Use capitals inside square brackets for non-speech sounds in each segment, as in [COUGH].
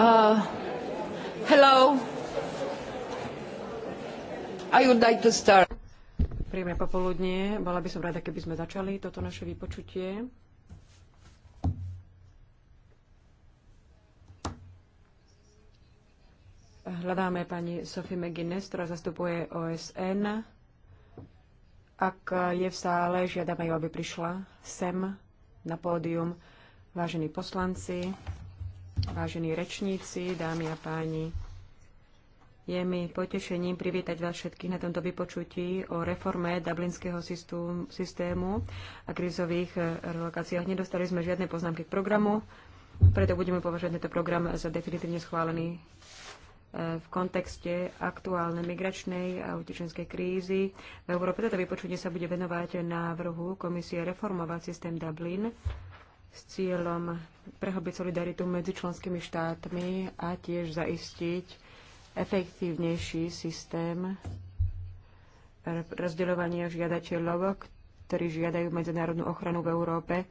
Uh, hello. I would like to start. Príjemné popoludnie. Bola by som rada, keby sme začali toto naše vypočutie. Hľadáme pani Sophie McGuinness, ktorá zastupuje OSN. Ak je v sále, žiadame ju, aby prišla sem na pódium. Vážení poslanci, vážení rečníci, dámy a páni. Je mi potešením privítať vás všetkých na tomto vypočutí o reforme dublinského systému a krizových e, relokáciách. Nedostali sme žiadne poznámky k programu, preto budeme považovať tento program za definitívne schválený e, v kontexte aktuálnej migračnej a utečenskej krízy. V Európe toto vypočutie sa bude venovať návrhu Komisie reformovať systém Dublin s cieľom prehlbiť solidaritu medzi členskými štátmi a tiež zaistiť efektívnejší systém rozdeľovania žiadateľov, ktorí žiadajú medzinárodnú ochranu v Európe e,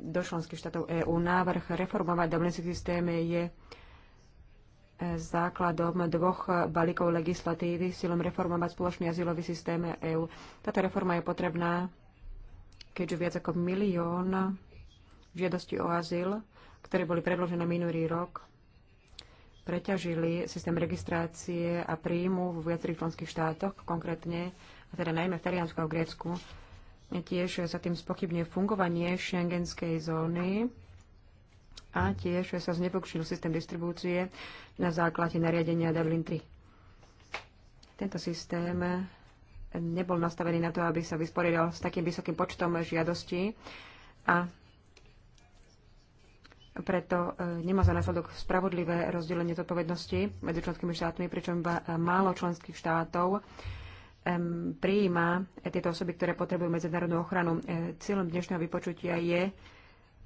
do členských štátov EÚ. Návrh reformovať dublinský systém je e, základom dvoch balíkov legislatívy s cieľom reformovať spoločný azylový systém EÚ. Táto reforma je potrebná, keďže viac ako milión žiadosti o azyl, ktoré boli predložené minulý rok, preťažili systém registrácie a príjmu v viacerých členských štátoch, konkrétne, a teda najmä v Taliansku a v Grécku. Tiež sa tým spochybňuje fungovanie šengenskej zóny a tiež sa znepokšil systém distribúcie na základe nariadenia Dublin 3 tento systém nebol nastavený na to, aby sa vysporiadal s takým vysokým počtom žiadostí a preto e, nemá za následok spravodlivé rozdelenie zodpovednosti medzi členskými štátmi, pričom iba e, málo členských štátov e, prijíma tieto osoby, ktoré potrebujú medzinárodnú ochranu. Cieľom dnešného vypočutia je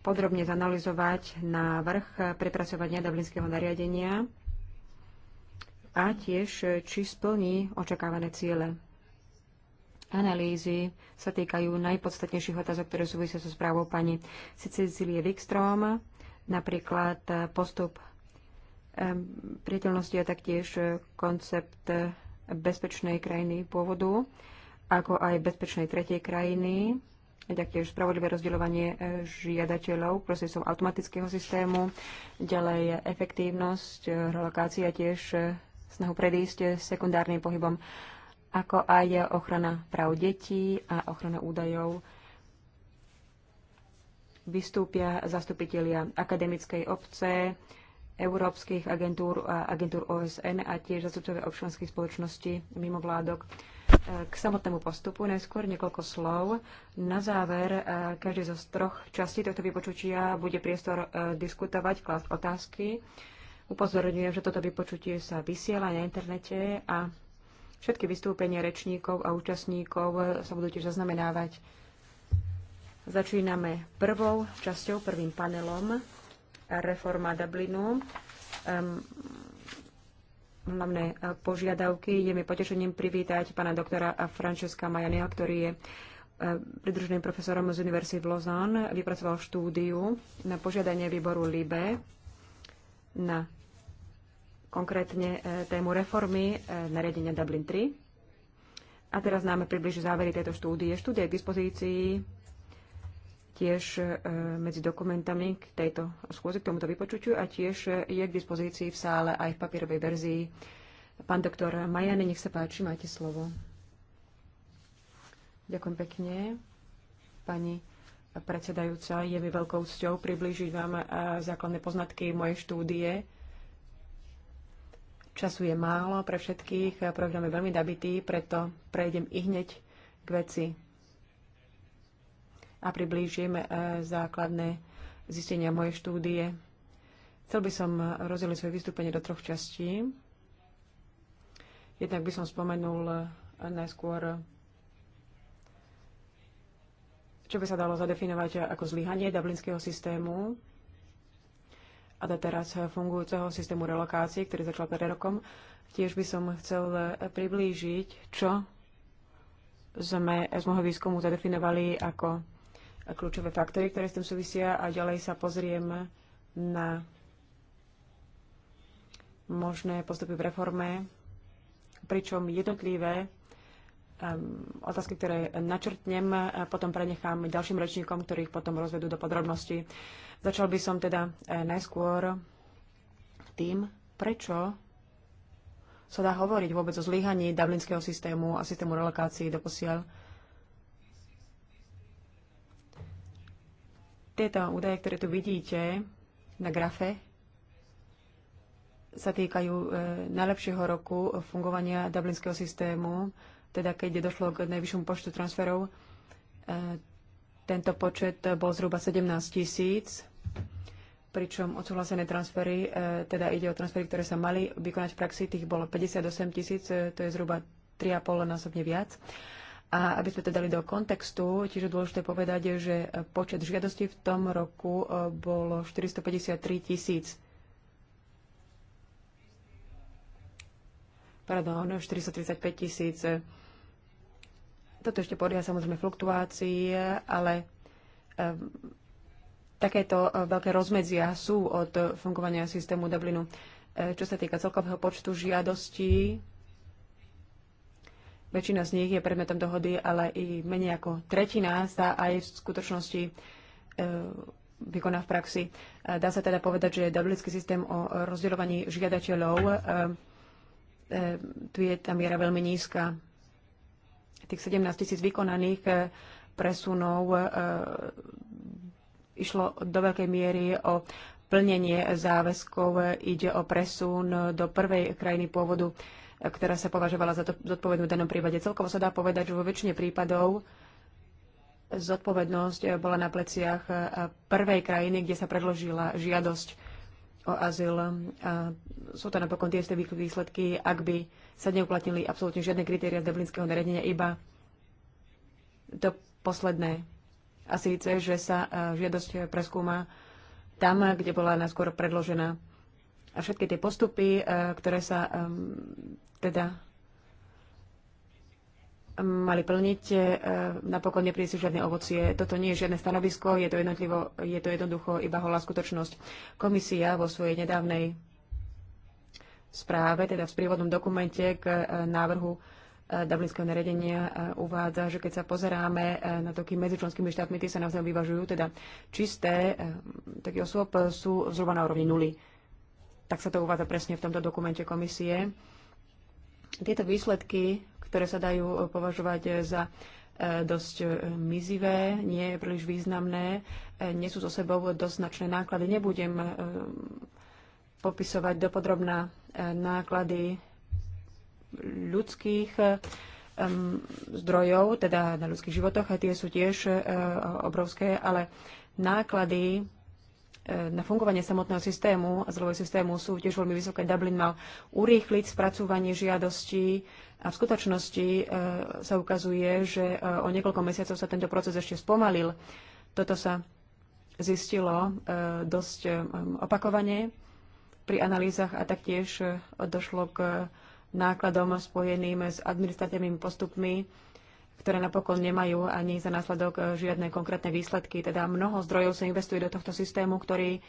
podrobne zanalizovať návrh prepracovania dublinského nariadenia a tiež, či splní očakávané ciele. Analýzy sa týkajú najpodstatnejších otázok, ktoré súvisia so správou pani Cecilie Wikstrom napríklad eh, postup eh, priateľnosti a taktiež eh, koncept bezpečnej krajiny pôvodu, ako aj bezpečnej tretej krajiny, a taktiež spravodlivé rozdielovanie žiadateľov procesom automatického systému, ďalej efektívnosť, relokácia tiež snahu predísť sekundárnym pohybom, ako aj ochrana práv detí a ochrana údajov vystúpia zastupitelia akademickej obce, európskych agentúr a agentúr OSN a tiež zastupcovia občianských spoločností mimo vládok. E, k samotnému postupu najskôr niekoľko slov. Na záver e, každý zo troch častí tohto vypočutia bude priestor e, diskutovať, klásť otázky. Upozorňujem, že toto vypočutie sa vysiela na internete a všetky vystúpenia rečníkov a účastníkov sa budú tiež zaznamenávať. Začíname prvou časťou, prvým panelom reforma Dublinu. hlavné e, požiadavky. Je mi potešením privítať pána doktora Francesca Majaniho, ktorý je e, pridruženým profesorom z Univerzity v Lausanne. Vypracoval štúdiu na požiadanie výboru LIBE na konkrétne e, tému reformy nariadenia Dublin 3. A teraz nám približí závery tejto štúdie. Štúdia je k dispozícii tiež e, medzi dokumentami k tejto skôze, k tomuto vypočuťu a tiež e, je k dispozícii v sále aj v papierovej verzii. Pán doktor Majane, nech sa páči, máte slovo. Ďakujem pekne. Pani predsedajúca, je mi veľkou cťou priblížiť vám e, základné poznatky mojej štúdie. Času je málo pre všetkých, program je veľmi nabitý, preto prejdem i hneď k veci a priblížim e, základné zistenia mojej štúdie. Chcel by som rozdeliť svoje vystúpenie do troch častí. Jednak by som spomenul e, najskôr, čo by sa dalo zadefinovať ako zlyhanie dublinského systému a teraz fungujúceho systému relokácie, ktorý začal pred rokom. Tiež by som chcel e, priblížiť, čo sme z môjho výskumu zadefinovali ako kľúčové faktory, ktoré s tým súvisia a ďalej sa pozriem na možné postupy v reforme, pričom jednotlivé um, otázky, ktoré načrtnem, a potom prenechám ďalším rečníkom, ktorých potom rozvedú do podrobností. Začal by som teda e, najskôr tým, prečo sa dá hovoriť vôbec o zlyhaní dublinského systému a systému relokácií do posiaľ. Tieto údaje, ktoré tu vidíte na grafe, sa týkajú e, najlepšieho roku fungovania dublinského systému, teda keď došlo k najvyššiemu počtu transferov. E, tento počet bol zhruba 17 tisíc, pričom odsúhlasené transfery, e, teda ide o transfery, ktoré sa mali vykonať v praxi, tých bolo 58 tisíc, e, to je zhruba 3,5 násobne viac. E, a aby sme to dali do kontextu, tiež je dôležité povedať, že počet žiadostí v tom roku e, bolo 453 tisíc. Pardon, 435 tisíc. Toto ešte podľa samozrejme fluktuácií, ale um, takéto e, veľké rozmedzia sú od fungovania systému Dublinu. Čo sa týka celkového počtu žiadostí, Väčšina z nich je predmetom dohody, ale i menej ako tretina sa aj v skutočnosti e, vykoná v praxi. Dá sa teda povedať, že dublinský systém o rozdeľovaní žiadateľov e, e, tu je tá miera veľmi nízka. Tých 17 tisíc vykonaných presunov išlo do veľkej miery o plnenie záväzkov ide o presun do prvej krajiny pôvodu, ktorá sa považovala za zodpovednú v danom prípade. Celkovo sa dá povedať, že vo väčšine prípadov zodpovednosť bola na pleciach prvej krajiny, kde sa predložila žiadosť o azyl. A sú to napokon tie isté výsledky, ak by sa neuplatnili absolútne žiadne kritéria z Dublinského nariadenia, iba to posledné. A síce, že sa e, žiadosť preskúma tam, kde bola najskôr predložená. A všetky tie postupy, e, ktoré sa e, teda mali plniť, e, napokon neprísi žiadne ovocie. Toto nie je žiadne stanovisko, je to, jednotlivo, je to jednoducho iba holá skutočnosť. Komisia vo svojej nedávnej správe, teda v sprievodnom dokumente k návrhu Dublinského naredenia e, uvádza, že keď sa pozeráme e, na kým medzi členskými štátmi, tie sa navzájom vyvažujú, teda čisté e, takých osôb sú zhruba na úrovni nuly. Tak sa to uvádza presne v tomto dokumente komisie. Tieto výsledky, ktoré sa dajú považovať za dosť mizivé, nie príliš významné, nie sú so sebou dosť značné náklady. Nebudem popisovať dopodrobná náklady ľudských zdrojov, teda na ľudských životoch, a tie sú tiež e, obrovské, ale náklady e, na fungovanie samotného systému, azylového systému sú tiež veľmi vysoké. Dublin mal urýchliť spracúvanie žiadostí a v skutočnosti e, sa ukazuje, že o niekoľko mesiacov sa tento proces ešte spomalil. Toto sa zistilo dosť opakovane pri analýzach a taktiež došlo k nákladom spojeným s administratívnymi postupmi, ktoré napokon nemajú ani za následok e, žiadne konkrétne výsledky. Teda mnoho zdrojov sa investuje do tohto systému, ktorý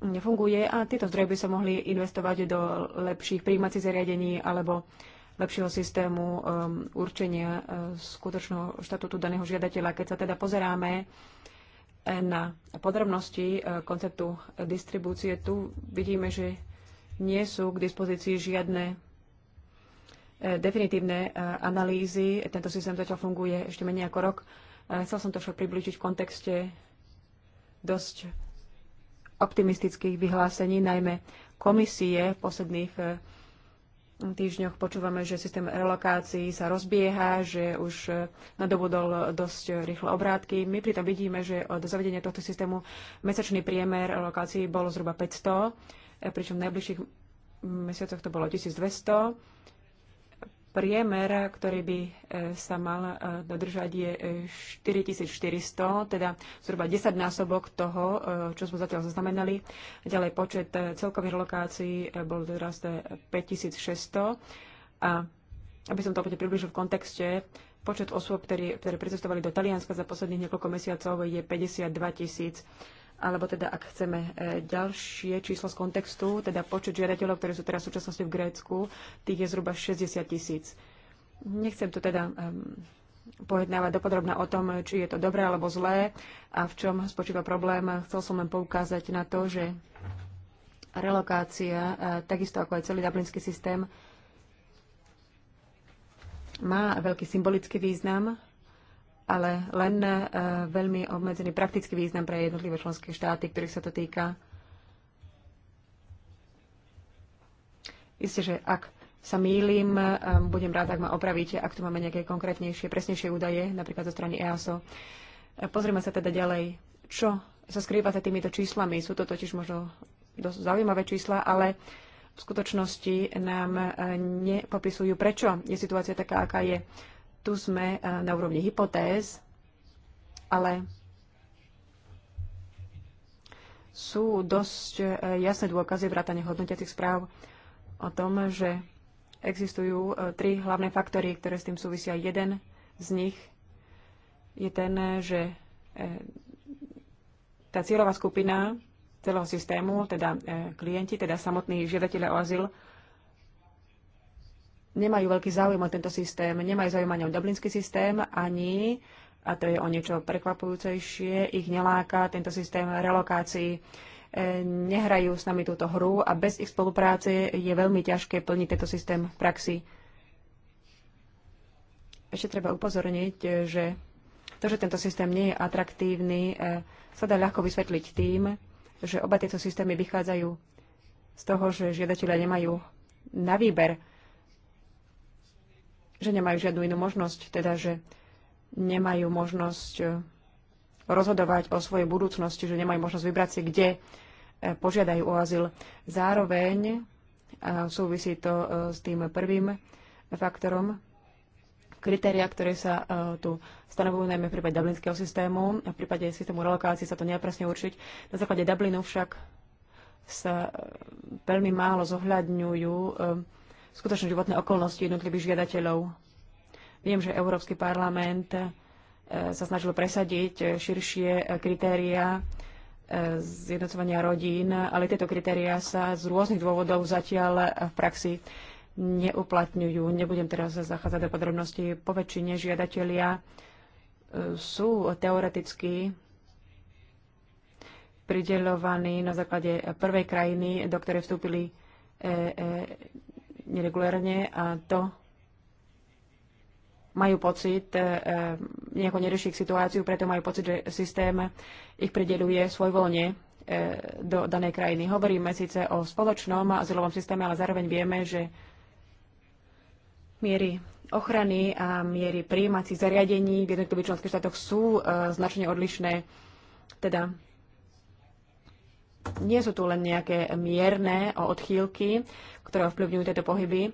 nefunguje a tieto zdroje by sa mohli investovať do lepších príjmacích zariadení alebo lepšieho systému um, určenia uh, skutočného štatutu daného žiadateľa. Keď sa teda pozeráme e, na podrobnosti uh, konceptu distribúcie, tu vidíme, že nie sú k dispozícii žiadne eh, definitívne eh, analýzy. Tento systém zatiaľ funguje ešte menej ako rok. Eh, chcel som to však približiť v kontexte dosť optimistických vyhlásení, najmä komisie v posledných týždňoch počúvame, že systém relokácií sa rozbieha, že už nadobudol dosť rýchle obrátky. My pritom vidíme, že od zavedenia tohto systému mesačný priemer relokácií bol zhruba 500 pričom v najbližších mesiacoch to bolo 1200. Priemer, ktorý by e, sa mal e, dodržať, je 4400, e, teda zhruba 10 násobok toho, čo sme zatiaľ zaznamenali. Ďalej počet celkových lokácií bol teraz 5600. A aby som to opäť približil v kontexte, počet osôb, ktoré, ktoré pricestovali do Talianska za posledných niekoľko mesiacov, je 52 tisíc alebo teda ak chceme e, ďalšie číslo z kontextu, teda počet žiadateľov, ktoré sú teraz v súčasnosti v Grécku, tých je zhruba 60 tisíc. Nechcem tu teda um, pojednávať dopodrobne o tom, či je to dobré alebo zlé a v čom spočíva problém. Chcel som len poukázať na to, že relokácia, e, takisto ako aj celý dublinský systém, má veľký symbolický význam ale len e, veľmi obmedzený praktický význam pre jednotlivé členské štáty, ktorých sa to týka. Isté, že ak sa mýlim, e, budem rád, ak ma opravíte, ak tu máme nejaké konkrétnejšie, presnejšie údaje, napríklad zo strany EASO. E, pozrieme sa teda ďalej, čo sa skrýva za týmito číslami. Sú to totiž možno dosť zaujímavé čísla, ale v skutočnosti nám nepopisujú, prečo je situácia taká, aká je tu sme eh, na úrovni hypotéz, ale sú dosť eh, jasné dôkazy vrátane hodnotiacich správ o tom, že existujú eh, tri hlavné faktory, ktoré s tým súvisia. Jeden z nich je ten, že tá cieľová skupina celého systému, teda klienti, teda samotní žiadatelia o azyl, nemajú veľký záujem o tento systém, nemajú záujem ani o dublinský systém, ani, a to je o niečo prekvapujúcejšie, ich neláka tento systém relokácií. E, nehrajú s nami túto hru a bez ich spolupráce je veľmi ťažké plniť tento systém v praxi. Ešte treba upozorniť, že to, že tento systém nie je atraktívny, e, sa dá ľahko vysvetliť tým, že oba tieto systémy vychádzajú z toho, že žiadatelia nemajú na výber že nemajú žiadnu inú možnosť, teda že nemajú možnosť e, rozhodovať o svojej budúcnosti, že nemajú možnosť vybrať si, kde e, požiadajú o azyl. Zároveň e, súvisí to s tým prvým faktorom, kritéria, ktoré sa tu stanovujú najmä v prípade dublinského systému. A v prípade systému relokácie sa to nedá presne určiť. Na základe Dublinu však sa veľmi málo zohľadňujú skutočné životné okolnosti jednotlivých žiadateľov. Viem, že Európsky parlament e, sa snažil presadiť širšie e, kritéria e, zjednocovania rodín, ale tieto kritéria sa z rôznych dôvodov zatiaľ v praxi neuplatňujú. Nebudem teraz zachádzať do podrobností. Po väčšine žiadatelia sú teoreticky prideľovaní na základe prvej krajiny, do ktorej vstúpili neregulérne a to majú pocit, e, e, nejako nerieši ich situáciu, preto majú pocit, že systém ich prideluje svojvoľne e, do danej krajiny. Hovoríme síce o spoločnom azylovom systéme, ale zároveň vieme, že miery ochrany a miery príjímacích zariadení v jednotlivých členských štátoch sú značne odlišné. Teda nie sú tu len nejaké mierne odchýlky, ktoré ovplyvňujú tieto pohyby.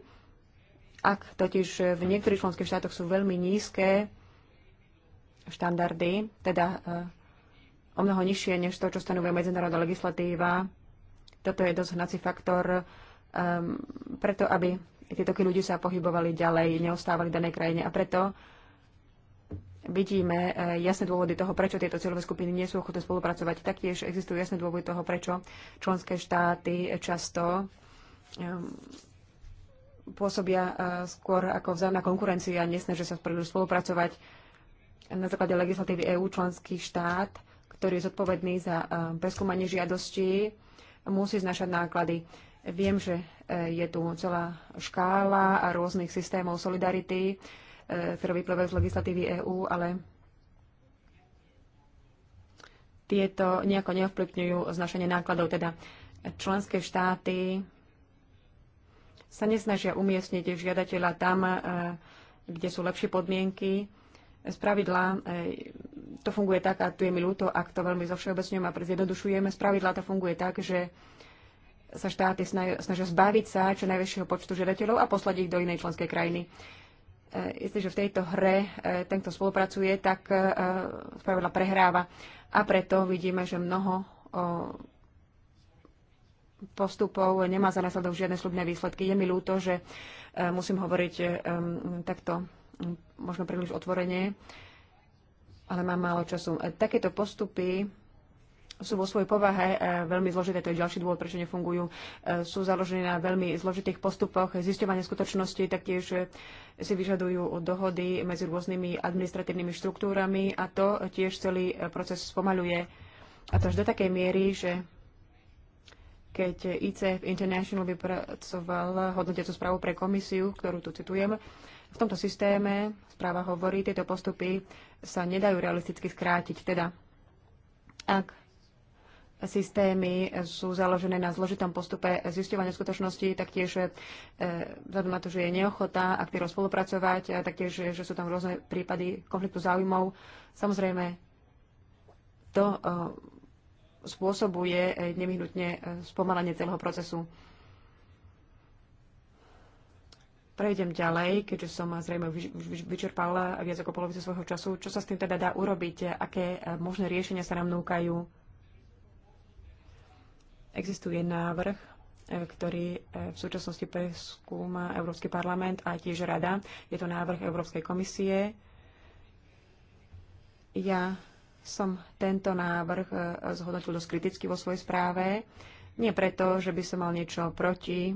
Ak totiž v niektorých členských štátoch sú veľmi nízke štandardy, teda eh, o mnoho nižšie než to, čo stanovuje medzinárodná legislatíva, toto je dosť hnací faktor um, preto, aby tieto ľudí sa pohybovali ďalej, neostávali v danej krajine. A preto vidíme eh, jasné dôvody toho, prečo tieto cieľové skupiny nie sú ochotné spolupracovať. Taktiež existujú jasné dôvody toho, prečo členské štáty eh, často Ehm, pôsobia eh, skôr ako vzájomná konkurencia, nesnažia sa spolu spolupracovať na základe legislatívy EÚ členský štát, ktorý je zodpovedný za ehm, preskúmanie žiadosti, musí znašať náklady. Viem, že eh, je tu celá škála a rôznych systémov solidarity, eh, ktoré vyplývajú z legislatívy EÚ, ale tieto nejako neovplyvňujú znašanie nákladov. Teda členské štáty sa nesnažia umiestniť žiadateľa tam, e, kde sú lepšie podmienky. Z pravidla e, to funguje tak, a tu je mi ľúto, ak to veľmi zovšeobecňujem a zjednodušujeme, z pravidla to funguje tak, že sa štáty snažia zbaviť sa čo najväčšieho počtu žiadateľov a poslať ich do inej členskej krajiny. E, isté, že v tejto hre ten, kto spolupracuje, tak spravidla prehráva. A preto vidíme, že mnoho postupov nemá za následok žiadne slubné výsledky. Je mi ľúto, že e, musím hovoriť e, takto možno príliš otvorene, ale mám málo času. E, takéto postupy sú vo svojej povahe veľmi zložité, to je ďalší dôvod, prečo nefungujú, sú založené na veľmi zložitých postupoch, zisťovanie skutočnosti, taktiež si vyžadujú dohody medzi rôznymi administratívnymi štruktúrami a to tiež celý proces spomaľuje. A to až do takej miery, že keď ICF International vypracoval hodnotiacu správu pre komisiu, ktorú tu citujem. V tomto systéme správa hovorí, tieto postupy sa nedajú realisticky skrátiť. Teda, ak systémy sú založené na zložitom postupe zisťovania skutočnosti, taktiež e, vzhľadom na to, že je neochota aktérov spolupracovať, a taktiež, že sú tam rôzne prípady konfliktu záujmov, samozrejme to e, spôsobuje eh, nevyhnutne eh, spomalenie celého procesu. Prejdem ďalej, keďže som eh, zrejme vyčerpal viac ako polovicu svojho času. Čo sa s tým teda dá urobiť? Aké možné riešenia sa nám núkajú? Existuje návrh, ktorý v súčasnosti preskúma Európsky parlament a tiež Rada. Je to návrh Európskej komisie. Ja som tento návrh e, zhodnotil dosť kriticky vo svojej správe. Nie preto, že by som mal niečo proti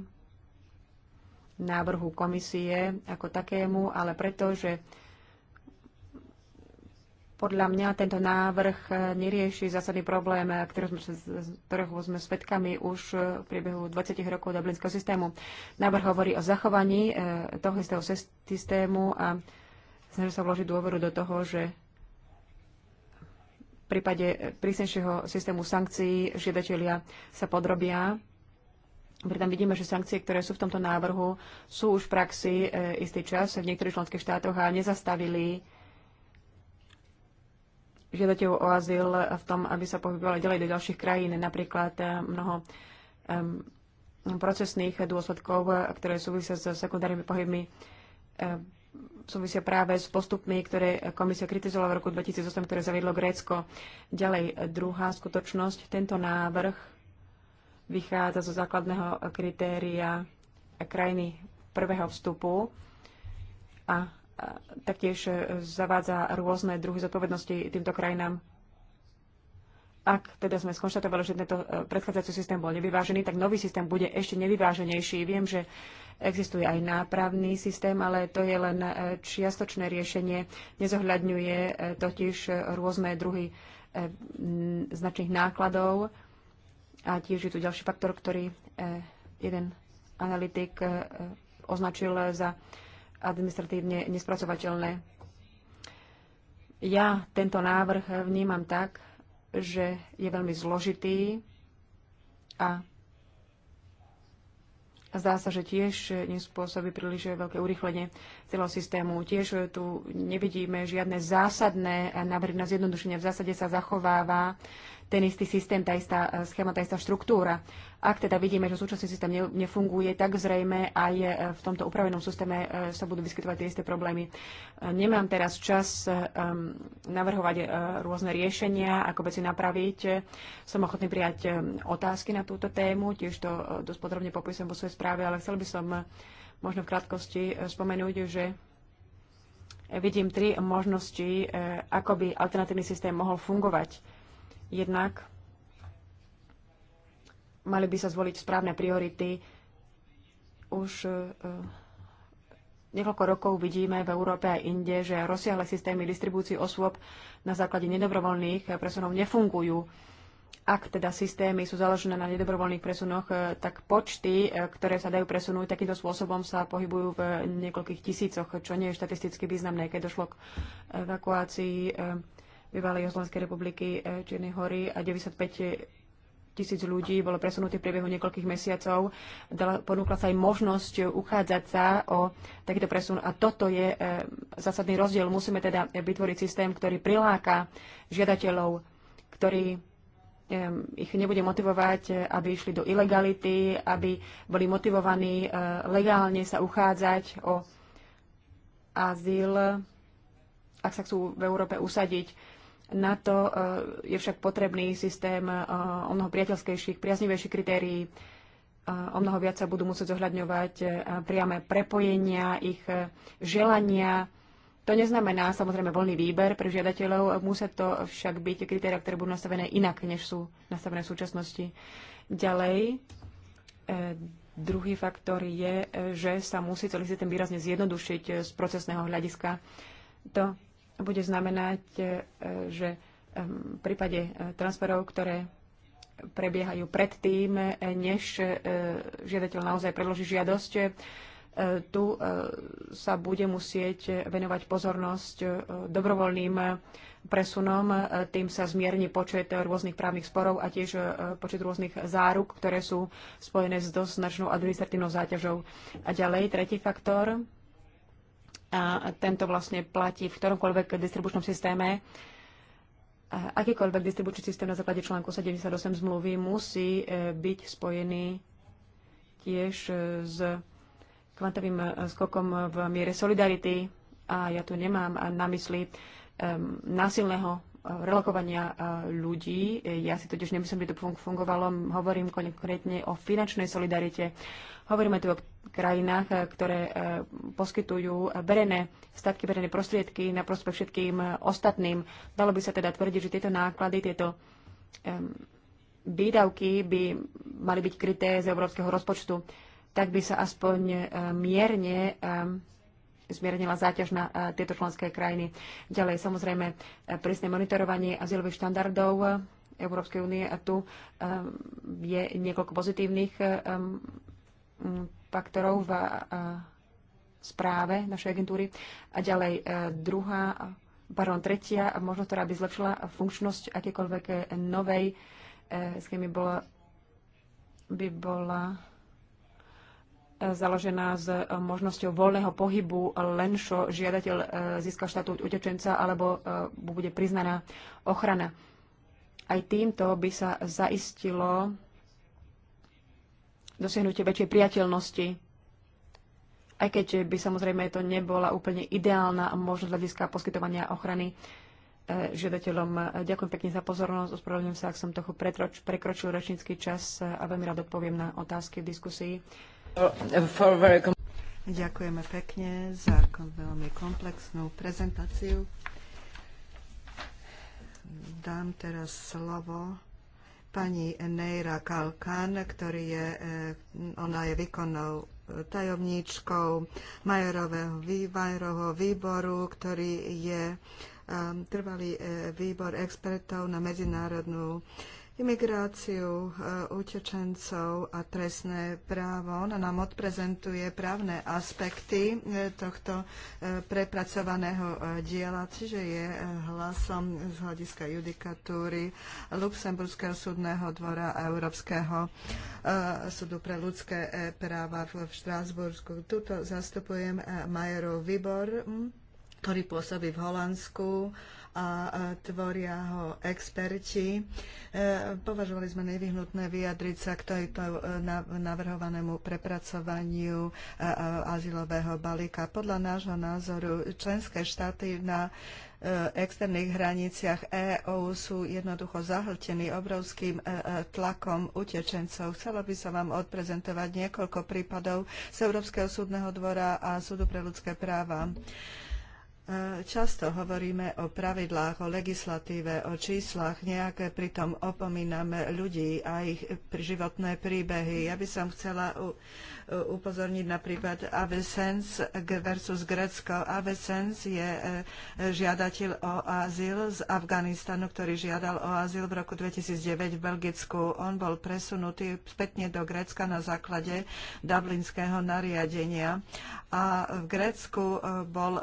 návrhu komisie ako takému, ale preto, že podľa mňa tento návrh e, nerieši zásadný problém, e, ktorého sme, ktorého sme svedkami už v priebehu 20 rokov dublinského systému. Návrh hovorí o zachovaní toho istého systému a snaží sa vložiť dôveru do toho, že prípade prísnejšieho systému sankcií žiadatelia sa podrobia. Pritom vidíme, že sankcie, ktoré sú v tomto návrhu, sú už v praxi e, istý čas v niektorých členských štátoch a nezastavili žiadateľov o azyl v tom, aby sa pohybovali ďalej do ďalších krajín. Napríklad e, mnoho um, procesných dôsledkov, e, ktoré súvisia s sekundárnymi pohybmi um, súvisia práve s postupmi, ktoré komisia kritizovala v roku 2008, ktoré zaviedlo Grécko. Ďalej, druhá skutočnosť, tento návrh vychádza zo základného kritéria krajiny prvého vstupu a taktiež zavádza rôzne druhy zodpovednosti týmto krajinám ak teda sme skonštatovali, že tento e, predchádzajúci systém bol nevyvážený, tak nový systém bude ešte nevyváženejší. Viem, že existuje aj nápravný systém, ale to je len e, čiastočné riešenie. Nezohľadňuje e, totiž rôzne druhy značných nákladov a tiež je tu ďalší faktor, ktorý jeden analytik označil za administratívne nespracovateľné. Ja tento návrh vnímam tak, že je veľmi zložitý a zdá sa, že tiež nespôsobí príliš veľké urychlenie celého systému. Tiež tu nevidíme žiadne zásadné návrhy na zjednodušenie. V zásade sa zachováva ten istý systém, tá istá e, schéma, tá istá štruktúra. Ak teda vidíme, že súčasný systém nefunguje, tak zrejme aj e, v tomto upravenom systéme e, sa budú vyskytovať tie isté problémy. Nemám teraz čas navrhovať rôzne riešenia, ako veci napraviť. Som ochotný prijať otázky na túto tému, tiež to dosť podrobne popisujem vo svojej správe, ale chcel by som možno v krátkosti spomenúť, že vidím tri možnosti, ako by alternatívny systém mohol fungovať Jednak mali by sa zvoliť správne priority. Už e, niekoľko rokov vidíme v Európe a inde, že rozsiahle systémy distribúcií osôb na základe nedobrovoľných presunov nefungujú ak teda systémy sú založené na nedobrovoľných presunoch, e, tak počty, e, ktoré sa dajú presunúť takýmto spôsobom, sa pohybujú v niekoľkých tisícoch, čo nie je štatisticky významné. Keď došlo k evakuácii bývalej Jugoslovenskej republiky e, Čierny hory a 95 tisíc ľudí bolo presunutých v priebehu niekoľkých mesiacov. Dala, ponúkla sa aj možnosť uchádzať sa o takýto presun a toto je e, zásadný rozdiel. Musíme teda vytvoriť systém, ktorý priláka žiadateľov, ktorý ich nebude motivovať, e, aby išli do ilegality, aby boli motivovaní e, legálne sa uchádzať o azyl, ak sa chcú v Európe usadiť. Na to eh, je však potrebný systém eh, o mnoho priateľskejších, priaznivejších kritérií. Eh, o mnoho viac sa budú musieť zohľadňovať priame prepojenia, ich želania. To neznamená samozrejme voľný výber pre žiadateľov, musia to však byť kritéria, ktoré budú nastavené inak, než sú nastavené v súčasnosti. Ďalej, druhý faktor je, že sa musí celý systém výrazne zjednodušiť z procesného hľadiska. To bude znamenať, e, že v prípade e, transferov, ktoré prebiehajú predtým, e, než žiadateľ naozaj predloží žiadosť, tu sa bude musieť venovať pozornosť dobrovoľným presunom. Tým sa zmierni počet rôznych právnych sporov a tiež počet rôznych záruk, ktoré sú spojené s dosť značnou administratívnou záťažou. A ďalej, tretí faktor, a tento vlastne platí v ktoromkoľvek distribučnom systéme. Akýkoľvek distribučný systém na základe článku 78 zmluvy musí e, byť spojený tiež e, s kvantovým e, skokom v miere solidarity a ja tu nemám na mysli násilného relokovania ľudí. Ja si totiž nemyslím, že to fungovalo. Hovorím konkrétne o finančnej solidarite. Hovoríme tu o krajinách, ktoré e, poskytujú verejné statky, verejné prostriedky na prospech všetkým e, ostatným. Dalo by sa teda tvrdiť, že tieto náklady, tieto výdavky by mali byť kryté z európskeho rozpočtu. Tak by sa aspoň e, mierne zmiernila záťaž na e, tieto členské krajiny. Ďalej samozrejme e, prísne monitorovanie azylových štandardov Európskej únie a tu e, je niekoľko pozitívnych faktorov v správe našej agentúry. A ďalej druhá, pardon, tretia možnosť, ktorá by zlepšila funkčnosť akékoľvek novej schémy bola, by bola založená s možnosťou voľného pohybu, len čo žiadateľ e, získa štatút utečenca alebo e, mu bude priznaná ochrana. Aj týmto by sa zaistilo dosiahnutie väčšej priateľnosti, aj keď by samozrejme to nebola úplne ideálna možnosť hľadiska poskytovania ochrany e, žiadateľom. Ďakujem pekne za pozornosť, ospravedlňujem sa, ak som trochu prekročil rečnícky čas a veľmi rád odpoviem na otázky v diskusii. Ďakujeme pekne za veľmi komplexnú prezentáciu. Dám teraz slovo pani Neira Kalkan, ktorý je, eh, ona je výkonnou tajomníčkou Majerového výboru, ktorý je eh, trvalý eh, výbor expertov na medzinárodnú imigráciu e, utečencov a trestné právo. Ona nám odprezentuje právne aspekty e, tohto e, prepracovaného diela, čiže je hlasom z hľadiska judikatúry Luxemburského súdneho dvora a Európskeho súdu pre ľudské práva v Štrásburgu. Tuto zastupujem Majerov Výbor, ktorý pôsobí v Holandsku a tvoria ho experti. E, považovali sme nevyhnutné vyjadriť sa k tejto e, navrhovanému prepracovaniu e, azylového balíka. Podľa nášho názoru členské štáty na externých hraniciach EÚ sú jednoducho zahltení obrovským tlakom utečencov. Chcela by sa vám odprezentovať niekoľko prípadov z Európskeho súdneho dvora a Súdu pre ľudské práva. Často hovoríme o pravidlách, o legislatíve, o číslach, nejaké pritom opomíname ľudí a ich životné príbehy. Ja by som chcela Eh, upozorniť na prípad Avesens versus Grécko. Avesens je eh, žiadateľ o azyl z Afganistanu, ktorý žiadal o azyl v roku 2009 v Belgicku. On bol presunutý spätne do Grécka na základe dublinského nariadenia. A v Grécku eh, bol,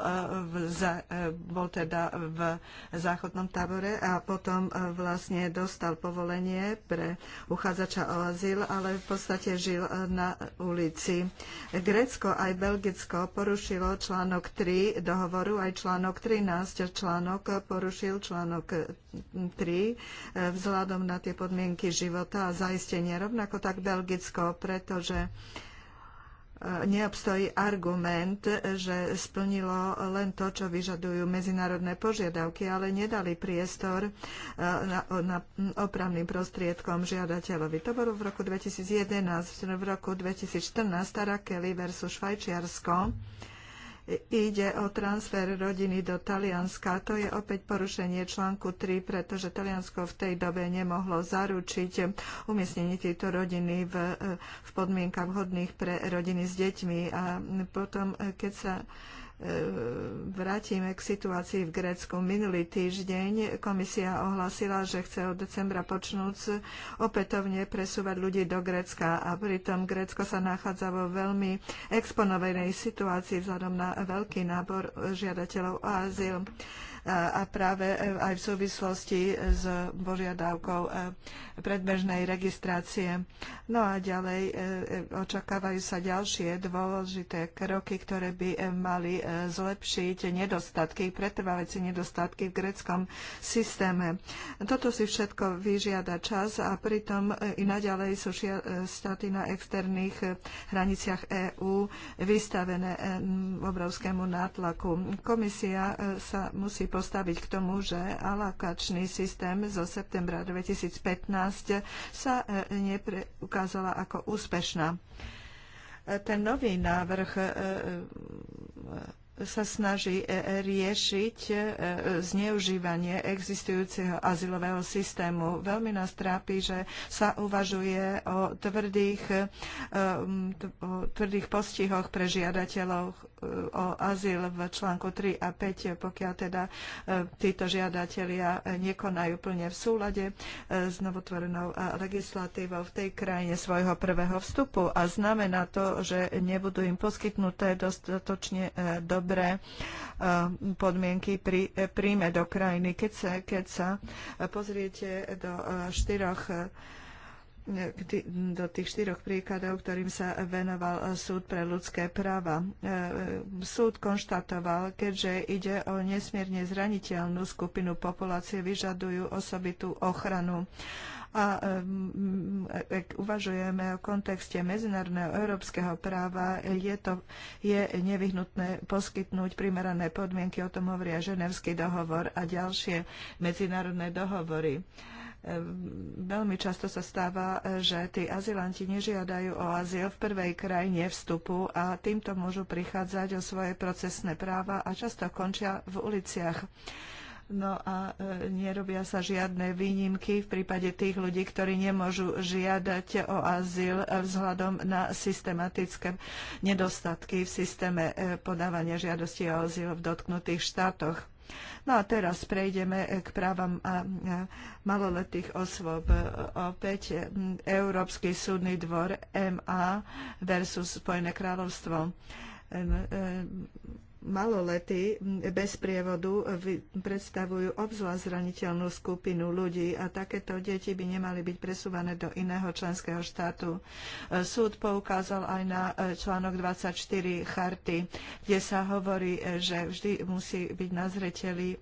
v, bol teda v záchodnom tabore a potom vlastne dostal povolenie pre uchádzača o azyl, ale v podstate žil na ulici veci. Grécko aj Belgicko porušilo článok 3 dohovoru, aj článok 13 článok porušil článok 3 e, vzhľadom na tie podmienky života a zaistenia. Rovnako tak Belgicko, pretože neobstojí argument, že splnilo len to, čo vyžadujú medzinárodné požiadavky, ale nedali priestor e, na, na opravným prostriedkom žiadateľovi. To bolo v roku 2011, v roku 2014 Tara versus Švajčiarsko ide o transfer rodiny do Talianska. To je opäť porušenie článku 3, pretože Taliansko v tej dobe nemohlo zaručiť umiestnenie tejto rodiny v, v podmienkach vhodných pre rodiny s deťmi. A potom, keď sa vrátime k situácii v Grécku. Minulý týždeň komisia ohlasila, že chce od decembra počnúc opätovne presúvať ľudí do Grécka a pritom Grécko sa nachádza vo veľmi exponovanej situácii vzhľadom na veľký nábor žiadateľov o azyl a, a práve e, aj v súvislosti s požiadavkou e, predbežnej registrácie. No a ďalej e, očakávajú sa ďalšie dôležité kroky, ktoré by mali zlepšiť nedostatky, pretrvávajúce nedostatky v greckom systéme. Toto si všetko vyžiada čas a pritom i naďalej sú štáty na externých hraniciach EÚ vystavené obrovskému nátlaku. Komisia sa musí postaviť k tomu, že alakačný systém zo septembra 2015 sa e, nepreukázala ako úspešná. E, ten nový návrh e, sa snaží riešiť zneužívanie existujúceho azylového systému. Veľmi nás trápi, že sa uvažuje o tvrdých, tvrdých postihoch pre žiadateľov o azyl v článku 3 a 5, pokiaľ teda e, títo žiadatelia e, nekonajú plne v súlade e, s novotvorenou legislatívou v tej krajine svojho prvého vstupu a znamená to, že nebudú im poskytnuté dostatočne dobré podmienky pri príjme do krajiny. Keď sa, keď sa pozriete do štyroch do tých štyroch príkladov, ktorým sa venoval eh, súd pre ľudské práva. Eh, eh, súd konštatoval, keďže ide o nesmierne zraniteľnú skupinu populácie, vyžadujú osobitú ochranu a ak uvažujeme o kontexte medzinárodného európskeho práva, je, to, je nevyhnutné poskytnúť primerané podmienky, o tom hovoria Ženevský dohovor a ďalšie medzinárodné dohovory. Veľmi často sa stáva, že tí azylanti nežiadajú o azyl v prvej krajine vstupu a týmto môžu prichádzať o svoje procesné práva a často končia v uliciach. No a e, nerobia sa žiadne výnimky v prípade tých ľudí, ktorí nemôžu žiadať o azyl vzhľadom na systematické nedostatky v systéme e, podávania žiadosti o azyl v dotknutých štátoch. No a teraz prejdeme eh, k právam maloletých osôb. Opäť mm, Európsky súdny dvor MA versus Spojené kráľovstvo eh, Malolety bez prievodu predstavujú obzvlášť zraniteľnú skupinu ľudí a takéto deti by nemali byť presúvané do iného členského štátu. E, súd poukázal aj na e, článok 24 charty, kde sa hovorí, e, že vždy musí byť na zreteli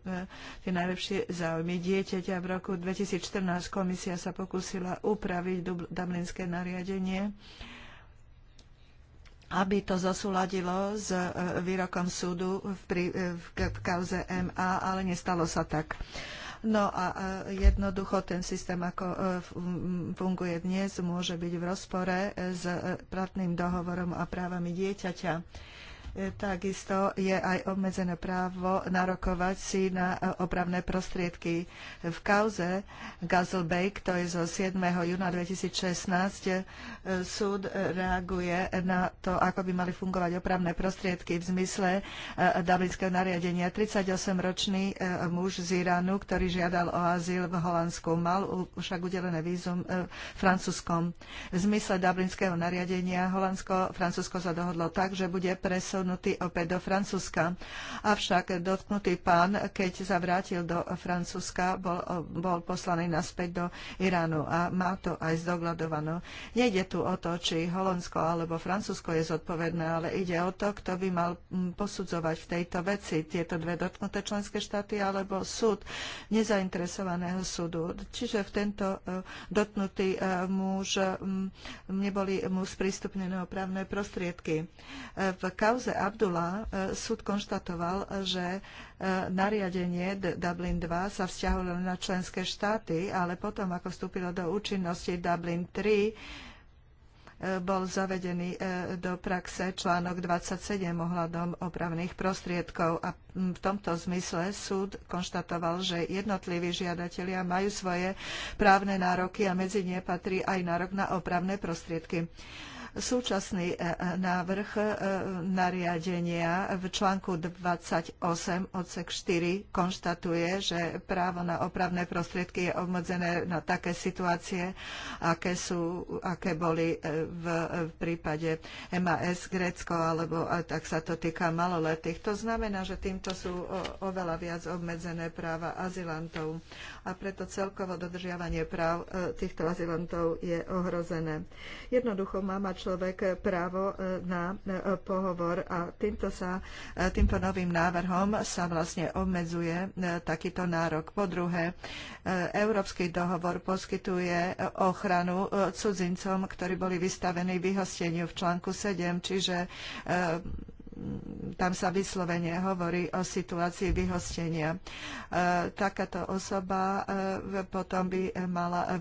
tie najlepšie záujmy dieťaťa. V roku 2014 komisia sa pokúsila upraviť dublinské nariadenie aby to zosúladilo s e, výrokom súdu v, e, v kauze MA, ale nestalo sa tak. No a e, jednoducho ten systém, ako funguje dnes, môže byť v rozpore s platným dohovorom a právami dieťaťa. Takisto je aj obmedzené právo narokovať si na e, opravné prostriedky. V kauze Gazel Bay, to je zo 7. júna 2016, e, súd reaguje na to, ako by mali fungovať opravné prostriedky v zmysle e, Dublinského nariadenia. 38-ročný muž z Iránu, ktorý žiadal o azyl v Holandsku, mal však udelené vízum francúzskom. V zmysle Dublinského nariadenia Holandsko-Francúzsko sa dohodlo tak, že bude presun presunutý opäť do Francúzska. Avšak dotknutý pán, keď sa vrátil do Francúzska, bol, bol poslaný naspäť do Iránu a má to aj zdogladovanú. Nejde tu o to, či Holandsko alebo Francúzsko je zodpovedné, ale ide o to, kto by mal posudzovať v tejto veci tieto dve dotknuté členské štáty alebo súd nezainteresovaného súdu. Čiže v tento e, dotknutý e, muž neboli mu sprístupnené právne prostriedky. E, v kauze Abdullah e, súd konštatoval, e, že e, nariadenie Dublin 2 sa vzťahovalo na členské štáty, ale potom, ako vstúpilo do účinnosti Dublin 3, bol zavedený do praxe článok 27 ohľadom opravných prostriedkov a v tomto zmysle súd konštatoval, že jednotliví žiadatelia majú svoje právne nároky a medzi ne patrí aj nárok na opravné prostriedky. Súčasný e, e, návrh e, nariadenia v článku 28 odsek 4 konštatuje, že právo na opravné prostriedky je obmedzené na také situácie, aké, sú, aké boli v, v prípade MAS Grécko, alebo tak sa to týka maloletých. To znamená, že týmto sú oveľa viac obmedzené práva azylantov a preto celkovo dodržiavanie práv týchto azylantov je ohrozené. Jednoducho má mať človek právo e, na e, pohovor a týmto, sa, e, týmto novým návrhom sa vlastne obmedzuje takýto nárok. Po druhé, Európsky dohovor poskytuje ochranu cudzincom, ktorí boli vystavení vyhosteniu v článku 7, čiže tam sa vyslovene hovorí o situácii vyhostenia. E, takáto osoba e, potom by mala e,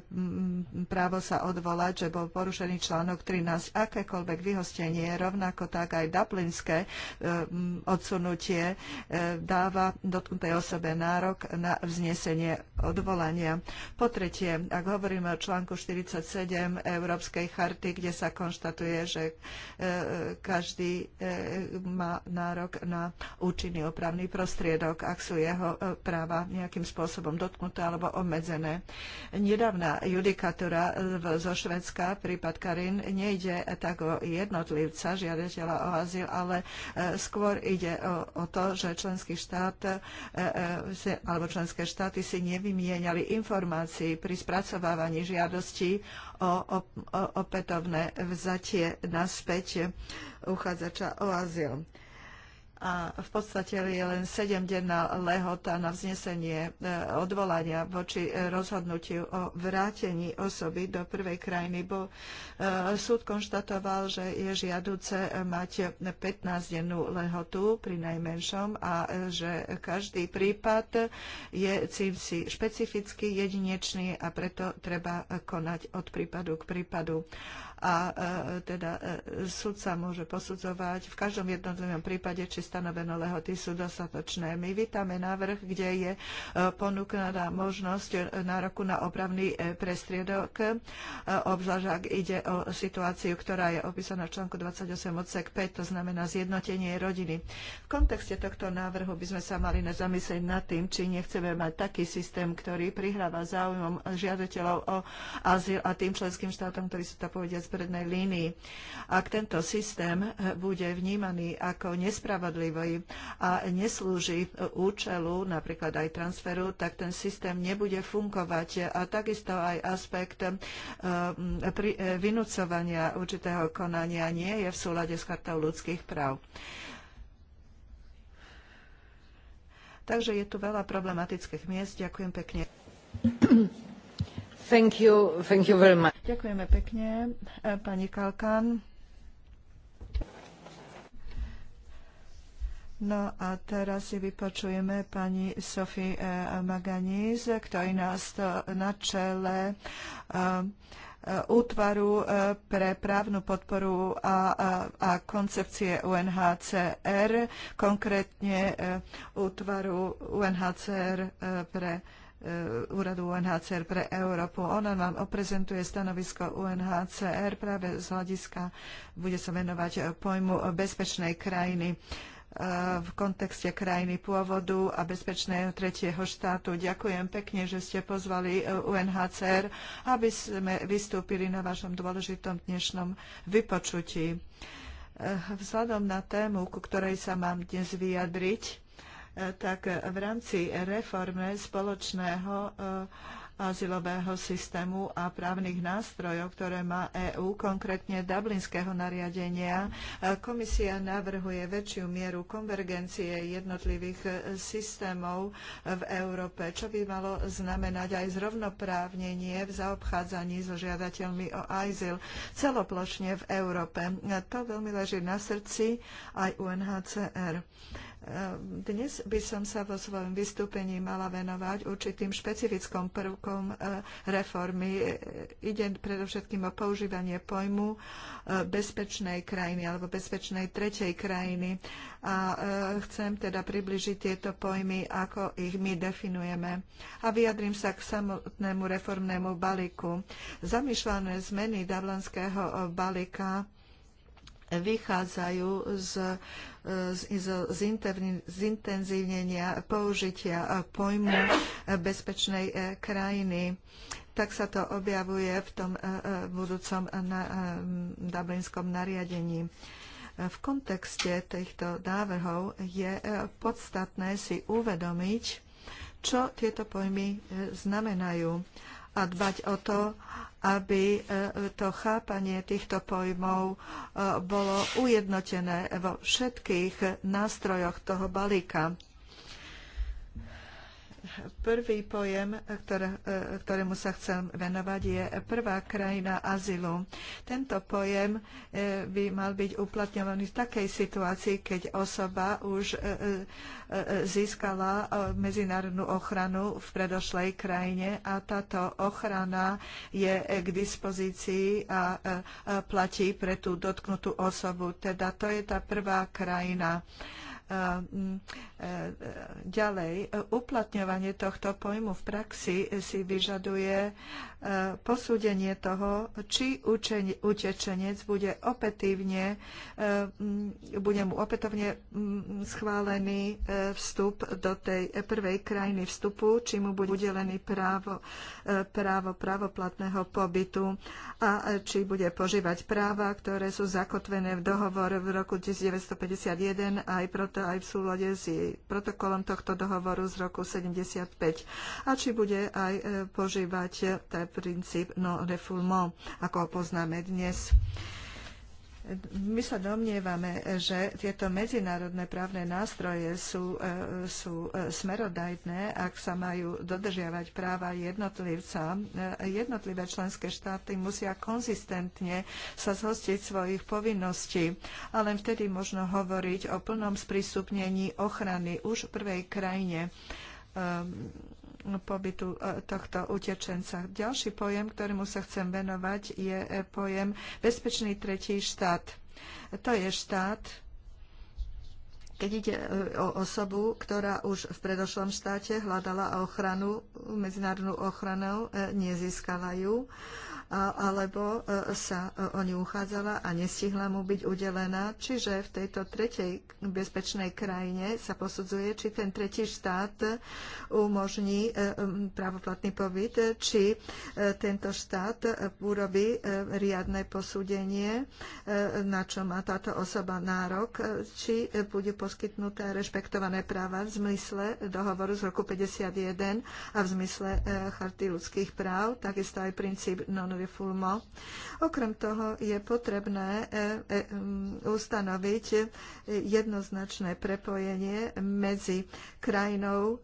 právo sa odvolať, že bol porušený článok 13. Akékoľvek vyhostenie, rovnako tak aj dublinské odsunutie dáva dotknutej osobe nárok na vznesenie odvolania. Po tretie, ak hovoríme o článku 47 Európskej charty, kde sa konštatuje, že každý má nárok na účinný opravný prostriedok, ak sú jeho e, práva nejakým spôsobom dotknuté alebo obmedzené. Nedávna judikatúra e, zo Švedska, prípad Karin, nejde tak o jednotlivca žiadateľa o azyl, ale e, skôr ide o, o to, že členský štát alebo členské štáty si nevymieniali informácií pri spracovávaní žiadosti o, o opätovné vzatie naspäť uchádzača o azyl. A v podstate je len 7-denná lehota na vznesenie e, odvolania voči e, rozhodnutiu o vrátení osoby do prvej krajiny, bo e, súd konštatoval, že je žiaduce mať 15-dennú lehotu pri najmenšom a že každý prípad je si špecifický, jedinečný a preto treba konať od prípadu k prípadu a e, teda e, súd sa môže posudzovať v každom jednotlivom prípade, či stanovené lehoty sú dostatočné. My vítame návrh, kde je e, ponúknutá možnosť nároku na opravný prestriedok, obzvlášť ak ide o situáciu, ktorá je opísaná v článku 28 odsek 5, to znamená zjednotenie rodiny. V kontexte tohto návrhu by sme sa mali nezamyslieť nad tým, či nechceme mať taký systém, ktorý prihráva záujmom žiadateľov o azyl a tým členským štátom, ktorí sú to povediať prostrednej línii. Ak tento systém eh, bude vnímaný ako nespravodlivý a neslúži eh, účelu, napríklad aj transferu, tak ten systém nebude fungovať. A takisto aj aspekt eh, mm, vynúcovania určitého konania nie je v súlade s chartou ľudských práv. Takže je tu veľa problematických miest. Ďakujem pekne. [COUGHS] Ďakujeme pekne, e, pani Kalkan. No a teraz si vypočujeme pani Sofie Maganiz, ktorý nás na čele e, útvaru e, pre právnu podporu a, a, a koncepcie UNHCR, konkrétne útvaru UNHCR pre Eh, úradu UNHCR pre Európu. Ona vám oprezentuje stanovisko UNHCR práve z hľadiska, bude sa venovať eh, pojmu bezpečnej krajiny eh, v kontexte krajiny pôvodu a bezpečného tretieho štátu. Ďakujem pekne, že ste pozvali UNHCR, aby sme vystúpili na vašom dôležitom dnešnom vypočutí. Vzhľadom na tému, ku ktorej sa mám dnes vyjadriť, tak v rámci reforme spoločného eh, azylového systému a právnych nástrojov, ktoré má EÚ, konkrétne Dublinského nariadenia. Eh, komisia navrhuje väčšiu mieru konvergencie jednotlivých eh, systémov v Európe, čo by malo znamenať aj zrovnoprávnenie v zaobchádzaní so žiadateľmi o azyl celoplošne v Európe. To veľmi leží na srdci aj UNHCR. Dnes by som sa vo svojom vystúpení mala venovať určitým špecifickým prvkom e, reformy. E, ide predovšetkým o používanie pojmu e, bezpečnej krajiny alebo bezpečnej tretej krajiny. A chcem teda približiť tieto pojmy, ako ich my definujeme. A vyjadrím sa k samotnému reformnému balíku. Zamýšľané zmeny Dublinského balíka vychádzajú z, z, z, interni, z intenzívnenia použitia pojmu bezpečnej e, krajiny. Tak sa to objavuje v tom e, e, budúcom na, dublinskom nariadení. V kontexte týchto návrhov je podstatné si uvedomiť, čo tieto pojmy znamenajú a dbať o to, aby e, to chápanie týchto pojmov e, bolo ujednotené vo všetkých nástrojoch toho balíka. Prvý pojem, ktoré, e, ktorému sa chcem venovať, je prvá krajina azylu. Tento pojem e, by mal byť uplatňovaný v takej situácii, keď osoba už e, získala medzinárodnú ochranu v predošlej krajine a táto ochrana je k dispozícii a platí pre tú dotknutú osobu. Teda to je tá prvá krajina. E, e, ďalej, uplatňovanie tohto pojmu v praxi si vyžaduje e, posúdenie toho, či utečenec bude opetívne, bude mu opätovne schválený vstup do tej prvej krajiny vstupu, či mu bude udelený právo, právo právoplatného pobytu a či bude požívať práva, ktoré sú zakotvené v dohovore v roku 1951 aj proti to aj v súlade s protokolom tohto dohovoru z roku 75 a či bude aj e, požívať e, ten princíp non refoulement, ako ho poznáme dnes. My sa domnievame, že tieto medzinárodné právne nástroje sú, e, sú e, smerodajné, ak sa majú dodržiavať práva jednotlivca. E, jednotlivé členské štáty musia konzistentne sa zhostiť svojich povinností a len vtedy možno hovoriť o plnom sprístupnení ochrany už v prvej krajine ehm, pobytu e, tohto utečenca. Ďalší pojem, ktorému sa chcem venovať, je e, pojem bezpečný tretí štát. To je štát, keď ide e, o osobu, ktorá už v predošlom štáte hľadala ochranu, medzinárodnú ochranu, nezískala ju alebo e, sa e, o ňu uchádzala a nestihla mu byť udelená. Čiže v tejto tretej bezpečnej krajine sa posudzuje, či ten tretí štát umožní e, právoplatný pobyt, či tento štát urobí riadne posúdenie, na čo má táto osoba nárok, či bude poskytnuté rešpektované práva v zmysle dohovoru z roku 51 a v zmysle Charty ľudských práv, takisto aj princíp non správy FULMO. Okrem toho je potrebné e, e, ustanoviť jednoznačné prepojenie medzi krajinou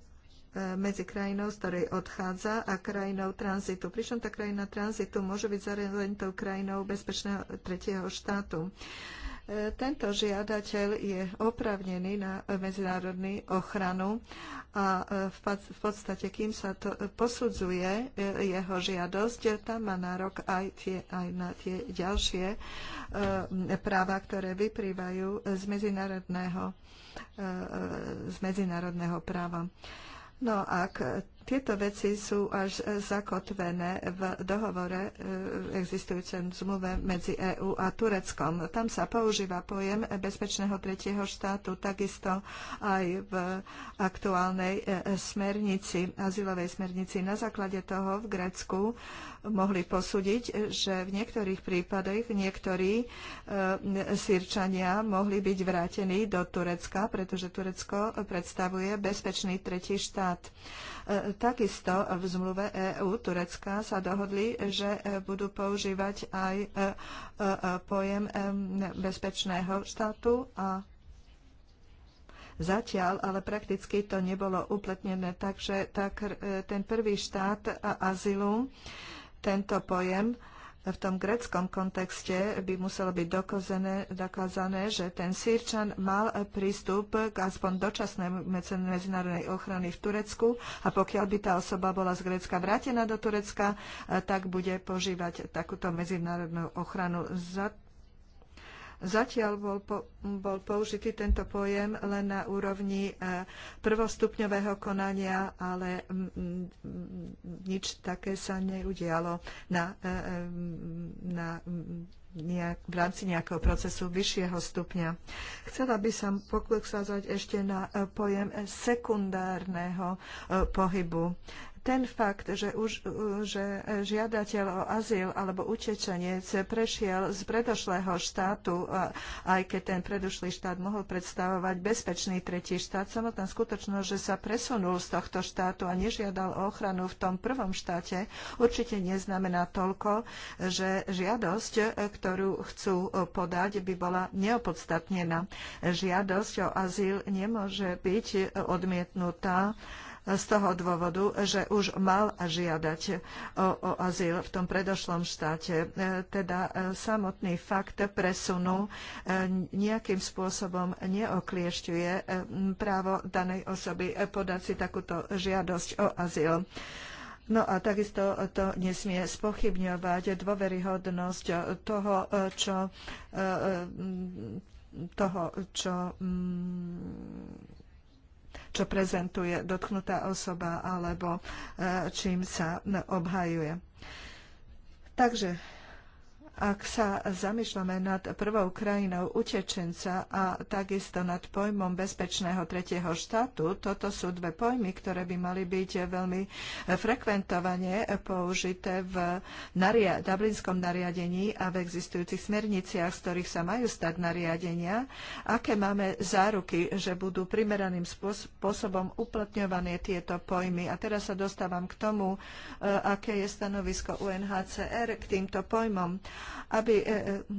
e, medzi krajinou, z ktorej odchádza a krajinou tranzitu. Pričom tá krajina tranzitu môže byť zároveň tou krajinou bezpečného tretieho štátu. Tento žiadateľ je opravnený na medzinárodnú ochranu a e, v podstate, kým sa to posudzuje e, jeho žiadosť, tam má nárok aj, tie, aj na tie ďalšie e, práva, ktoré vyprývajú z medzinárodného, z medzinárodného práva. No ak tieto veci sú až zakotvené v dohovore e, existujúcem zmluve medzi EÚ a Tureckom. Tam sa používa pojem bezpečného tretieho štátu, takisto aj v aktuálnej e, smernici, azylovej smernici. Na základe toho v Grécku mohli posúdiť, že v niektorých prípadoch niektorí e, sírčania mohli byť vrátení do Turecka, pretože Turecko predstavuje bezpečný tretí štát. E, takisto v zmluve EÚ Turecka sa dohodli, že e, budú používať aj e, pojem bezpečného štátu a Zatiaľ ale prakticky to nebolo uplatnené, takže tak, ten prvý štát azylu tento pojem v tom greckom kontexte by muselo byť dokozené, dokázané, že ten Sýrčan mal prístup k aspoň dočasnej medzinárodnej ochrany v Turecku a pokiaľ by tá osoba bola z Grécka vrátená do Turecka, eh, tak bude požívať takúto medzinárodnú ochranu. Za Zatiaľ bol, po, bol použitý tento pojem len na úrovni e, prvostupňového konania, ale nič také sa neudialo na, e, e, na nejak, v rámci nejakého procesu vyššieho stupňa. Chcela by som pokúsať ešte na pojem sekundárneho pohybu ten fakt, že, už, e, že žiadateľ o azyl alebo utečenec prešiel z predošlého štátu, aj keď ten predošlý štát mohol predstavovať bezpečný tretí štát, samotná skutočnosť, že sa presunul z tohto štátu a nežiadal o ochranu v tom prvom štáte, určite neznamená toľko, že žiadosť, e, ktorú chcú e, podať, by bola neopodstatnená. Žiadosť o azyl nemôže byť odmietnutá z toho dôvodu, že už mal žiadať o, o azyl v tom predošlom štáte. E, teda e, samotný fakt presunu e, nejakým spôsobom neokliešťuje právo danej osoby podať si takúto žiadosť o azyl. No a takisto to nesmie spochybňovať dôveryhodnosť toho, čo toho, čo čo prezentuje dotknutá osoba alebo e, čím sa obhajuje. Takže ak sa zamýšľame nad prvou krajinou utečenca a takisto nad pojmom bezpečného tretieho štátu, toto sú dve pojmy, ktoré by mali byť veľmi frekventovane použité v naria- Dublinskom nariadení a v existujúcich smerniciach, z ktorých sa majú stať nariadenia. Aké máme záruky, že budú primeraným spôsobom uplatňované tieto pojmy? A teraz sa dostávam k tomu, eh, aké je stanovisko UNHCR k týmto pojmom aby e, e,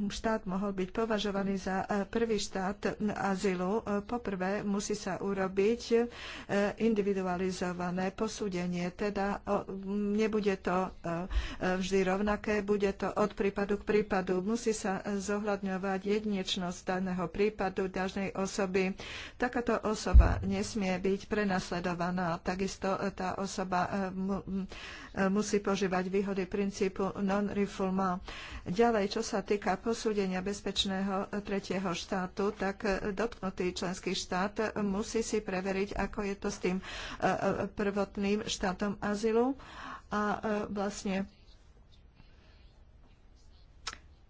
štát mohol byť považovaný za e, prvý štát azylu, poprvé musí sa urobiť individualizované posúdenie, teda nebude to vždy rovnaké, bude to od prípadu k prípadu. Musí sa zohľadňovať jedinečnosť daného prípadu, dažnej osoby. Takáto osoba nesmie byť prenasledovaná. Takisto tá osoba E, musí požívať výhody princípu non-refoulement. Ďalej, čo sa týka posúdenia bezpečného tretieho štátu, tak e, dotknutý členský štát musí si preveriť, ako je to s tým e, prvotným štátom azylu a vlastne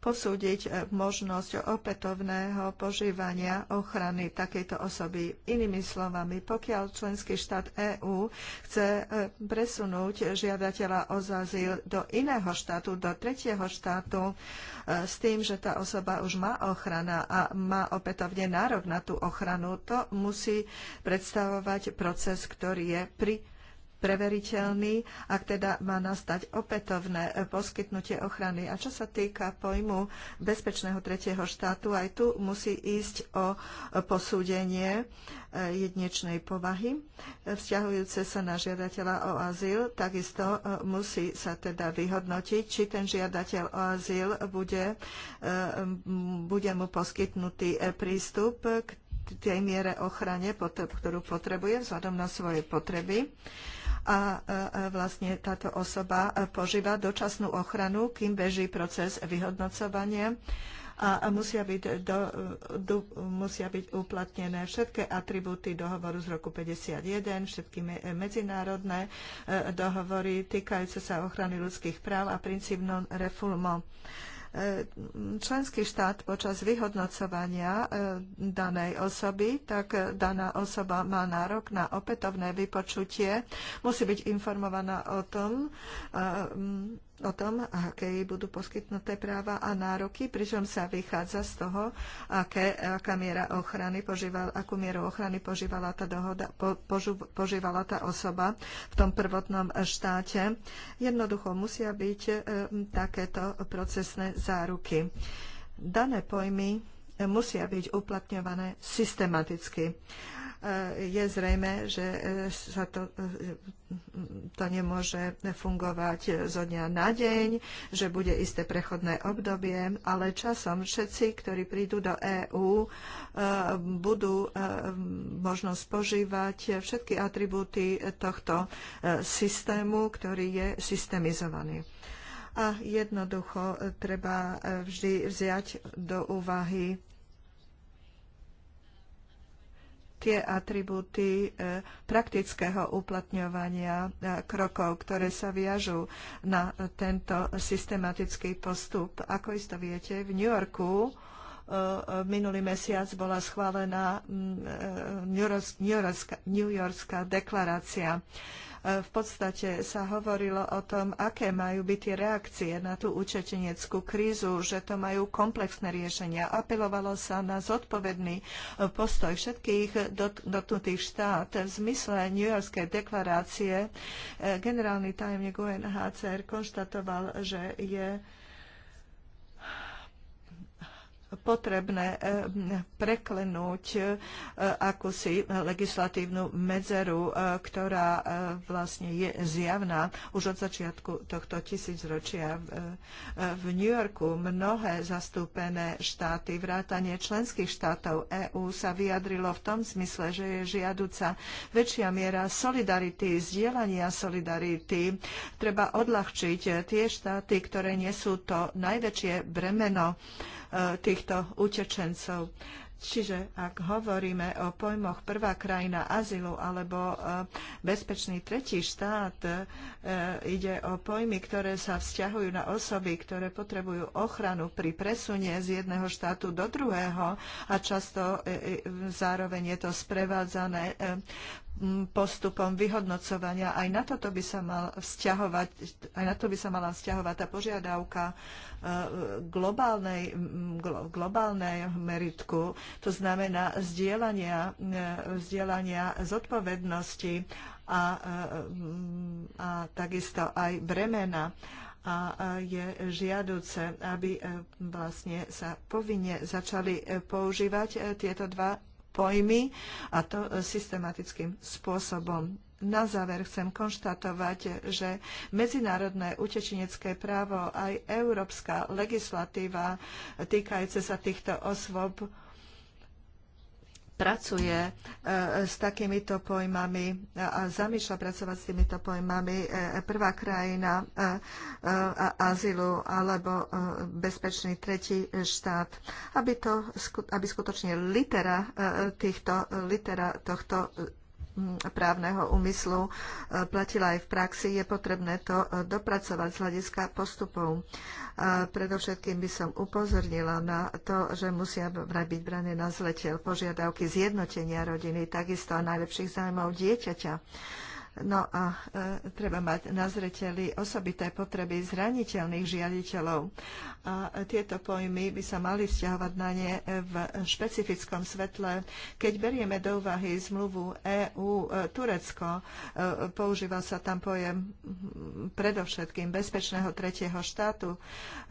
posúdiť eh, možnosť opätovného požívania ochrany takejto osoby. Inými slovami, pokiaľ členský štát EÚ chce eh, presunúť žiadateľa o zazil do iného štátu, do tretieho štátu, eh, s tým, že tá osoba už má ochrana a má opätovne nárok na tú ochranu, to musí predstavovať proces, ktorý je pri preveriteľný, ak teda má nastať opätovné e, poskytnutie ochrany. A čo sa týka pojmu bezpečného tretieho štátu, aj tu musí ísť o e, posúdenie e, jedinečnej povahy, vzťahujúce sa na žiadateľa o azyl. Takisto musí sa teda vyhodnotiť, či ten žiadateľ o azyl bude, bude mu poskytnutý prístup k tej miere ochrane, ktorú potrebuje vzhľadom na svoje potreby a e, e, vlastne táto osoba e, požíva dočasnú ochranu, kým beží proces vyhodnocovania a musia byť, do, do, musia byť uplatnené všetky atribúty dohovoru z roku 51, všetky medzinárodné dohovory týkajúce sa ochrany ľudských práv a princíp non členský štát počas vyhodnocovania e, danej osoby, tak daná osoba má nárok na opätovné vypočutie, musí byť informovaná o tom, o tom, aké budú poskytnuté práva a nároky, pričom sa vychádza z toho, aké, aká miera ochrany požíval, akú mieru ochrany požívala tá, dohoda, po, požu, požívala tá osoba v tom prvotnom štáte. Jednoducho musia byť e, takéto procesné záruky. Dané pojmy musia byť uplatňované systematicky je zrejme, že e, sa to, e, to nemôže fungovať zo dňa na deň, že bude isté prechodné obdobie, ale časom všetci, ktorí prídu do EÚ, e, budú možno spožívať všetky atribúty tohto systému, ktorý je systemizovaný a jednoducho treba vždy vziať do úvahy tie atribúty e, praktického uplatňovania e, krokov, ktoré sa viažú na tento systematický postup. Ako isto viete, v New Yorku e, minulý mesiac bola schválená New Yorkská deklarácia E, v podstate sa hovorilo o tom, aké majú byť tie reakcie na tú učeteneckú krízu, že to majú komplexné riešenia. Apelovalo sa na zodpovedný e, postoj všetkých dotknutých štát. V zmysle New Yorkskej deklarácie e, generálny tajomník UNHCR konštatoval, že je potrebné eh, preklenúť eh, akúsi legislatívnu medzeru, eh, ktorá vlastne je zjavná už od začiatku tohto tisícročia. V New Yorku mnohé zastúpené štáty, vrátanie členských štátov EÚ sa vyjadrilo v tom zmysle, že je žiaduca väčšia miera solidarity, zdieľania solidarity. Treba odľahčiť tie štáty, ktoré nesú to najväčšie bremeno týchto utečencov. Čiže ak hovoríme o pojmoch prvá krajina azylu alebo e, bezpečný tretí štát, e, ide o pojmy, ktoré sa vzťahujú na osoby, ktoré potrebujú ochranu pri presunie z jedného štátu do druhého a často e, zároveň je to sprevádzané postupom vyhodnocovania. Aj na toto by sa, mal vzťahovať, aj na to by sa mala vzťahovať tá požiadavka e, globálnej, globálnej meritku, to znamená vzdielania, vzdielania e, zodpovednosti a, e, a takisto aj bremena a je žiaduce, aby vlastne sa povinne začali používať tieto dva pojmy a to systematickým spôsobom. Na záver chcem konštatovať, že medzinárodné utečenecké právo aj európska legislatíva týkajúce sa týchto osôb pracuje e, s takýmito pojmami a zamýšľa pracovať s týmito pojmami e, prvá krajina e, azylu alebo bezpečný tretí štát, aby, to, aby skutočne litera, týchto, litera tohto Mm, právneho úmyslu e, platila aj v praxi, je potrebné to e, dopracovať z hľadiska postupov. E, predovšetkým by som upozornila na to, že musia byť brané na zletel požiadavky zjednotenia rodiny, takisto a najlepších zájmov dieťaťa No a e, treba mať na zreteli osobité potreby zraniteľných žiaditeľov. A e, tieto pojmy by sa mali vzťahovať na ne v špecifickom svetle. Keď berieme do úvahy zmluvu EU-Turecko, e, e, používa sa tam pojem predovšetkým bezpečného tretieho štátu.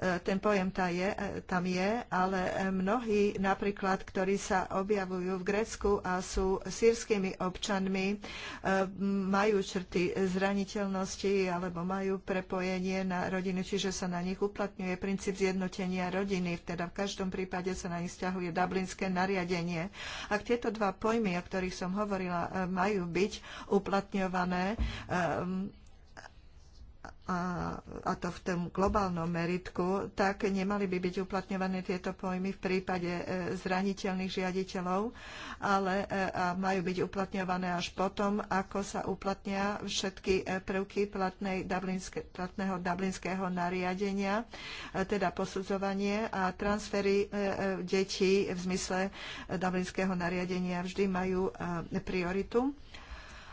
E, ten pojem tá je, e, tam je, ale mnohí napríklad, ktorí sa objavujú v Grécku a sú sírskymi občanmi, majú majú črty zraniteľnosti alebo majú prepojenie na rodinu, čiže sa na nich uplatňuje princíp zjednotenia rodiny. Teda v každom prípade sa na nich vzťahuje dublinské nariadenie. Ak tieto dva pojmy, o ktorých som hovorila, e, majú byť uplatňované, um, a, a to v tom globálnom meritku, tak nemali by byť uplatňované tieto pojmy v prípade e, zraniteľných žiaditeľov, ale e, a majú byť uplatňované až potom, ako sa uplatnia všetky e, prvky platnej dublinske, platného dublinského nariadenia, teda posudzovanie a transfery detí v zmysle dublinského nariadenia vždy majú prioritu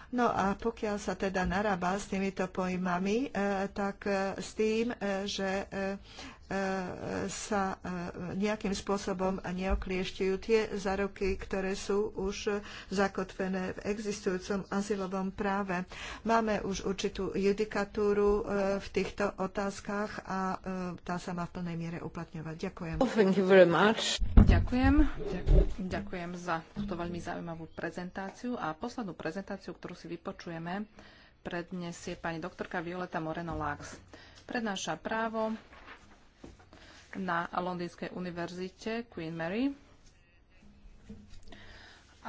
No a pokiaľ sa teda narába s týmito pojmami, eh, tak eh, s tým, eh, že sa e, nejakým spôsobom neokliešťujú tie zároky, ktoré sú už zakotvené v existujúcom azylovom práve. Máme už určitú judikatúru e, v týchto otázkach a e, tá sa má v plnej miere uplatňovať. Ďakujem. Ďakujem. Ďakujem za túto veľmi zaujímavú prezentáciu a poslednú prezentáciu, ktorú si vypočujeme, prednesie pani doktorka Violeta Moreno-Lax. Prednáša právo na Londýnskej univerzite Queen Mary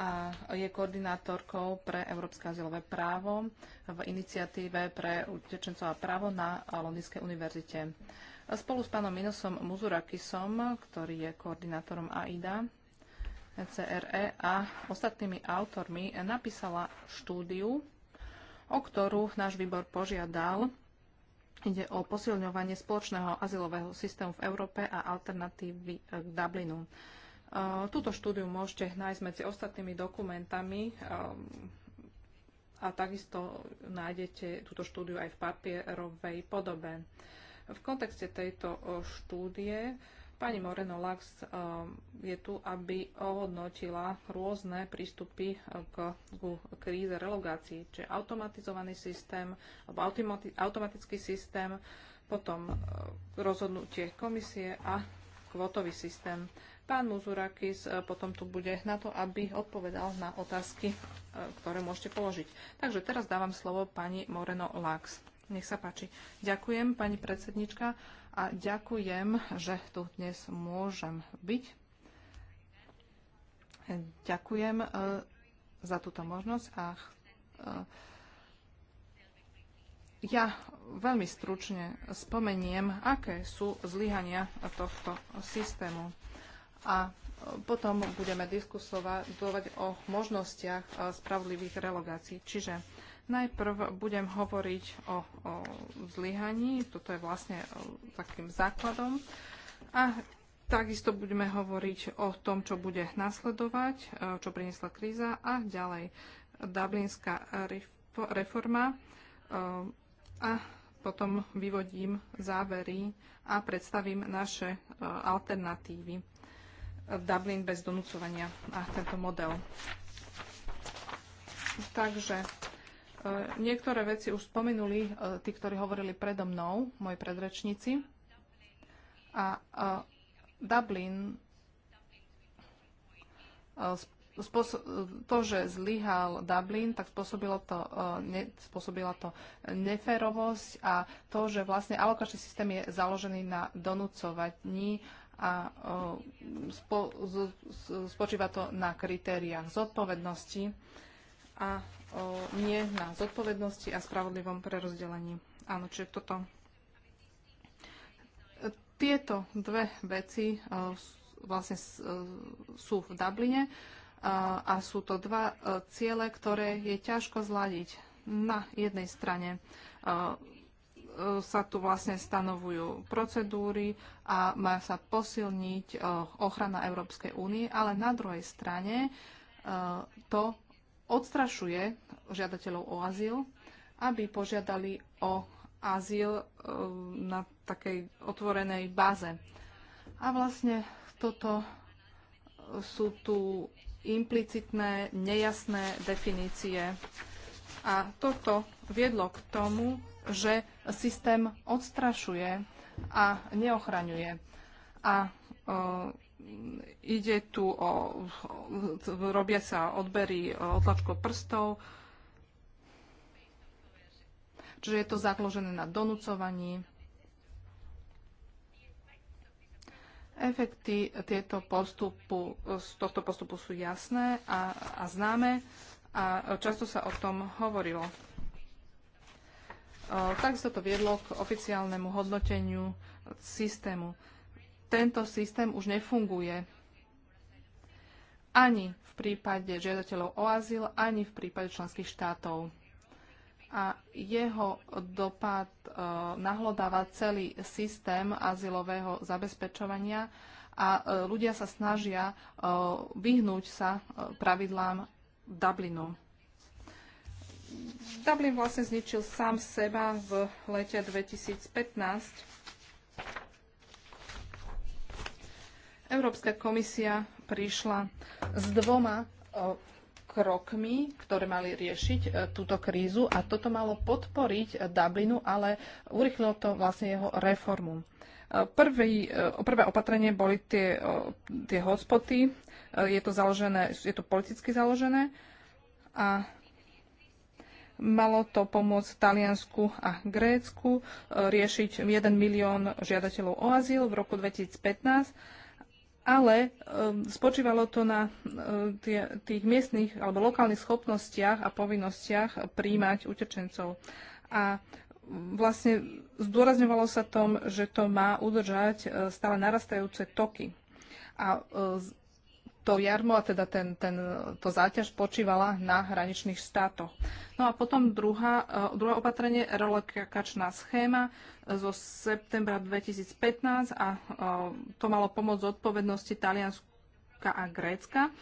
a je koordinátorkou pre Európske azylové právo v iniciatíve pre utečencov a právo na Londýnskej univerzite. Spolu s pánom Minosom Muzurakisom, ktorý je koordinátorom AIDA, CRE a ostatnými autormi napísala štúdiu, o ktorú náš výbor požiadal Ide o posilňovanie spoločného azylového systému v Európe a alternatívy e, k Dublinu. E, túto štúdiu môžete nájsť medzi ostatnými dokumentami e, a takisto nájdete túto štúdiu aj v papierovej podobe. V kontexte tejto štúdie Pani Moreno Lax eh, je tu, aby ohodnotila rôzne prístupy eh, k, k kríze relogácií, čiže automatizovaný systém alebo automatický systém, potom eh, rozhodnutie komisie a kvotový systém. Pán Muzurakis potom tu bude na to, aby odpovedal na otázky, ktoré môžete položiť. Takže teraz dávam slovo pani Moreno Lax. Nech sa páči. Ďakujem, pani predsednička, a ďakujem, že tu dnes môžem byť. Ďakujem e, za túto možnosť a e, ja veľmi stručne spomeniem, aké sú zlyhania tohto systému. A e, potom budeme diskusovať o možnostiach spravodlivých relogácií. Čiže Najprv budem hovoriť o, o zlyhaní, toto je vlastne e, takým základom. A takisto budeme hovoriť o tom, čo bude nasledovať, e, čo priniesla kríza a ďalej Dublinská reforma. E, a potom vyvodím závery a predstavím naše alternatívy. Dublin bez donúcovania a tento model. Takže E, niektoré veci už spomenuli e, tí, ktorí hovorili predo mnou, moji predrečníci. A e, Dublin, to, že zlyhal Dublin, tak spôsobilo to, ne, spôsobila to neférovosť a to, že vlastne alokačný systém je založený na donúcovaní a spo, spočíva to na kritériách zodpovednosti. A nie na zodpovednosti a spravodlivom prerozdelení. Áno, čiže toto. Tieto dve veci vlastne sú v Dubline a sú to dva ciele, ktoré je ťažko zladiť. Na jednej strane sa tu vlastne stanovujú procedúry a má sa posilniť ochrana Európskej únie, ale na druhej strane to odstrašuje žiadateľov o azyl, aby požiadali o azyl eh, na takej otvorenej báze. A vlastne toto sú tu implicitné, nejasné definície. A toto viedlo k tomu, že systém odstrašuje a neochraňuje. A e, ide tu o, robia sa odbery otlačkov prstov, čiže je to zakložené na donúcovaní. Efekty tieto postupu, z tohto postupu sú jasné a, a známe a často sa o tom hovorilo. Takisto to viedlo k oficiálnemu hodnoteniu systému tento systém už nefunguje. Ani v prípade žiadateľov o azyl, ani v prípade členských štátov. A jeho dopad e, nahlodáva celý systém azylového zabezpečovania a e, ľudia sa snažia e, vyhnúť sa e, pravidlám Dublinu. Dublin vlastne zničil sám seba v lete 2015 Európska komisia prišla s dvoma krokmi, ktoré mali riešiť e, túto krízu a toto malo podporiť e, Dublinu, ale urychlilo to vlastne jeho reformu. E, prvý, prvé opatrenie boli tie, tie hotspoty. Je to, založené, je to politicky založené a malo to pomôcť Taliansku a Grécku riešiť 1 milión žiadateľov o azyl v roku 2015 ale ehm, spočívalo to na ehm, tých miestnych alebo lokálnych schopnostiach a povinnostiach príjmať utečencov. A vlastne zdôrazňovalo sa tom, že to má udržať ehm, stále narastajúce toky. A to jarmo, a teda ten, ten, to záťaž počívala na hraničných štátoch. No a potom druhá, e, druhé opatrenie, relokačná schéma zo septembra 2015 a e, to malo pomôcť zodpovednosti Talianska a Grécka. E,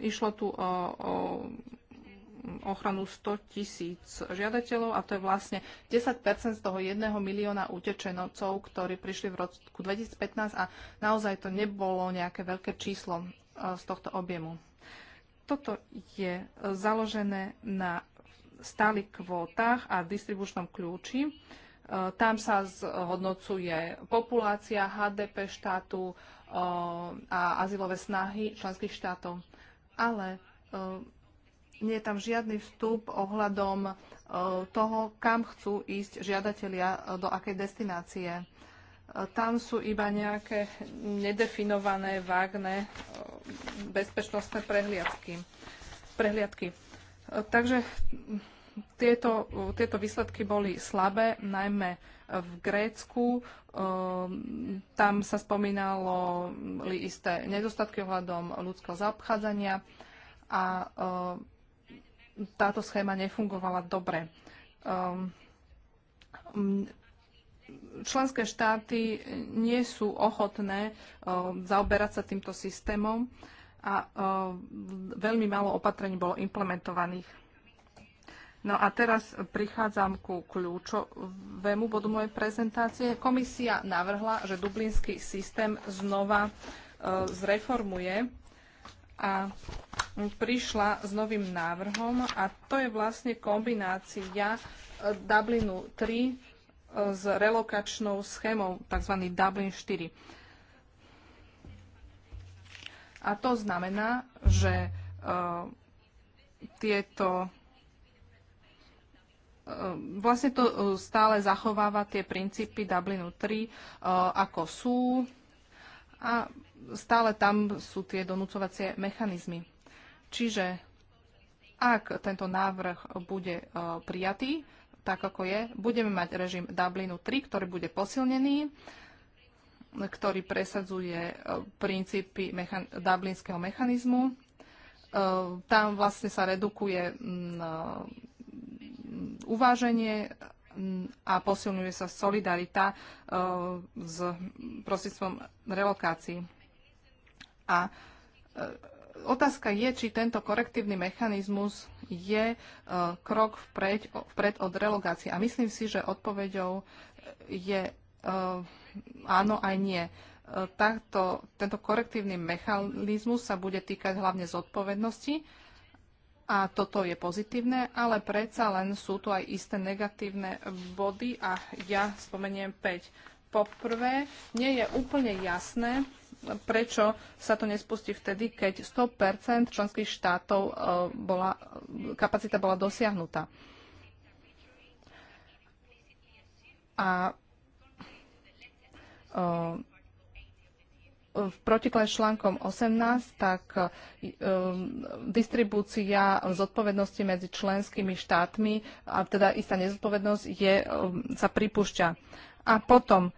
išlo tu o, o ochranu 100 tisíc žiadateľov a to je vlastne 10 z toho jedného milióna utečenocov, ktorí prišli v roku 2015 a naozaj to nebolo nejaké veľké číslo e, z tohto objemu. Toto je založené na stálych kvótach a distribučnom kľúči. E, tam sa zhodnocuje populácia HDP štátu e, a azylové snahy členských štátov. Ale nie je tam žiadny vstup ohľadom e, toho, kam chcú ísť žiadatelia, e, do akej destinácie. E, tam sú iba nejaké nedefinované, vágne bezpečnostné prehliadky. prehliadky. Takže tieto, tieto výsledky boli slabé, najmä v Grécku. Tam sa spomínalo isté nedostatky ohľadom ľudského zaobchádzania a táto schéma nefungovala dobre. Um, členské štáty nie sú ochotné uh, zaoberať sa týmto systémom a uh, veľmi málo opatrení bolo implementovaných. No a teraz prichádzam ku kľúčovému bodu mojej prezentácie. Komisia navrhla, že dublinský systém znova uh, zreformuje a prišla s novým návrhom a to je vlastne kombinácia e, Dublinu 3 e, s relokačnou schémou, tzv. Dublin 4. A to znamená, že e, tieto vlastne to stále zachováva tie princípy Dublinu 3, ako sú a stále tam sú tie donúcovacie mechanizmy. Čiže ak tento návrh bude e, prijatý, tak ako je, budeme mať režim Dublinu 3, ktorý bude posilnený, ktorý presadzuje e, princípy mechan- dublinského mechanizmu. E, tam vlastne sa redukuje uváženie a posilňuje sa solidarita s prostredstvom relokácií. A e, otázka je, či tento korektívny mechanizmus je e, krok vpred, vpred od relogácie. A myslím si, že odpoveďou je e, áno aj nie. Takto, tento korektívny mechanizmus sa bude týkať hlavne zodpovednosti a toto je pozitívne, ale predsa len sú tu aj isté negatívne body a ja spomeniem 5. Poprvé, nie je úplne jasné, prečo sa to nespustí vtedy, keď 100 členských štátov e, bola, kapacita bola dosiahnutá. A e, v protikle článkom 18, tak e, distribúcia zodpovednosti medzi členskými štátmi, a teda istá nezodpovednosť, je, sa pripúšťa. A potom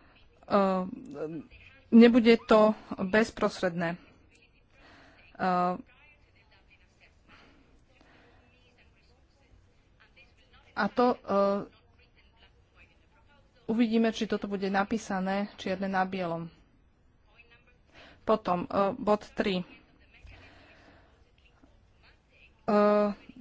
nebude to bezprostredné. A to e, uvidíme, či toto bude napísané čierne na bielom. Potom e, bod 3. E,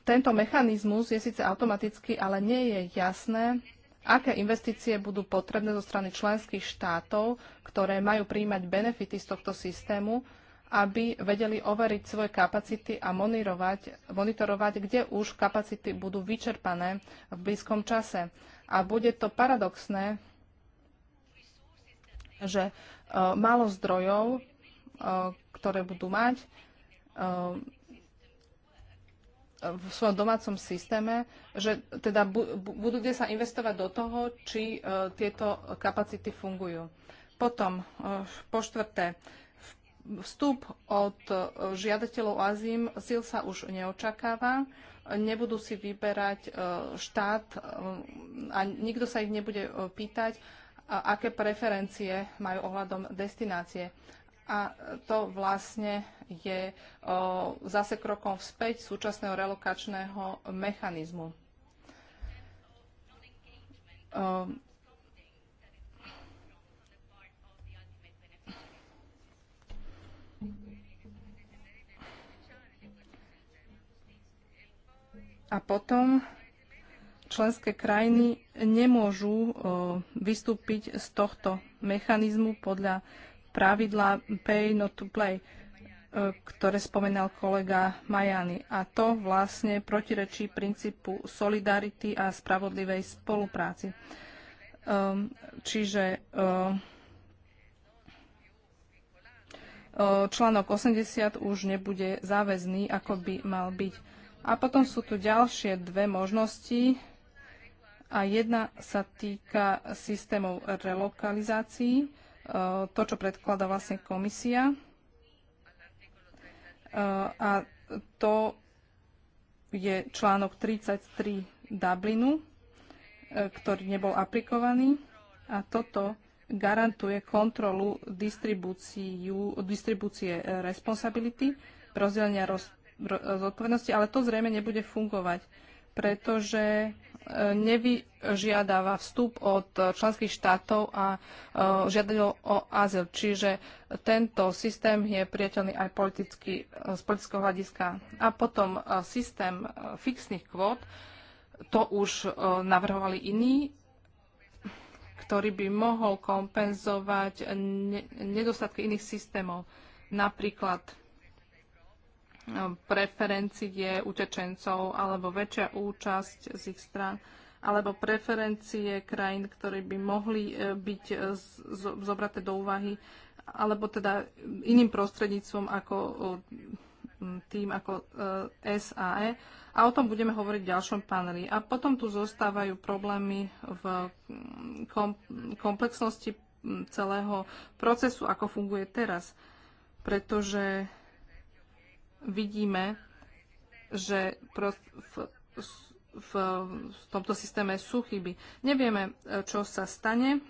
tento mechanizmus je síce automatický, ale nie je jasné, aké investície budú potrebné zo strany členských štátov, ktoré majú príjmať benefity z tohto systému, aby vedeli overiť svoje kapacity a monitorovať, monitorovať kde už kapacity budú vyčerpané v blízkom čase. A bude to paradoxné, že e, málo zdrojov, e, ktoré budú mať, e, v svojom domácom systéme, že teda bu budú kde sa investovať do toho, či uh, tieto kapacity fungujú. Potom, uh, po štvrté, vstup od uh, žiadateľov azím sil sa už neočakáva, nebudú si vyberať štát a nikto sa ich nebude pýtať, aké preferencie majú ohľadom destinácie. A to vlastne je o, zase krokom vzpäť súčasného relokačného mechanizmu. O, a potom členské krajiny nemôžu o, vystúpiť z tohto mechanizmu podľa pravidla pay not to play, e, ktoré spomenal kolega Majany. A to vlastne protirečí princípu solidarity a spravodlivej spolupráci. Ehm, čiže e, e, článok 80 už nebude záväzný, ako by mal byť. A potom sú tu ďalšie dve možnosti a jedna sa týka systémov relokalizácií E, to, čo predkladá vlastne komisia. E, a to je článok 33 Dublinu, e, ktorý nebol aplikovaný. A toto garantuje kontrolu distribúcie responsability, rozdelenia roz, zodpovednosti, ale to zrejme nebude fungovať, pretože nevyžiadava vstup od členských štátov a e, žiadateľov o azyl. Čiže tento systém je priateľný aj politicky, e, z politického hľadiska. A potom e, systém fixných kvót, to už navrhovali iní, ktorý by mohol kompenzovať nedostatky iných systémov. Napríklad preferencie utečencov alebo väčšia účasť z ich strán alebo preferencie krajín, ktoré by mohli e, byť e, zobraté do úvahy, alebo teda iným prostredníctvom ako tým ako SAE. E. A o tom budeme hovoriť v ďalšom paneli. A potom tu zostávajú problémy v komplexnosti celého procesu, ako funguje teraz. Pretože vidíme, že v, v, v tomto systéme sú chyby. Nevieme, e, čo sa stane,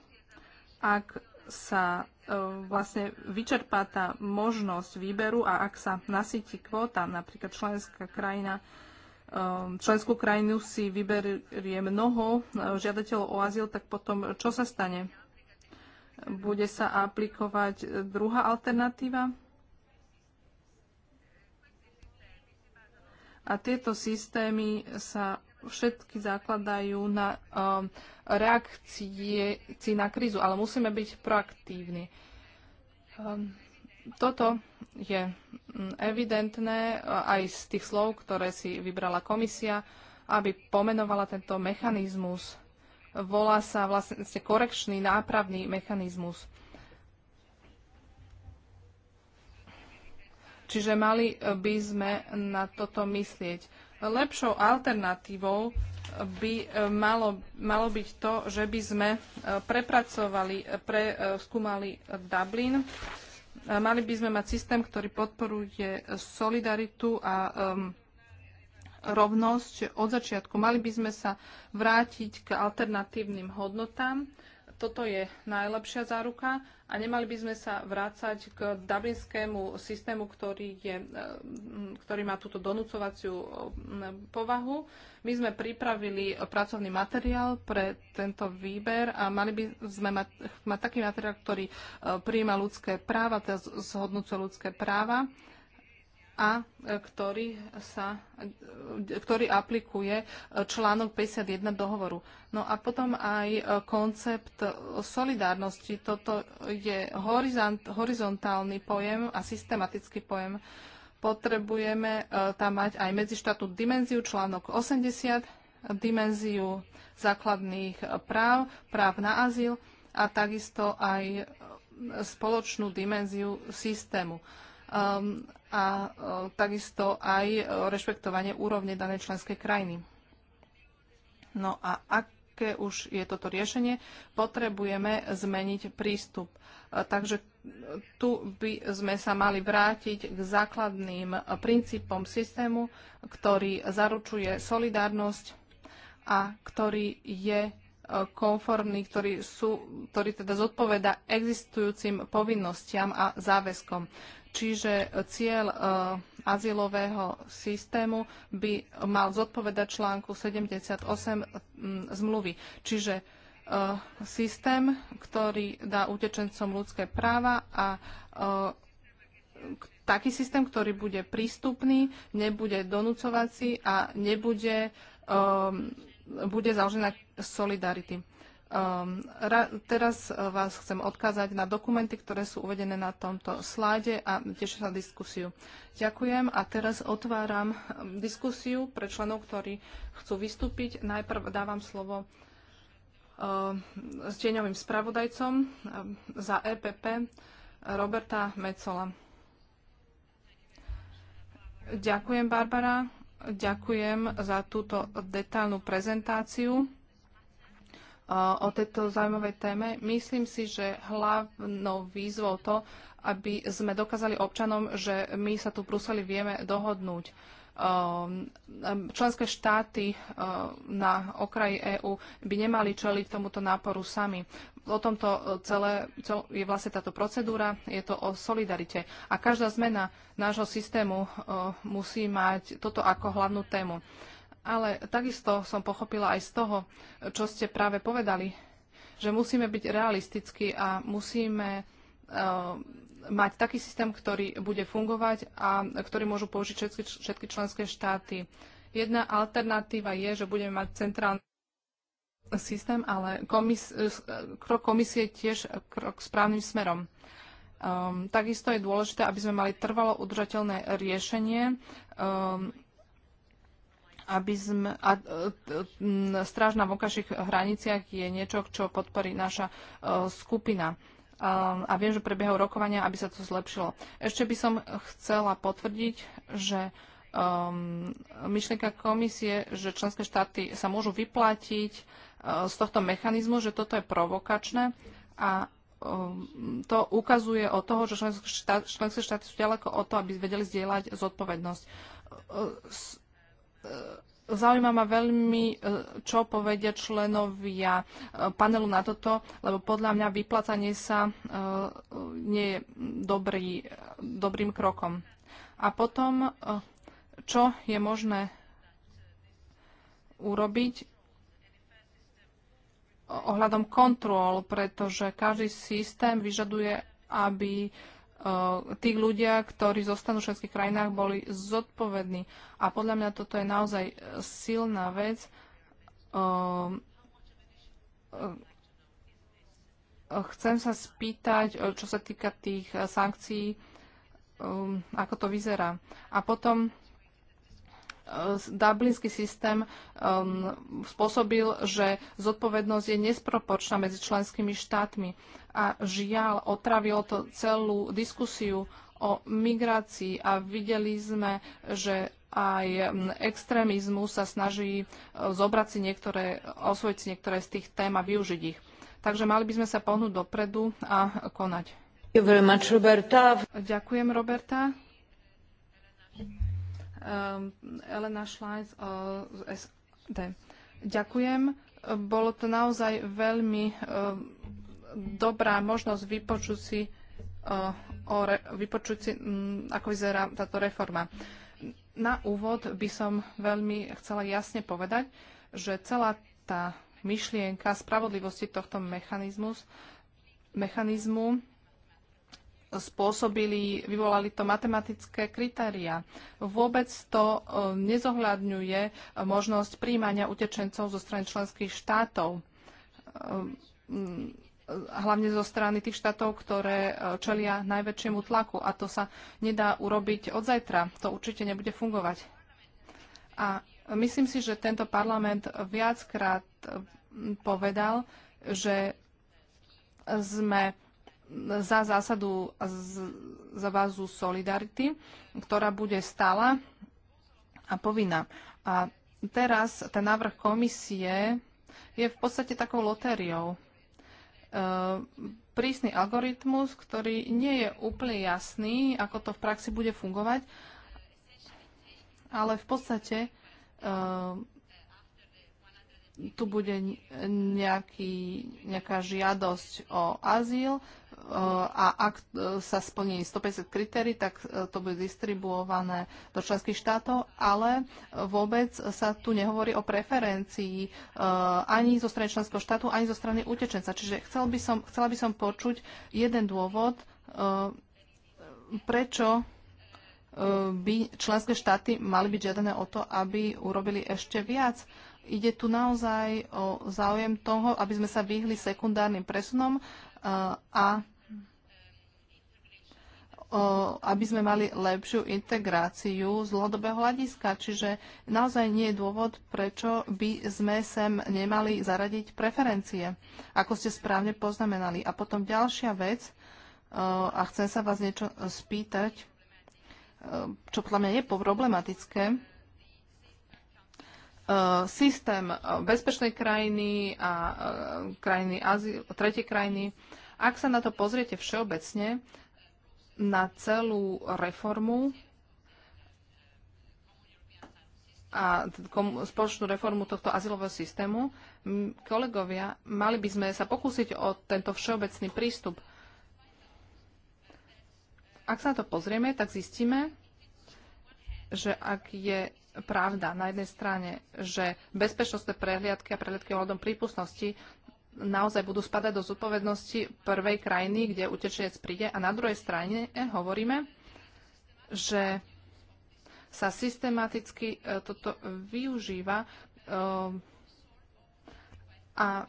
ak sa e, vlastne vyčerpá tá možnosť výberu a ak sa nasytí kvóta, napríklad členská krajina, e, členskú krajinu si vyberie mnoho žiadateľov o azyl, tak potom čo sa stane? Bude sa aplikovať druhá alternatíva? a tieto systémy sa všetky zakladajú na um, na krízu, ale musíme byť proaktívni. Um, toto je mm, evidentné uh, aj z tých slov, ktoré si vybrala komisia, aby pomenovala tento mechanizmus. Volá sa vlastne, vlastne korekčný nápravný mechanizmus. Čiže mali by sme na toto myslieť. Lepšou alternatívou by e, malo, malo byť to, že by sme e, prepracovali, e, preskúmali Dublin. Mali by sme mať systém, ktorý podporuje solidaritu a um, rovnosť od začiatku. Mali by sme sa vrátiť k alternatívnym hodnotám. Toto je najlepšia záruka a nemali by sme sa vrácať k dublinskému systému, ktorý, je, e, ktorý má túto donúcovaciu e, povahu. My sme pripravili pracovný materiál pre tento výber a mali by sme mať, mať taký materiál, ktorý e, prijíma ľudské práva, teda zhodnúce ľudské práva a e, ktorý, sa, e, ktorý aplikuje e, článok 51 dohovoru. No a potom aj koncept solidárnosti. Toto je horizontálny pojem a systematický pojem. Potrebujeme tam mať aj medzištátnu dimenziu, článok 80, dimenziu základných práv, práv na azyl a takisto aj spoločnú dimenziu systému. Um, a e, takisto aj e, rešpektovanie úrovne danej členskej krajiny. No a aké už je toto riešenie, potrebujeme zmeniť prístup. E, takže tu by sme sa mali vrátiť k základným princípom systému, ktorý zaručuje solidárnosť a ktorý je konformný, ktorý, sú, ktorý teda zodpoveda existujúcim povinnostiam a záväzkom. Čiže cieľ e, azylového systému by mal zodpovedať článku 78 zmluvy. Čiže e, systém, ktorý dá utečencom ľudské práva a e, taký systém, ktorý bude prístupný, nebude donúcovací a nebude bude založená solidarity. Um, ra, teraz e, vás chcem odkázať na dokumenty, ktoré sú uvedené na tomto sláde a teším sa diskusiu. Ďakujem a teraz otváram ehm, diskusiu pre členov, ktorí chcú vystúpiť. Najprv dávam slovo uh, s tieňovým spravodajcom um, za EPP Roberta Mecola. Ďakujem, Barbara. Ďakujem za túto detailnú prezentáciu o tejto zaujímavej téme. Myslím si, že hlavnou výzvou to, aby sme dokázali občanom, že my sa tu v Bruseli vieme dohodnúť. Ehm, ehm, členské štáty ehm, na okraji EÚ by nemali čeliť tomuto náporu sami. O tomto e, celé, je vlastne táto procedúra, je to o solidarite. A každá zmena nášho systému musí mať toto ako hlavnú tému. Ale takisto som pochopila aj z toho, čo ste práve povedali, že musíme byť realistickí a musíme uh, mať taký systém, ktorý bude fungovať a ktorý môžu použiť všetky, všetky členské štáty. Jedna alternatíva je, že budeme mať centrálny systém, ale komis, e, krok komisie je tiež krok správnym smerom. Um, takisto je dôležité, aby sme mali trvalo udržateľné riešenie um, aby sme, a, a, e, stráž na vonkajších hraniciach je niečo, čo podporí naša a, e, skupina. A, a viem, že prebiehajú rokovania, aby sa to zlepšilo. Ešte by som chcela potvrdiť, že um, myšlienka komisie, že členské štáty sa môžu vyplatiť uh, z tohto mechanizmu, že toto je provokačné a um, to ukazuje od toho, že členské štáty, členské štáty sú ďaleko o to, aby vedeli zdieľať zodpovednosť. Uh, s, Zaujíma ma veľmi, e, čo povedia členovia e, panelu na toto, lebo podľa mňa vyplacanie sa e, nie je dobrý, dobrým krokom. A potom, čo je možné urobiť ohľadom kontrol, pretože každý systém vyžaduje, aby tých ľudia, ktorí zostanú v všetkých krajinách, boli zodpovední. A podľa mňa toto je naozaj e, silná vec. E, chcem sa spýtať, e, čo sa týka tých sankcií, ako to vyzerá. A potom Dublinský systém um, spôsobil, že zodpovednosť je nesproporčná medzi členskými štátmi a žiaľ otravilo to celú diskusiu o migrácii a videli sme, že aj um, extrémizmu sa snaží uh, zobrať si niektoré, osvojiť si niektoré z tých tém a využiť ich. Takže mali by sme sa pohnúť dopredu a konať. Much, Roberta. Ďakujem, Roberta. Um, Elena Schleins z SD. Ďakujem. Bolo to naozaj veľmi um, dobrá možnosť vypočuť si, o, vypočuť si ako vyzerá táto reforma. Na úvod by som veľmi chcela jasne povedať, že celá tá myšlienka spravodlivosti tohto mechanizmu spôsobili, vyvolali to matematické kritéria. Vôbec to e, nezohľadňuje možnosť príjmania utečencov zo strany členských štátov e, hlavne zo strany tých štátov, ktoré e, čelia najväčšiemu tlaku. A to sa nedá urobiť od zajtra. To určite nebude fungovať. A myslím si, že tento parlament viackrát povedal, že sme za zásadu za bázu solidarity, ktorá bude stála a povinná. A teraz ten návrh komisie je v podstate takou lotériou. E, prísny algoritmus, ktorý nie je úplne jasný, ako to v praxi bude fungovať, ale v podstate e, tu bude nejaký, nejaká žiadosť o azyl, a ak e, sa splní 150 kritérií, tak e, to bude distribuované do členských štátov, ale e, vôbec sa tu nehovorí o preferencii ani zo strany členského štátu, ani zo strany utečenca. Čiže chcel by som, chcela by som počuť jeden dôvod, prečo by členské štáty mali byť žiadané o to, aby urobili ešte viac. Ide tu naozaj o záujem toho, aby sme sa vyhli sekundárnym presunom a aby sme mali lepšiu integráciu z dlhodobého hľadiska. Čiže naozaj nie je dôvod, prečo by sme sem nemali zaradiť preferencie, ako ste správne poznamenali. A potom ďalšia vec, a chcem sa vás niečo spýtať, čo podľa mňa je problematické, systém bezpečnej krajiny a krajiny azyl, tretie krajiny. Ak sa na to pozriete všeobecne, na celú reformu a spoločnú reformu tohto azylového systému. Kolegovia, mali by sme sa pokúsiť o tento všeobecný prístup. Ak sa na to pozrieme, tak zistíme, že ak je pravda na jednej strane, že bezpečnostné prehliadky a prehliadky hľadom prípustnosti naozaj budú spadať do zodpovednosti prvej krajiny, kde utečenec príde. A na druhej strane hovoríme, že sa systematicky e, toto využíva e, a e,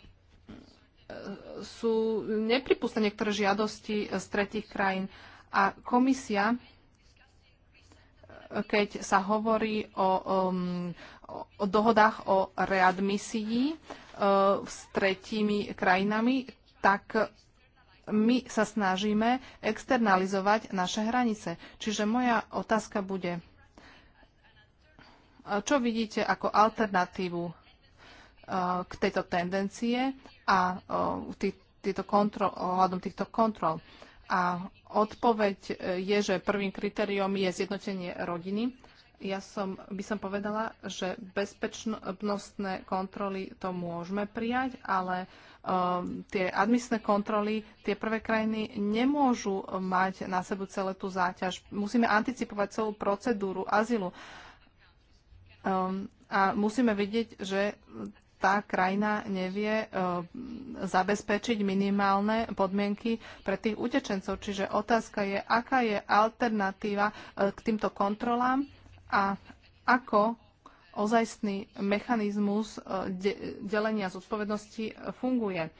sú nepripustné niektoré žiadosti z tretich krajín. A komisia, keď sa hovorí o, o, o dohodách o readmisii, E, s tretími krajinami, tak my sa snažíme externalizovať naše hranice. Čiže moja otázka bude, e, čo vidíte ako alternatívu e, k tejto tendencie a tý, týto kontrol, ohľadom týchto kontrol. A odpoveď je, že prvým kritériom je zjednotenie rodiny ja som, by som povedala, že bezpečnostné kontroly to môžeme prijať, ale um, tie admisné kontroly, tie prvé krajiny nemôžu mať na sebu celé tú záťaž. Musíme anticipovať celú procedúru azylu. Um, a musíme vidieť, že tá krajina nevie e, zabezpečiť minimálne podmienky pre tých utečencov. Čiže otázka je, aká je alternatíva e, k týmto kontrolám a ako ozajstný mechanizmus e, de- delenia zodpovednosti e, funguje.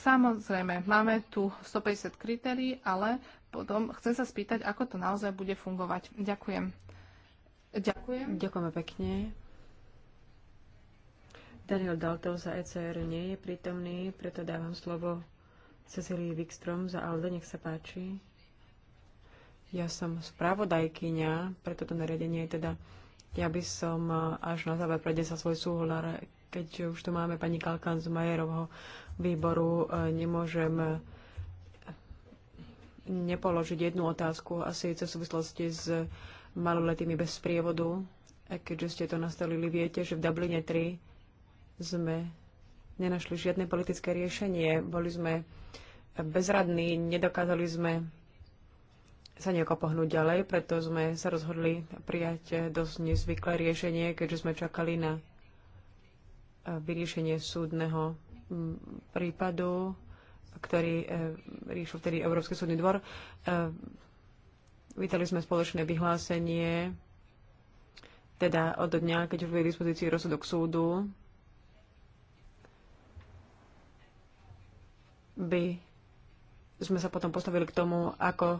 Samozrejme, máme tu 150 kritérií, ale potom chcem sa spýtať, ako to naozaj bude fungovať. Ďakujem. Ďakujem. Ďakujeme pekne. Daniel Daltov za ECR nie je prítomný, preto dávam slovo Cecilii Wikstrom za ALDE. Nech sa páči. Ja som spravodajkyňa preto to nariadenie, teda ja by som až na záver predesla svoj súhľad, keď už tu máme pani Kalkan z Majerovho výboru, e, nemôžem e, nepoložiť jednu otázku, asi je v súvislosti s maloletými bez prievodu, e, keďže ste to nastavili, viete, že v Dubline 3 sme nenašli žiadne politické riešenie. Boli sme bezradní, nedokázali sme sa nejako pohnúť ďalej, preto sme sa rozhodli prijať dosť nezvyklé riešenie, keďže sme čakali na e, vyriešenie súdneho prípadu, ktorý e, riešil vtedy Európsky súdny dvor. E, vítali sme spoločné vyhlásenie, teda od dňa, keď už bude v dispozícii rozsudok súdu, by sme sa potom postavili k tomu, ako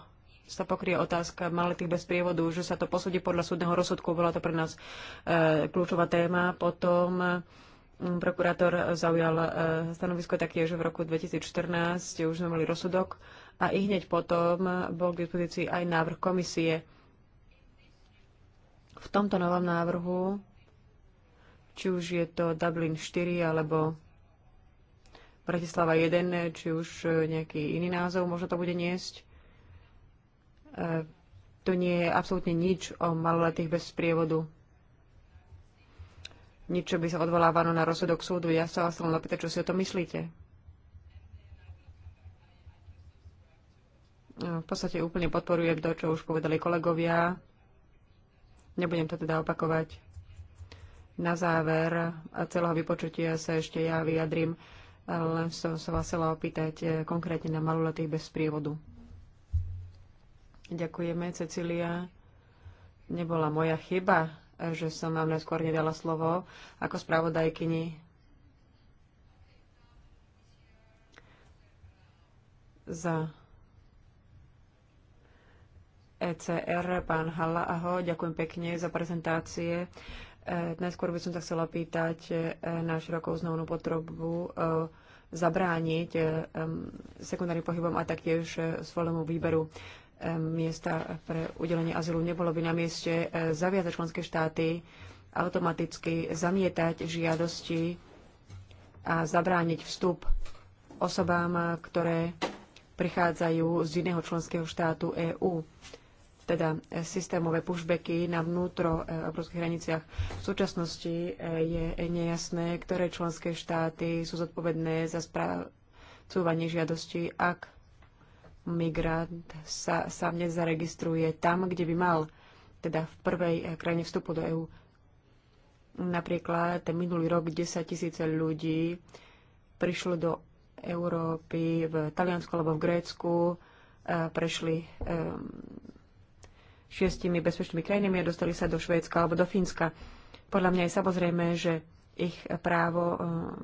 sa pokrie otázka maletých bez prievodu, že sa to posúdi podľa súdneho rozsudku, bola to pre nás e, kľúčová téma. Potom mm, prokurátor zaujal e, stanovisko také, že v roku 2014 už sme mali rozsudok a i hneď potom bol k dispozícii aj návrh komisie. V tomto novom návrhu, či už je to Dublin 4 alebo Bratislava 1, či už nejaký iný názov možno to bude niesť, E, to nie je absolútne nič o maloletých bez sprievodu. Nič, čo by sa odvolávalo na rozsudok súdu. Ja sa vás len opýtať, čo si o to myslíte. E, v podstate úplne podporujem to, čo už povedali kolegovia. Nebudem to teda opakovať. Na záver celého vypočutia sa ešte ja vyjadrím, e, len som sa vás chcela opýtať konkrétne na maloletých bez sprievodu. Ďakujeme, Cecília. Nebola moja chyba, že som vám neskôr nedala slovo ako spravodajkyni. Za ECR, pán Halla, aho, ďakujem pekne za prezentácie. E, najskôr by som sa chcela pýtať e, na širokou znovnú potrebu e, zabrániť sekundárnym pohybom a taktiež svojmu výberu miesta pre udelenie azylu. Nebolo by na mieste eh, zaviazať členské štáty automaticky zamietať žiadosti a zabrániť vstup osobám, ktoré prichádzajú z iného členského štátu EÚ teda eh, systémové pushbacky na vnútro eh, európskych hraniciach. V súčasnosti je nejasné, ktoré členské štáty sú zodpovedné za správcovanie žiadosti, ak migrant sa sám nezaregistruje tam, kde by mal, teda v prvej eh, krajine vstupu do EÚ. Napríklad ten minulý rok 10 tisíce ľudí prišlo do Európy v Taliansku alebo v Grécku, eh, prešli eh, šiestimi bezpečnými krajinami a dostali sa do Švédska alebo do Fínska. Podľa mňa je samozrejme, že ich právo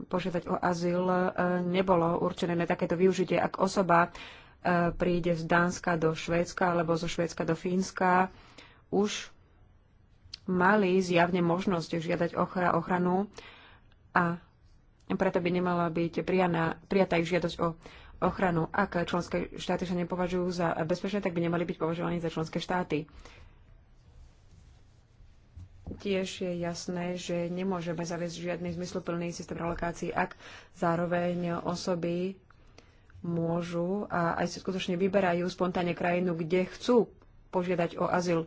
požiadať o azyl nebolo určené na takéto využitie. Ak osoba E, príde z Dánska do Švédska alebo zo Švédska do Fínska, už mali zjavne možnosť žiadať ochranu a preto by nemala byť prijaná, prijatá ich žiadosť o ochranu. Ak členské štáty sa nepovažujú za bezpečné, tak by nemali byť považovaní za členské štáty. Tiež je jasné, že nemôžeme zaviesť žiadny zmysluplný systém relokácií, ak zároveň osoby môžu a aj si skutočne vyberajú spontánne krajinu, kde chcú požiadať o azyl.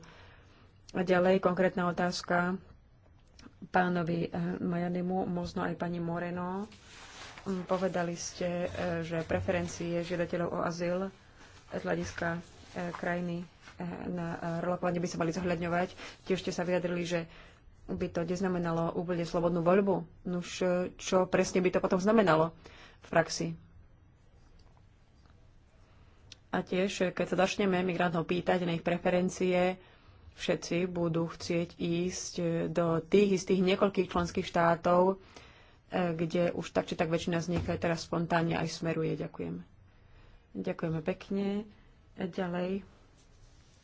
A ďalej konkrétna otázka pánovi eh, Majanimu, možno aj pani Moreno. Mm, povedali ste, eh, že preferencie žiadateľov o azyl eh, z hľadiska krajiny na rolovanie by sa mali zohľadňovať. Tiež ste sa vyjadrili, že by to neznamenalo úplne slobodnú voľbu. Nuž, čo presne by to potom znamenalo v praxi? A tiež, keď sa začneme migrantov pýtať na ich preferencie, všetci budú chcieť ísť do tých istých niekoľkých členských štátov, eh, kde už tak či tak väčšina z nich teraz spontánne aj smeruje. Ďakujem. Ďakujeme pekne. Ďalej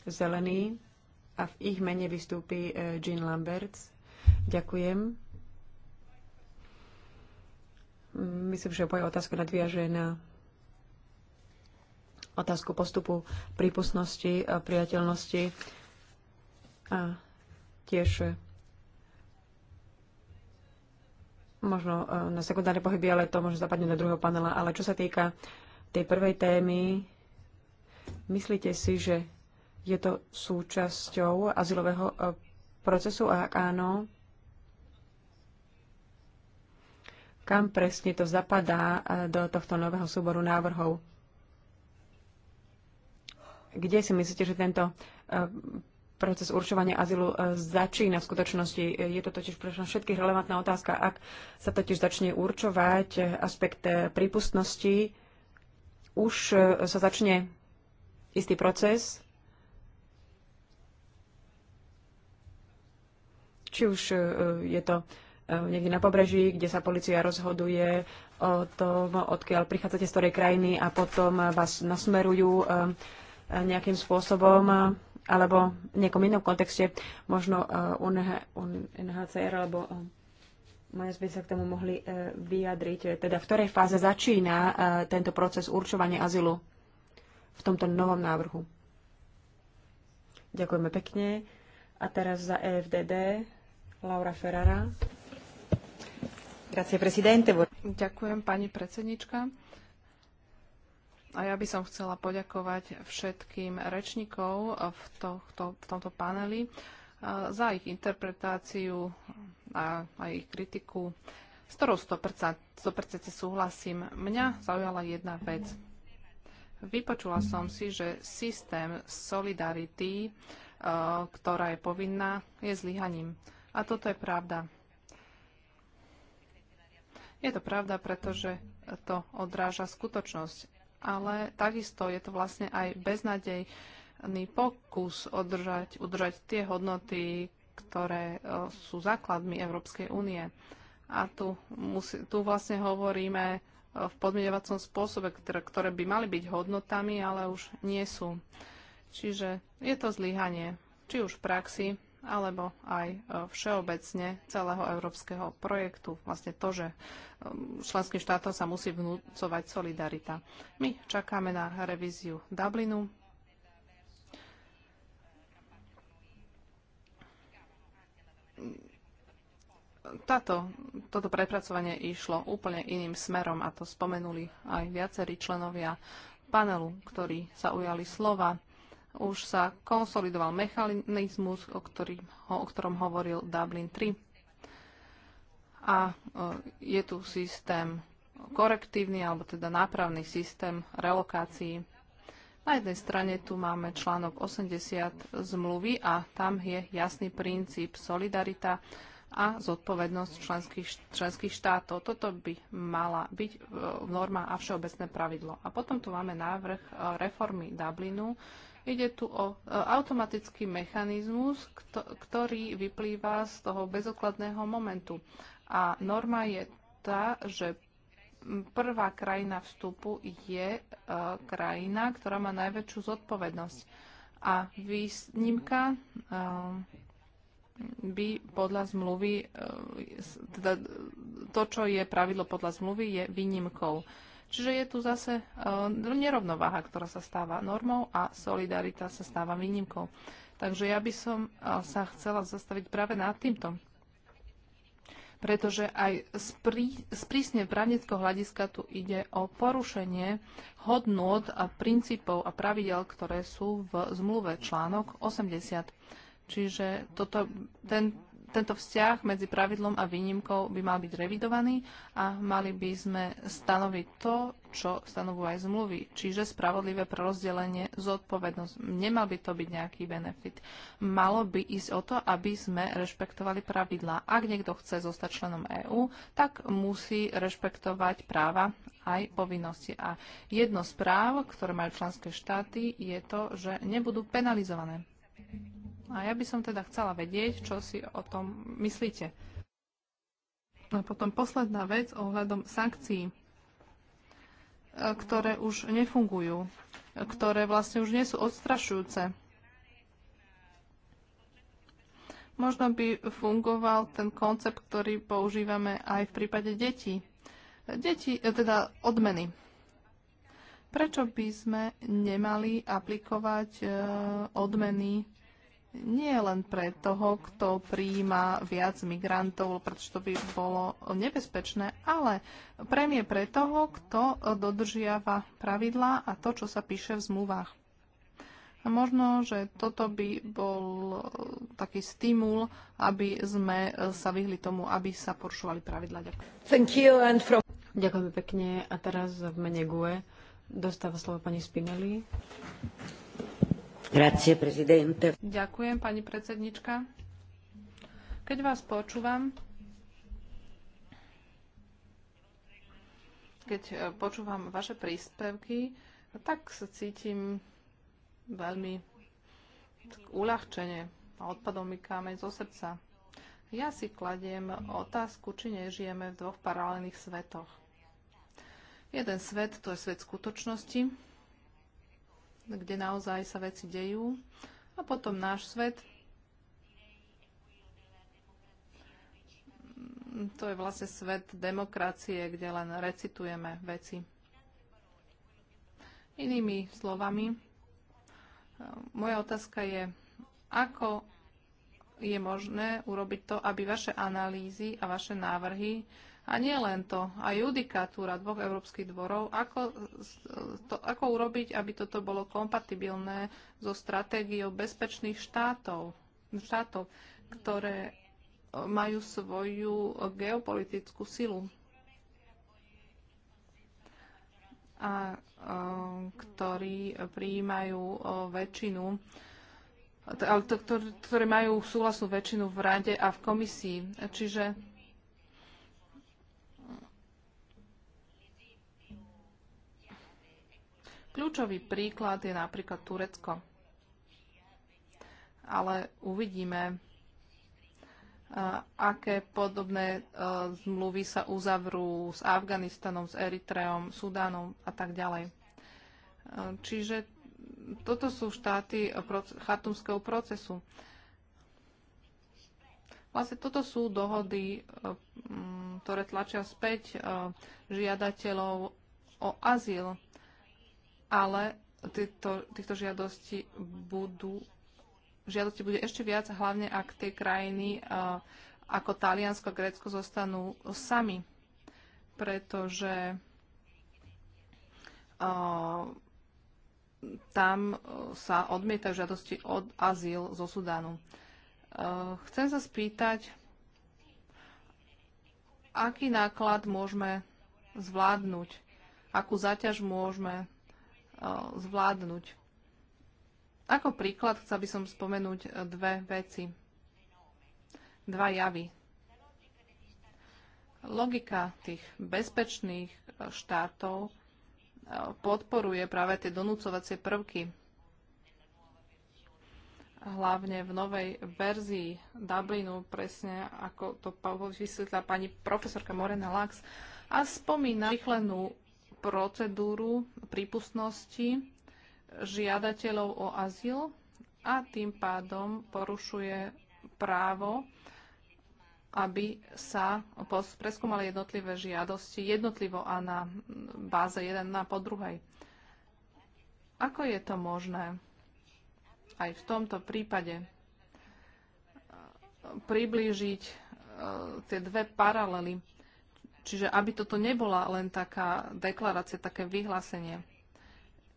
zelený a v ich mene vystúpi eh, Jean Lamberts. Ďakujem. Myslím, že moja otázka nadviaže na otázku postupu prípustnosti, a e, priateľnosti a tiež e, možno e, na sekundárne pohyby, ale to možno zapadne do druhého panela. Ale čo sa týka tej prvej témy, myslíte si, že je to súčasťou azylového procesu a ak áno, kam presne to zapadá do tohto nového súboru návrhov? Kde si myslíte, že tento e, proces určovania azylu e, začína v skutočnosti? Je to totiž pre všetkých relevantná otázka. Ak sa totiž začne určovať aspekt e, prípustnosti, už sa začne istý proces, či už je to niekde na pobreží, kde sa policia rozhoduje o tom, odkiaľ prichádzate z ktorej krajiny a potom vás nasmerujú nejakým spôsobom alebo v nejakom inom kontexte, možno eh, UNHCR alebo eh, moje by sa k tomu mohli eh, vyjadriť, teda v ktorej fáze začína tento proces určovania azylu v tomto novom návrhu. Ďakujeme pekne. A teraz za EFDD Laura Ferrara. Grazie, presidente. Ďakujem, pani predsednička. A ja by som chcela poďakovať všetkým rečníkov v, tohto, v tomto paneli za ich interpretáciu a, a ich kritiku, s ktorou 100%, 100% súhlasím. Mňa zaujala jedna vec. Vypočula som si, že systém solidarity, ktorá je povinná, je zlyhaním. A toto je pravda. Je to pravda, pretože to odráža skutočnosť ale takisto je to vlastne aj beznadejný pokus održať, udržať tie hodnoty, ktoré e, sú základmi Európskej únie. A tu, musí, tu vlastne hovoríme e, v podmienovacom spôsobe, ktoré, ktoré by mali byť hodnotami, ale už nie sú. Čiže je to zlyhanie, či už v praxi, alebo aj e, všeobecne celého európskeho projektu. Vlastne to, že e, členským štátom sa musí vnúcovať solidarita. My čakáme na revíziu Dublinu. Táto, toto prepracovanie išlo úplne iným smerom a to spomenuli aj viacerí členovia panelu, ktorí sa ujali slova už sa konsolidoval mechanizmus, o, ktorý, o ktorom hovoril Dublin 3. A e, je tu systém korektívny, alebo teda nápravný systém relokácií. Na jednej strane tu máme článok 80 zmluvy a tam je jasný princíp solidarita a zodpovednosť členských, členských štátov. Toto by mala byť e, norma a všeobecné pravidlo. A potom tu máme návrh e, reformy Dublinu, Ide tu o e, automatický mechanizmus, ktorý vyplýva z toho bezokladného momentu. A norma je tá, že prvá krajina vstupu je e, krajina, ktorá má najväčšiu zodpovednosť. A výsnímka e, by podľa zmluvy, teda to, čo je pravidlo podľa zmluvy, je výnimkou. Čiže je tu zase eh, nerovnováha, ktorá sa stáva normou a solidarita sa stáva výnimkou. Takže ja by som eh, sa chcela zastaviť práve nad týmto. Pretože aj z, prísne právnického hľadiska tu ide o porušenie hodnôt a princípov a pravidel, ktoré sú v zmluve článok 80. Čiže toto, ten tento vzťah medzi pravidlom a výnimkou by mal byť revidovaný a mali by sme stanoviť to, čo stanovujú aj zmluvy, čiže spravodlivé prerozdelenie zodpovednosť. Nemal by to byť nejaký benefit. Malo by ísť o to, aby sme rešpektovali pravidlá. Ak niekto chce zostať členom EÚ, tak musí rešpektovať práva aj povinnosti. A jedno z práv, ktoré majú členské štáty, je to, že nebudú penalizované a ja by som teda chcela vedieť, čo si o tom myslíte. A potom posledná vec ohľadom sankcií, e, ktoré už nefungujú, e, ktoré vlastne už nie sú odstrašujúce. Možno by fungoval ten koncept, ktorý používame aj v prípade detí. Deti, e, teda odmeny prečo by sme nemali aplikovať odmeny nie len pre toho, kto prijíma viac migrantov, pretože to by bolo nebezpečné, ale premie pre toho, kto dodržiava pravidlá a to, čo sa píše v zmluvách. A možno, že toto by bol e, taký stimul, aby sme e, sa vyhli tomu, aby sa porušovali pravidla. Ďakujem. From... Ďakujeme pekne. A teraz v mene GUE dostáva slovo pani Spinelli. Ďakujem, pani Keď vás počúvam, keď e, počúvam vaše príspevky, tak sa cítim veľmi uľahčenie a odpadom mi kámeň zo srdca. Ja si kladiem otázku, či nežijeme v dvoch paralelných svetoch. Jeden svet, to je svet skutočnosti, kde naozaj sa veci dejú. A potom náš svet. To je vlastne svet demokracie, kde len recitujeme veci. Inými slovami, moja otázka je, ako je možné urobiť to, aby vaše analýzy a vaše návrhy a nie len to, aj judikatúra dvoch európskych dvorov, ako, to, ako urobiť, aby toto bolo kompatibilné so stratégiou bezpečných štátov, štátov ktoré majú svoju geopolitickú silu a ktorí prijímajú väčšinu ktoré majú súhlasnú väčšinu v rade a v komisii. Čiže Kľúčový príklad je napríklad Turecko. Ale uvidíme, e, aké podobné e, zmluvy sa uzavrú s Afganistanom, s Eritreom, Sudánom a tak ďalej. E, čiže toto sú štáty chartumského procesu. Vlastne toto sú dohody, ktoré tlačia späť žiadateľov o azyl ale týchto, týchto žiadostí budú žiadosti bude ešte viac, hlavne ak tie krajiny eh, ako Taliansko a Grécko zostanú sami, pretože eh, tam eh, sa odmietajú žiadosti od azyl zo Sudánu. chcem sa spýtať, aký náklad môžeme zvládnuť, akú zaťaž môžeme zvládnuť. Ako príklad chcel by som spomenúť e, dve veci, dva javy. Logika tých bezpečných e, štátov e, podporuje práve tie donúcovacie prvky. Hlavne v novej verzii Dublinu, presne ako to vysvetla pani profesorka Morena Lax, a spomína rýchlenú procedúru prípustnosti žiadateľov o azyl a tým pádom porušuje právo, aby sa preskúmali jednotlivé žiadosti jednotlivo a na báze jeden na po druhej. Ako je to možné? Aj v tomto prípade eh, priblížiť eh, tie dve paralely Čiže aby toto nebola len taká deklarácia, také vyhlásenie.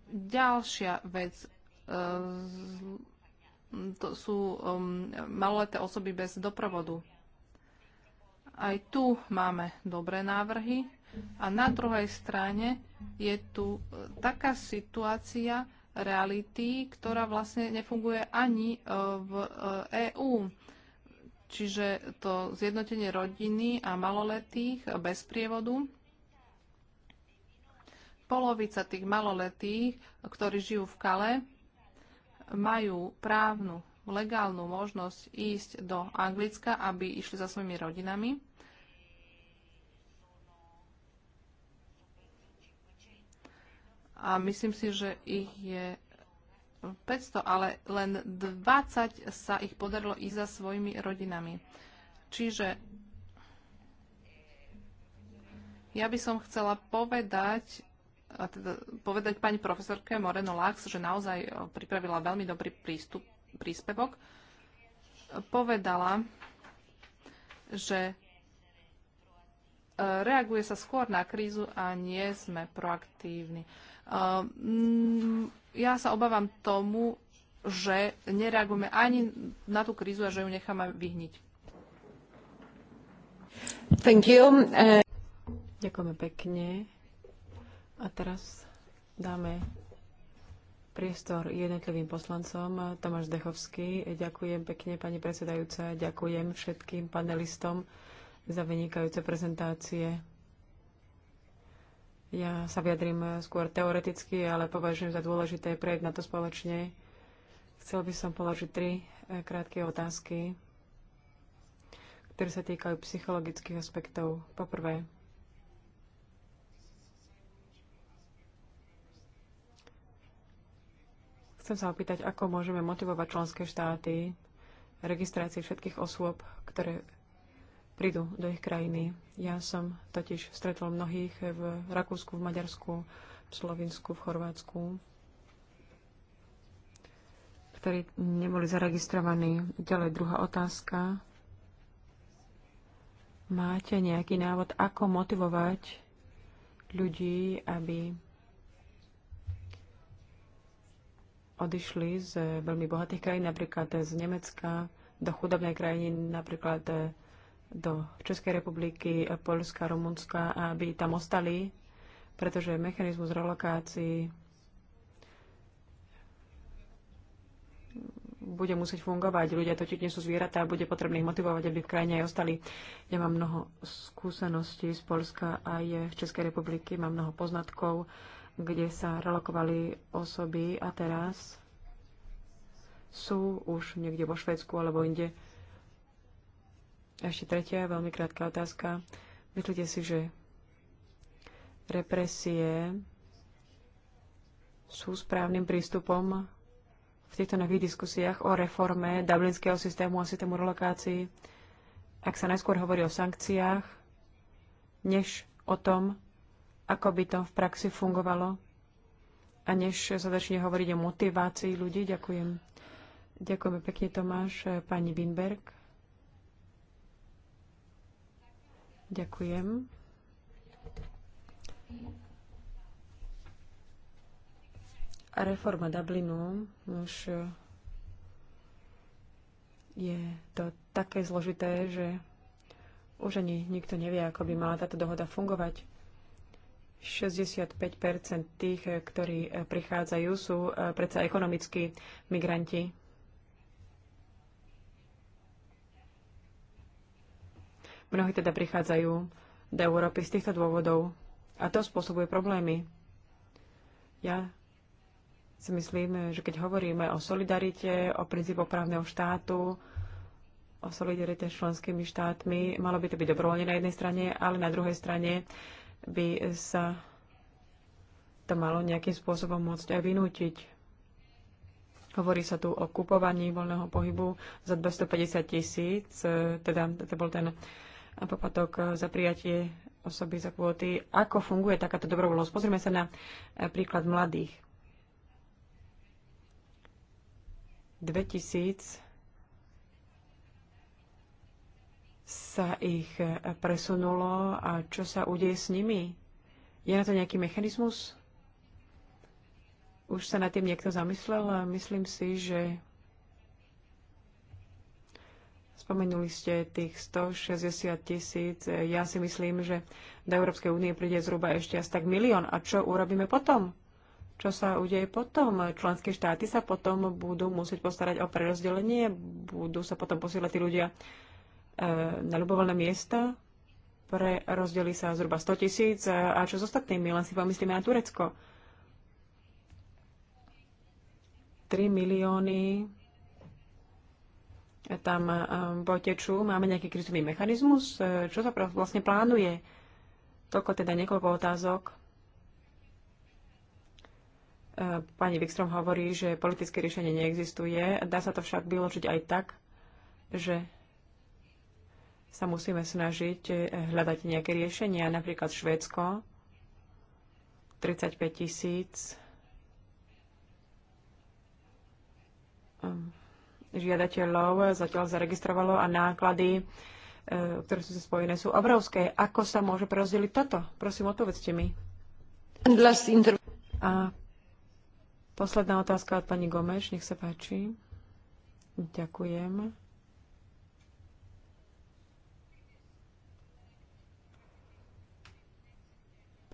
Ďalšia vec. E, to sú um, maloleté osoby bez doprovodu. Aj tu máme dobré návrhy. A na druhej strane je tu e, taká situácia reality, ktorá vlastne nefunguje ani e, v EÚ. Čiže to zjednotenie rodiny a maloletých bez prievodu. Polovica tých maloletých, ktorí žijú v Kale, majú právnu, legálnu možnosť ísť do Anglicka, aby išli za svojimi rodinami. A myslím si, že ich je 500, ale len 20 sa ich podarilo ísť za svojimi rodinami. Čiže ja by som chcela povedať, a teda povedať pani profesorke Moreno Lax, že naozaj e, pripravila veľmi dobrý prístup, príspevok. Povedala, že e, reaguje sa skôr na krízu a nie sme proaktívni. Ehm, mm, ja sa obávam tomu, že nereagujeme ani na tú krízu a že ju necháme vyhniť. Thank you. Eh. Ďakujeme pekne. A teraz dáme priestor jednotlivým poslancom. Tomáš Dechovský, ďakujem pekne, pani predsedajúca, ďakujem všetkým panelistom za vynikajúce prezentácie. Ja sa vyjadrím skôr teoreticky, ale považujem za dôležité prejsť na to spoločne. Chcel by som položiť tri eh, krátke otázky, ktoré sa týkajú psychologických aspektov. Poprvé, chcem sa opýtať, ako môžeme motivovať členské štáty registrácii všetkých osôb, ktoré prídu do ich krajiny. Ja som totiž stretol mnohých v Rakúsku, v Maďarsku, v Slovensku, v Chorvátsku, ktorí neboli zaregistrovaní. Ďalej druhá otázka. Máte nejaký návod, ako motivovať ľudí, aby odišli z veľmi bohatých krajín, napríklad z Nemecka, do chudobnej krajiny, napríklad eh, do Českej republiky, Polska, Rumunska, aby tam ostali, pretože mechanizmus relokácií bude musieť fungovať. Ľudia totiž nie sú zvieratá a bude potrebné ich motivovať, aby v krajine aj ostali. Ja mám mnoho skúseností z Polska a aj z Českej republiky, mám mnoho poznatkov, kde sa relokovali osoby a teraz sú už niekde vo Švedsku alebo inde ešte tretia veľmi krátka otázka. Myslíte si, že represie sú správnym prístupom v týchto nových diskusiách o reforme dublinského systému a systému relokácií, ak sa najskôr hovorí o sankciách, než o tom, ako by to v praxi fungovalo a než sa začne hovoriť o motivácii ľudí. Ďakujem. Ďakujeme pekne, Tomáš. Pani Winberg. Ďakujem. A reforma Dublinu už eh, je to také zložité, že už ani nikto nevie, ako by mala táto dohoda fungovať. 65 tých, eh, ktorí eh, prichádzajú, sú predsa ekonomickí migranti. Mnohí teda prichádzajú do Európy z týchto dôvodov a to spôsobuje problémy. Ja si myslím, že keď hovoríme o solidarite, o princípoch právneho štátu, o solidarite s členskými štátmi, malo by to byť dobrovoľne na jednej strane, ale na druhej strane by sa to malo nejakým spôsobom môcť aj vynútiť. Hovorí sa tu o kupovaní voľného pohybu za 250 tisíc, teda to bol ten a poplatok eh, za prijatie osoby za kvóty. Ako funguje takáto dobrovoľnosť? Pozrieme sa na eh, príklad mladých. 2000 sa ich eh, presunulo a čo sa udeje s nimi? Je na to nejaký mechanizmus? Už sa nad tým niekto zamyslel? Myslím si, že Spomenuli ste tých 160 tisíc. Ja si myslím, že do Európskej únie príde zhruba ešte asi tak milión. A čo urobíme potom? Čo sa udeje potom? Členské štáty sa potom budú musieť postarať o prerozdelenie, budú sa potom posielať tí ľudia eh, na ľubovoľné miesta, pre rozdeli sa zhruba 100 tisíc a čo s ostatnými? Len si pomyslíme na Turecko. 3 milióny tam potečú. E, máme nejaký krizový mechanizmus? E, čo sa vlastne plánuje? Toľko teda niekoľko otázok. E, pani Wikström hovorí, že politické riešenie neexistuje. Dá sa to však vyložiť aj tak, že sa musíme snažiť hľadať nejaké riešenia. Napríklad Švédsko, 35 tisíc. Ehm, žiadateľov zatiaľ zaregistrovalo a náklady, e, ktoré sú spojené, sú obrovské. Ako sa môže prerozdeliť toto? Prosím, odpovedzte mi. A posledná otázka od pani Gomeš, nech sa páči. Ďakujem.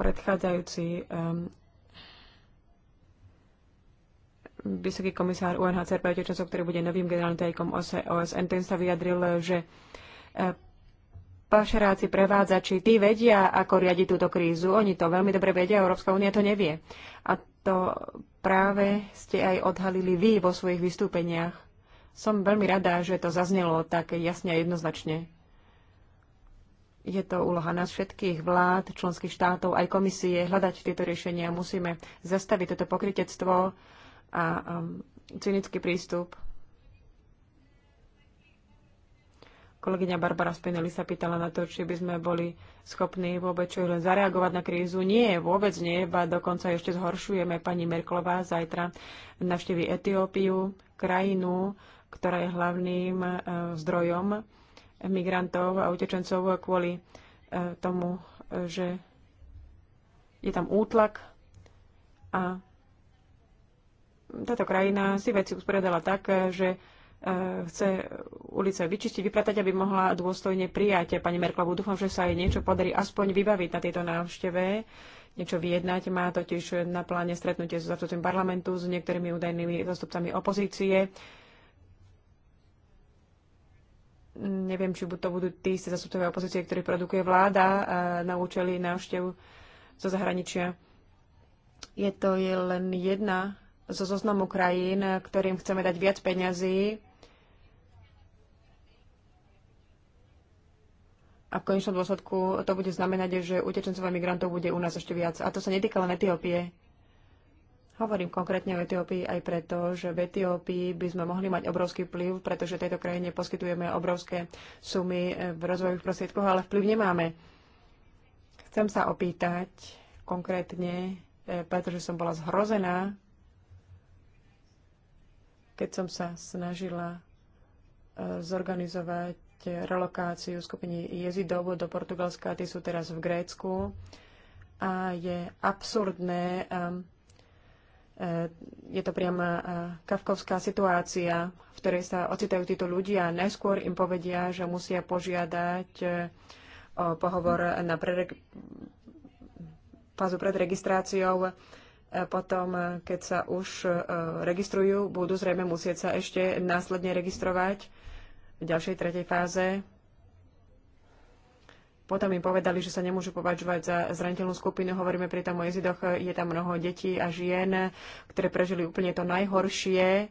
Predchádzajúci um, vysoký komisár UNHCR pre utečencov, ktorý bude novým generálnym tajkom OSN, ten sa vyjadril, že e, pašeráci, prevádzači, tí vedia, ako riadiť túto krízu. Oni to veľmi dobre vedia, Európska únia to nevie. A to práve ste aj odhalili vy vo svojich vystúpeniach. Som veľmi rada, že to zaznelo tak jasne a jednoznačne. Je to úloha nás všetkých vlád, členských štátov, aj komisie hľadať tieto riešenia. Musíme zastaviť toto pokritectvo a um, cynický prístup. Kolegyňa Barbara Spinelli sa pýtala na to, či by sme boli schopní vôbec čo len zareagovať na krízu. Nie, vôbec nie, ba dokonca ešte zhoršujeme. Pani Merklová zajtra navštívi Etiópiu, krajinu, ktorá je hlavným uh, zdrojom migrantov a utečencov kvôli uh, tomu, že je tam útlak a táto krajina si veci usporiadala tak, že e, chce ulice vyčistiť, vypratať, aby mohla dôstojne prijať pani Merklovú. Dúfam, že sa jej niečo podarí aspoň vybaviť na tejto návšteve, niečo vyjednať. Má totiž na pláne stretnutie so zastupcom parlamentu, s niektorými údajnými zastupcami opozície. Neviem, či to budú tí zastupcovia opozície, ktorí produkuje vláda e, na účely návštev zo zahraničia. Je to je len jedna zo zoznamu krajín, ktorým chceme dať viac peňazí. A v konečnom dôsledku to bude znamenať, že utečencov a migrantov bude u nás ešte viac. A to sa netýka len Etiópie. Hovorím konkrétne o Etiópii aj preto, že v Etiópii by sme mohli mať obrovský vplyv, pretože tejto krajine poskytujeme obrovské sumy eh, v rozvojových prostriedkoch, ale vplyv nemáme. Chcem sa opýtať konkrétne, eh, pretože som bola zhrozená keď som sa snažila e, zorganizovať relokáciu skupiny jezidov do Portugalska, tí sú teraz v Grécku a je absurdné, e, je to priam e, kafkovská situácia, v ktorej sa ocitajú títo ľudia. a Najskôr im povedia, že musia požiadať o pohovor na fázu pred registráciou potom, keď sa už e, registrujú, budú zrejme musieť sa ešte následne registrovať v ďalšej tretej fáze. Potom im povedali, že sa nemôžu považovať za zraniteľnú skupinu. Hovoríme pri tom o jezidoch, je tam mnoho detí a žien, ktoré prežili úplne to najhoršie.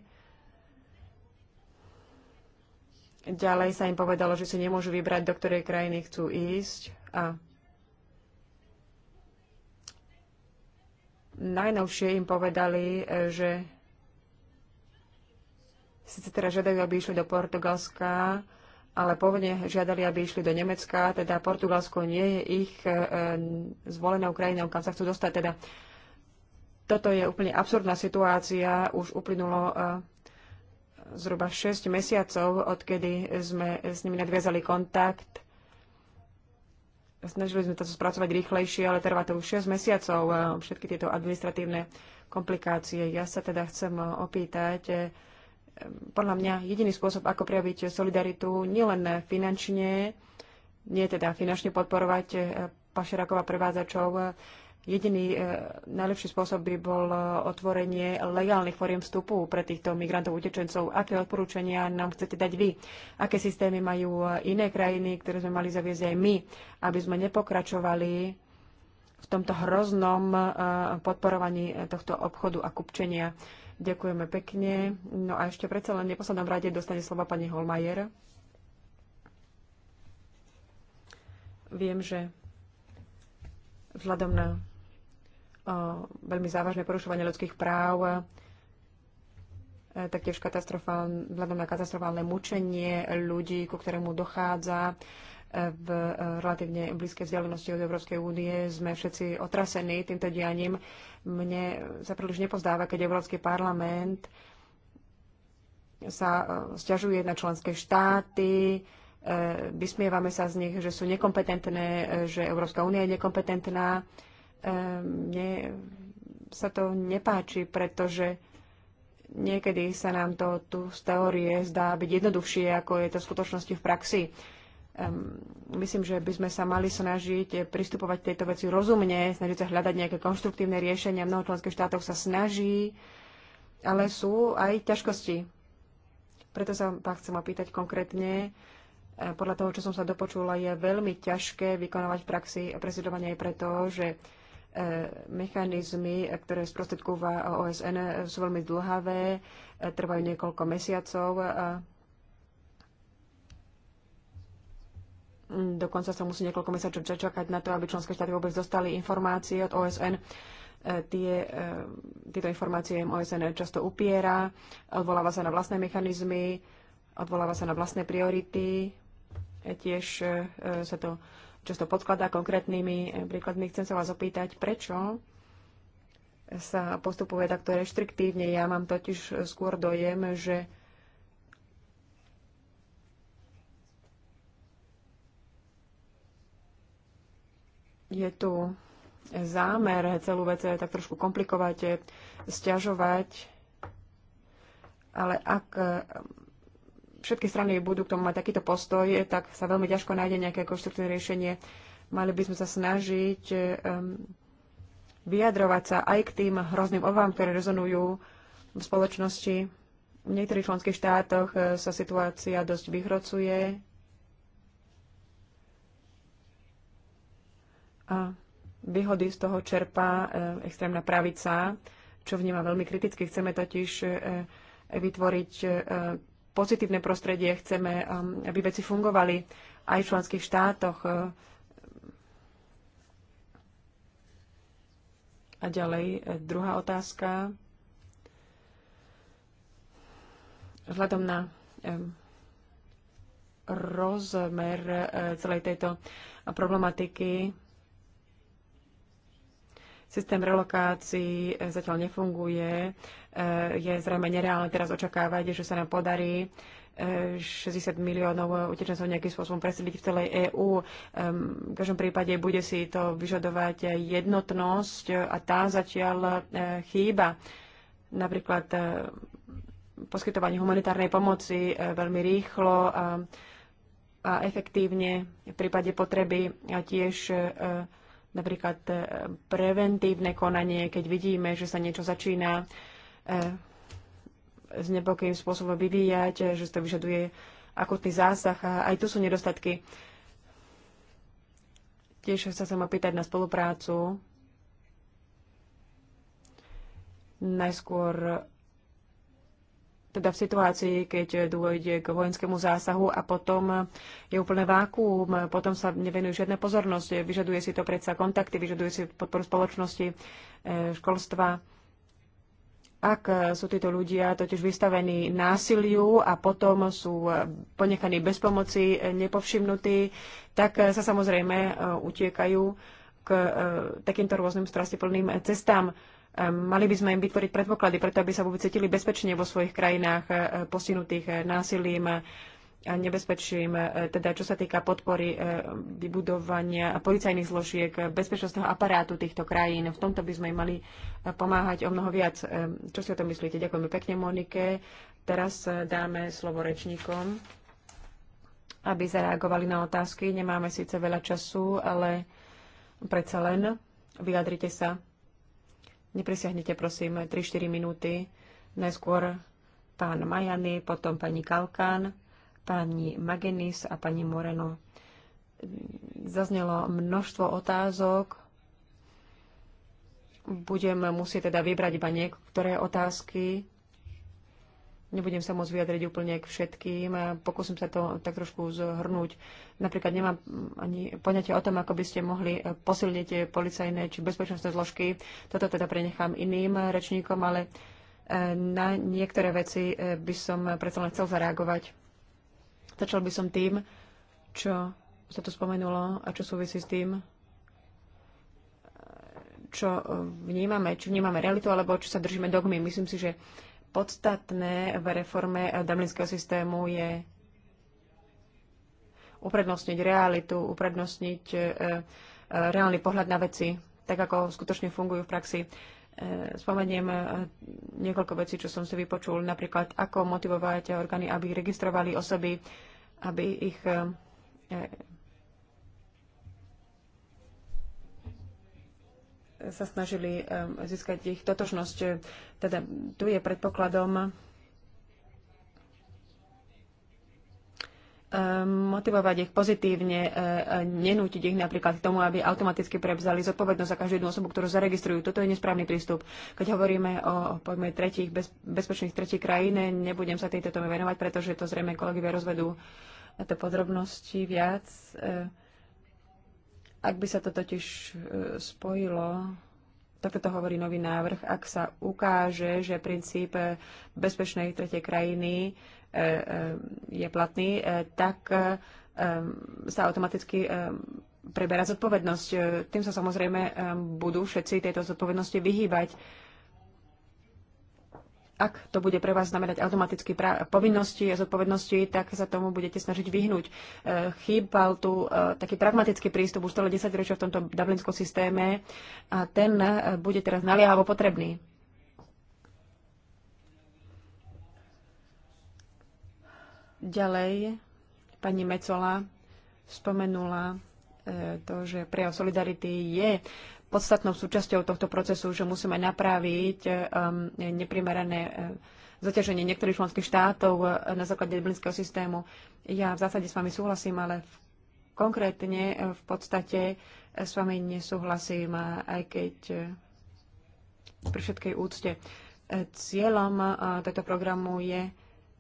Ďalej sa im povedalo, že si nemôžu vybrať, do ktorej krajiny chcú ísť a najnovšie im povedali, e, že síce teraz žiadajú, aby išli do Portugalska, ale pôvodne žiadali, aby išli do Nemecka, teda Portugalsko nie je ich e, zvolenou krajinou, kam sa chcú dostať. Teda toto je úplne absurdná situácia. Už uplynulo e, zhruba 6 mesiacov, odkedy sme s nimi nadviazali kontakt Snažili sme to spracovať rýchlejšie, ale trvá to už 6 mesiacov, eh, všetky tieto administratívne komplikácie. Ja sa teda chcem eh, opýtať, eh, podľa mňa jediný spôsob, ako prejaviť solidaritu, nielen finančne, nie teda finančne podporovať pašerakov a prevádzačov, Jediný e, najlepší spôsob by bol e, otvorenie legálnych foriem vstupu pre týchto migrantov, utečencov. Aké odporúčania nám chcete dať vy? Aké systémy majú e, iné krajiny, ktoré sme mali zaviesť aj my, aby sme nepokračovali v tomto hroznom e, podporovaní e, tohto obchodu a kupčenia? Ďakujeme pekne. No a ešte predsa len v neposlednom rade dostane slova pani Holmajer. Viem, že vzhľadom na veľmi závažné porušovanie ľudských práv, e, taktiež vzhľadom na katastrofálne mučenie ľudí, ku ktorému dochádza e, v e, relatívne blízkej vzdialenosti od Európskej únie. Sme všetci otrasení týmto dianím. Mne sa príliš nepozdáva, keď Európsky parlament sa stiažuje na členské štáty, vysmievame sa z nich, že sú nekompetentné, že Európska únia je nekompetentná mne sa to nepáči, pretože niekedy sa nám to tu z teórie zdá byť jednoduchšie, ako je to v skutočnosti v praxi. myslím, že by sme sa mali snažiť pristupovať k tejto veci rozumne, snažiť sa hľadať nejaké konštruktívne riešenia. Mnoho členských štátov sa snaží, ale sú aj ťažkosti. Preto sa vás chcem opýtať konkrétne, e, podľa toho, čo som sa dopočula, je veľmi ťažké vykonovať v praxi presidovanie aj preto, že E, mechanizmy, e, ktoré sprostredkúva OSN, e, sú veľmi dlhavé, trvajú niekoľko mesiacov. Dokonca sa musí niekoľko mesiacov čakať na to, aby členské štáty vôbec dostali informácie od OSN. Tie, tieto informácie OSN často upiera, odvoláva sa na vlastné mechanizmy, odvoláva sa na vlastné priority, tiež sa to čo to podkladá konkrétnymi eh, príkladmi. Chcem sa vás opýtať, prečo sa postupuje takto reštriktívne. Ja mám totiž eh, skôr dojem, že je tu zámer celú vec eh, tak trošku komplikovať, stiažovať, ale ak všetky strany budú k tomu mať takýto postoj, tak sa veľmi ťažko nájde nejaké konštruktívne riešenie. Mali by sme sa snažiť um, vyjadrovať sa aj k tým hrozným obavám, ktoré rezonujú v spoločnosti. V niektorých členských štátoch eh, sa situácia dosť vyhrocuje. A výhody z toho čerpá eh, extrémna pravica, čo vníma veľmi kriticky. Chceme totiž eh, vytvoriť pozitívne prostredie, chceme, um, aby veci fungovali aj v členských štátoch a ďalej. Eh, druhá otázka. Vzhľadom na rozmer eh, celej tejto problematiky systém relokácií eh, zatiaľ nefunguje. Eh, je zrejme nereálne teraz očakávať, že sa nám podarí 60 eh, miliónov utečencov nejakým spôsobom presediť v celej EÚ. V každom prípade bude si to vyžadovať jednotnosť a tá zatiaľ eh, chýba. Napríklad poskytovanie humanitárnej pomoci veľmi rýchlo a, a efektívne v prípade potreby a tiež napríklad preventívne konanie, keď vidíme, že sa niečo začína E, s nepokým spôsobom vyvíjať, e, že to vyžaduje akutný zásah a aj tu sú nedostatky. Tiež sa ma pýtať na spoluprácu. Najskôr teda v situácii, keď dôjde k vojenskému zásahu a potom je úplne vákuum, potom sa nevenuje žiadne pozornosť, vyžaduje si to predsa kontakty, vyžaduje si podporu spoločnosti, e, školstva ak sú títo ľudia totiž vystavení násiliu a potom sú ponechaní bez pomoci, nepovšimnutí, tak sa samozrejme e, utiekajú k e, takýmto rôznym strastiplným cestám. E, mali by sme im vytvoriť predpoklady, preto aby sa vôbec cítili bezpečne vo svojich krajinách postihnutých násilím a nebezpečím, e, teda čo sa týka podpory e, vybudovania policajných zložiek, bezpečnostného aparátu týchto krajín. V tomto by sme im mali e, pomáhať o mnoho viac. Čo si o tom myslíte? Ďakujeme pekne, Monike. Teraz dáme slovo rečníkom, aby zareagovali na otázky. Nemáme síce veľa času, ale predsa len vyjadrite sa. Neprisiahnite, prosím, 3-4 minúty. Najskôr pán Majany, potom pani Kalkán pani Magenis a pani Moreno. Zaznelo množstvo otázok. Budem musieť teda vybrať iba niektoré otázky. Nebudem sa môcť vyjadriť úplne k všetkým. Pokúsim sa to tak trošku zhrnúť. Napríklad nemám ani poňatie o tom, ako by ste mohli posilniť policajné či bezpečnostné zložky. Toto teda prenechám iným rečníkom, ale na niektoré veci by som predsa len chcel zareagovať. Začal by som tým, čo sa to spomenulo a čo súvisí s tým, čo vnímame, či vnímame realitu, alebo či sa držíme dogmy. Myslím si, že podstatné v reforme dublinského systému je uprednostniť realitu, uprednostniť e, e, reálny pohľad na veci, tak ako skutočne fungujú v praxi e, spomeniem niekoľko vecí, čo som si vypočul, napríklad ako motivovať orgány, aby registrovali osoby aby ich e, e, sa snažili e, získať ich totožnosť. Teda tu je predpokladom motivovať ich pozitívne, e, e, nenútiť ich napríklad k tomu, aby automaticky prevzali zodpovednosť za každú jednu osobu, ktorú zaregistrujú. Toto je nesprávny prístup. Keď hovoríme o pojme tretích, bez, bezpečných tretí krajín, nebudem sa tejto tome venovať, pretože to zrejme kolegovia rozvedú na to podrobnosti viac. E, ak by sa to totiž spojilo, takto to hovorí nový návrh, ak sa ukáže, že princíp bezpečnej tretej krajiny E, e, je platný, e, tak sa automaticky preberá zodpovednosť. Tým sa samozrejme budú všetci tejto zodpovednosti vyhýbať. Ak to bude pre vás znamenať automaticky povinnosti a zodpovednosti, tak sa tomu budete snažiť vyhnúť. Chýbal tu taký pragmatický prístup už celé 10 ročia v tomto dublinskom systéme a ten bude teraz naliehavo potrebný. Ďalej, pani Mecola spomenula e, to, že prejav solidarity je podstatnou súčasťou tohto procesu, že musíme napraviť e, um, neprimerané e, zaťaženie niektorých členských štátov na základe dublinského systému. Ja v zásade s vami súhlasím, ale konkrétne v podstate s vami nesúhlasím, aj keď pri všetkej úcte. Cieľom tohto programu je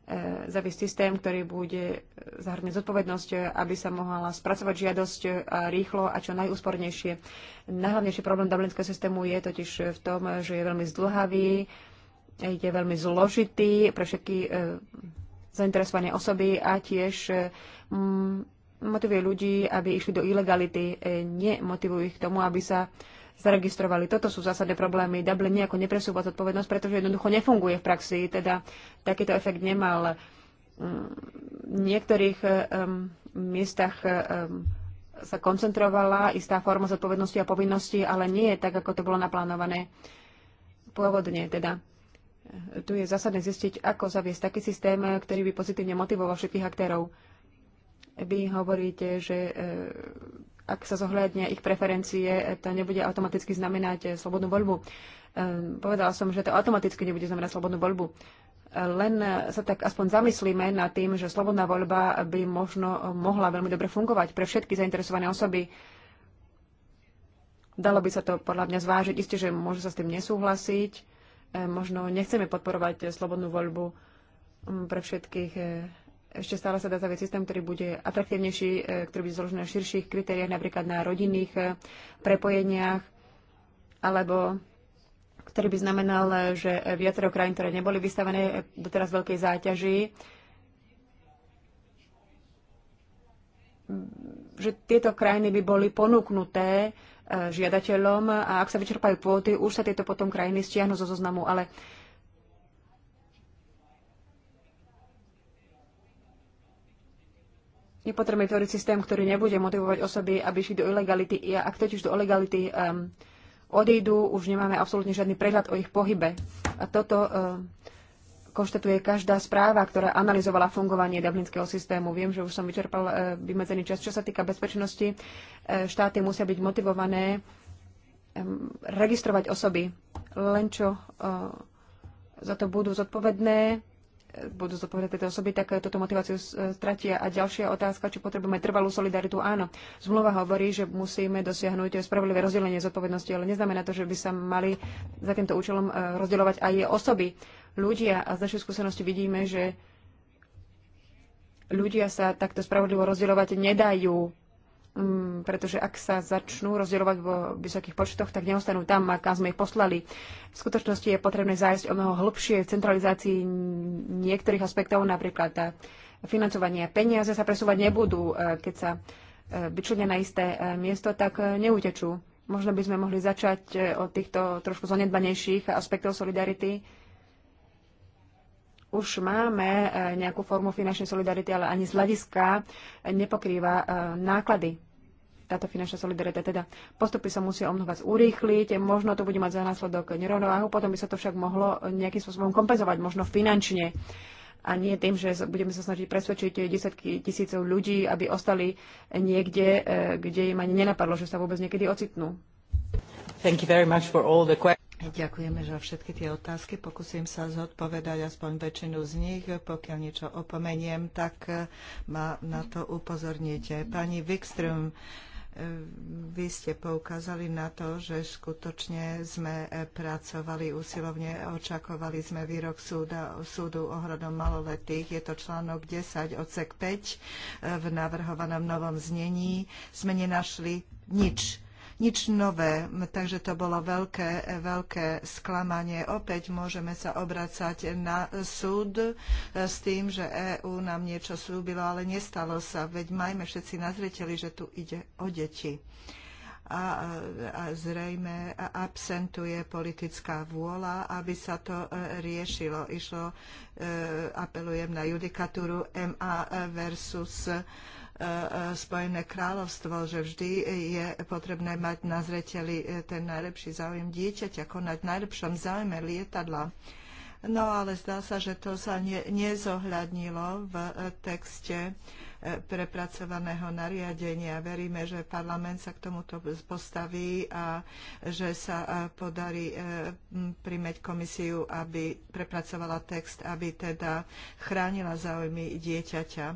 E, zaviesť systém, ktorý bude zahrňať zodpovednosť, aby sa mohla spracovať žiadosť e, rýchlo a čo najúspornejšie. Najhlavnejší problém dublinského systému je totiž v tom, že je veľmi zdlhavý, je veľmi zložitý pre všetky e, zainteresované osoby a tiež motivuje ľudí, aby išli do ilegality, nemotivujú ich k tomu, aby sa zaregistrovali. Toto sú zásadné problémy. Dublin nejako nepresúva zodpovednosť, pretože jednoducho nefunguje v praxi, teda takýto efekt nemal. Mm, v niektorých um, miestach um, sa koncentrovala istá forma zodpovednosti a povinnosti, ale nie je tak, ako to bolo naplánované pôvodne. Teda eh, tu je zásadné zistiť, ako zaviesť taký systém, eh, ktorý by pozitívne motivoval všetkých aktérov. Vy hovoríte, že ak sa zohľadnia ich preferencie, to nebude automaticky znamenať eh, slobodnú voľbu. Ehm, povedala som, že to automaticky nebude znamenať slobodnú voľbu. Eh, len eh, sa tak aspoň zamyslíme nad tým, že slobodná voľba by možno mohla veľmi dobre fungovať pre všetky zainteresované osoby. Dalo by sa to podľa mňa zvážiť. Isté, že môže sa s tým nesúhlasiť. Možno nechceme podporovať slobodnú voľbu mm, pre všetkých ešte stále sa dá zaviesť systém, ktorý bude atraktívnejší, e, ktorý bude založený na širších kritériách, napríklad na rodinných e, prepojeniach, alebo ktorý by znamenal, e, že viacero krajín, ktoré neboli vystavené doteraz veľkej záťaži, že tieto krajiny by boli ponúknuté žiadateľom a ak sa vyčerpajú kvóty, už sa tieto potom krajiny stiahnu zo zoznamu. Ale nepotrebujeme tvoriť systém, ktorý nebude motivovať osoby, aby išli do ilegality. A ak totiž do ilegality um, odídu, už nemáme absolútne žiadny prehľad o ich pohybe. A toto um, konštatuje každá správa, ktorá analyzovala fungovanie dublinského systému. Viem, že už som vyčerpal uh, vymedzený čas. Čo sa týka bezpečnosti, uh, štáty musia byť motivované um, registrovať osoby. Len čo uh, za to budú zodpovedné, budú zodpovedať tieto osoby, tak túto motiváciu stratia. A ďalšia otázka, či potrebujeme trvalú solidaritu. Áno, zmluva hovorí, že musíme dosiahnuť spravodlivé rozdelenie zodpovednosti, ale neznamená to, že by sa mali za týmto účelom e, rozdeľovať aj osoby, ľudia. A z našej skúsenosti vidíme, že ľudia sa takto spravodlivo rozdeľovať nedajú um, pretože ak sa začnú rozdielovať vo vysokých počtoch, tak neostanú tam, kam sme ich poslali. V skutočnosti je potrebné zájsť o mnoho hlbšie v centralizácii niektorých aspektov, napríklad eh, financovanie. Peniaze sa presúvať nebudú, eh, keď sa eh, vyčlenia na isté miesto, tak neutečú. Možno by sme mohli začať od týchto trošku zanedbanejších aspektov solidarity už máme eh, nejakú formu finančnej solidarity, ale ani z hľadiska eh, nepokrýva eh, náklady táto finančná solidarita. Teda postupy sa musia o mnoho urýchliť, možno to bude mať za následok nerovnováhu, potom by sa to však mohlo nejakým spôsobom kompenzovať, možno finančne a nie tým, že budeme sa snažiť presvedčiť desiatky tisícov ľudí, aby ostali niekde, kde im ani nenapadlo, že sa vôbec niekedy ocitnú. Thank you very much for all the questions. Ďakujeme za všetky tie otázky. Pokúsim sa zodpovedať aspoň väčšinu z nich. Pokiaľ niečo opomeniem, tak e, ma na to upozorníte. Pani Wikström, e, vy ste poukázali na to, že skutočne sme e, pracovali usilovne, očakovali sme výrok súda, súdu ohľadom maloletých. Je to článok 10, odsek 5 v navrhovanom novom znení. Sme nenašli nič nič nové. Takže to bolo veľké, veľké sklamanie. Opäť môžeme sa obracať na súd e, s tým, že EÚ nám niečo slúbilo, ale nestalo sa. Veď majme všetci nazreteli, že tu ide o deti a, e, a zrejme absentuje politická vôľa, aby sa to e, riešilo. Išlo, apelujem na judikatúru MA versus Eh, Spojené kráľovstvo, že vždy je potrebné mať na zreteli eh, ten najlepší záujem dieťaťa, konať v najlepšom záujme lietadla. No ale zdá sa, že to sa ne, nezohľadnilo v eh, texte prepracovaného nariadenia. Veríme, že parlament sa k tomuto postaví a že sa podarí primeť komisiu, aby prepracovala text, aby teda chránila záujmy dieťaťa.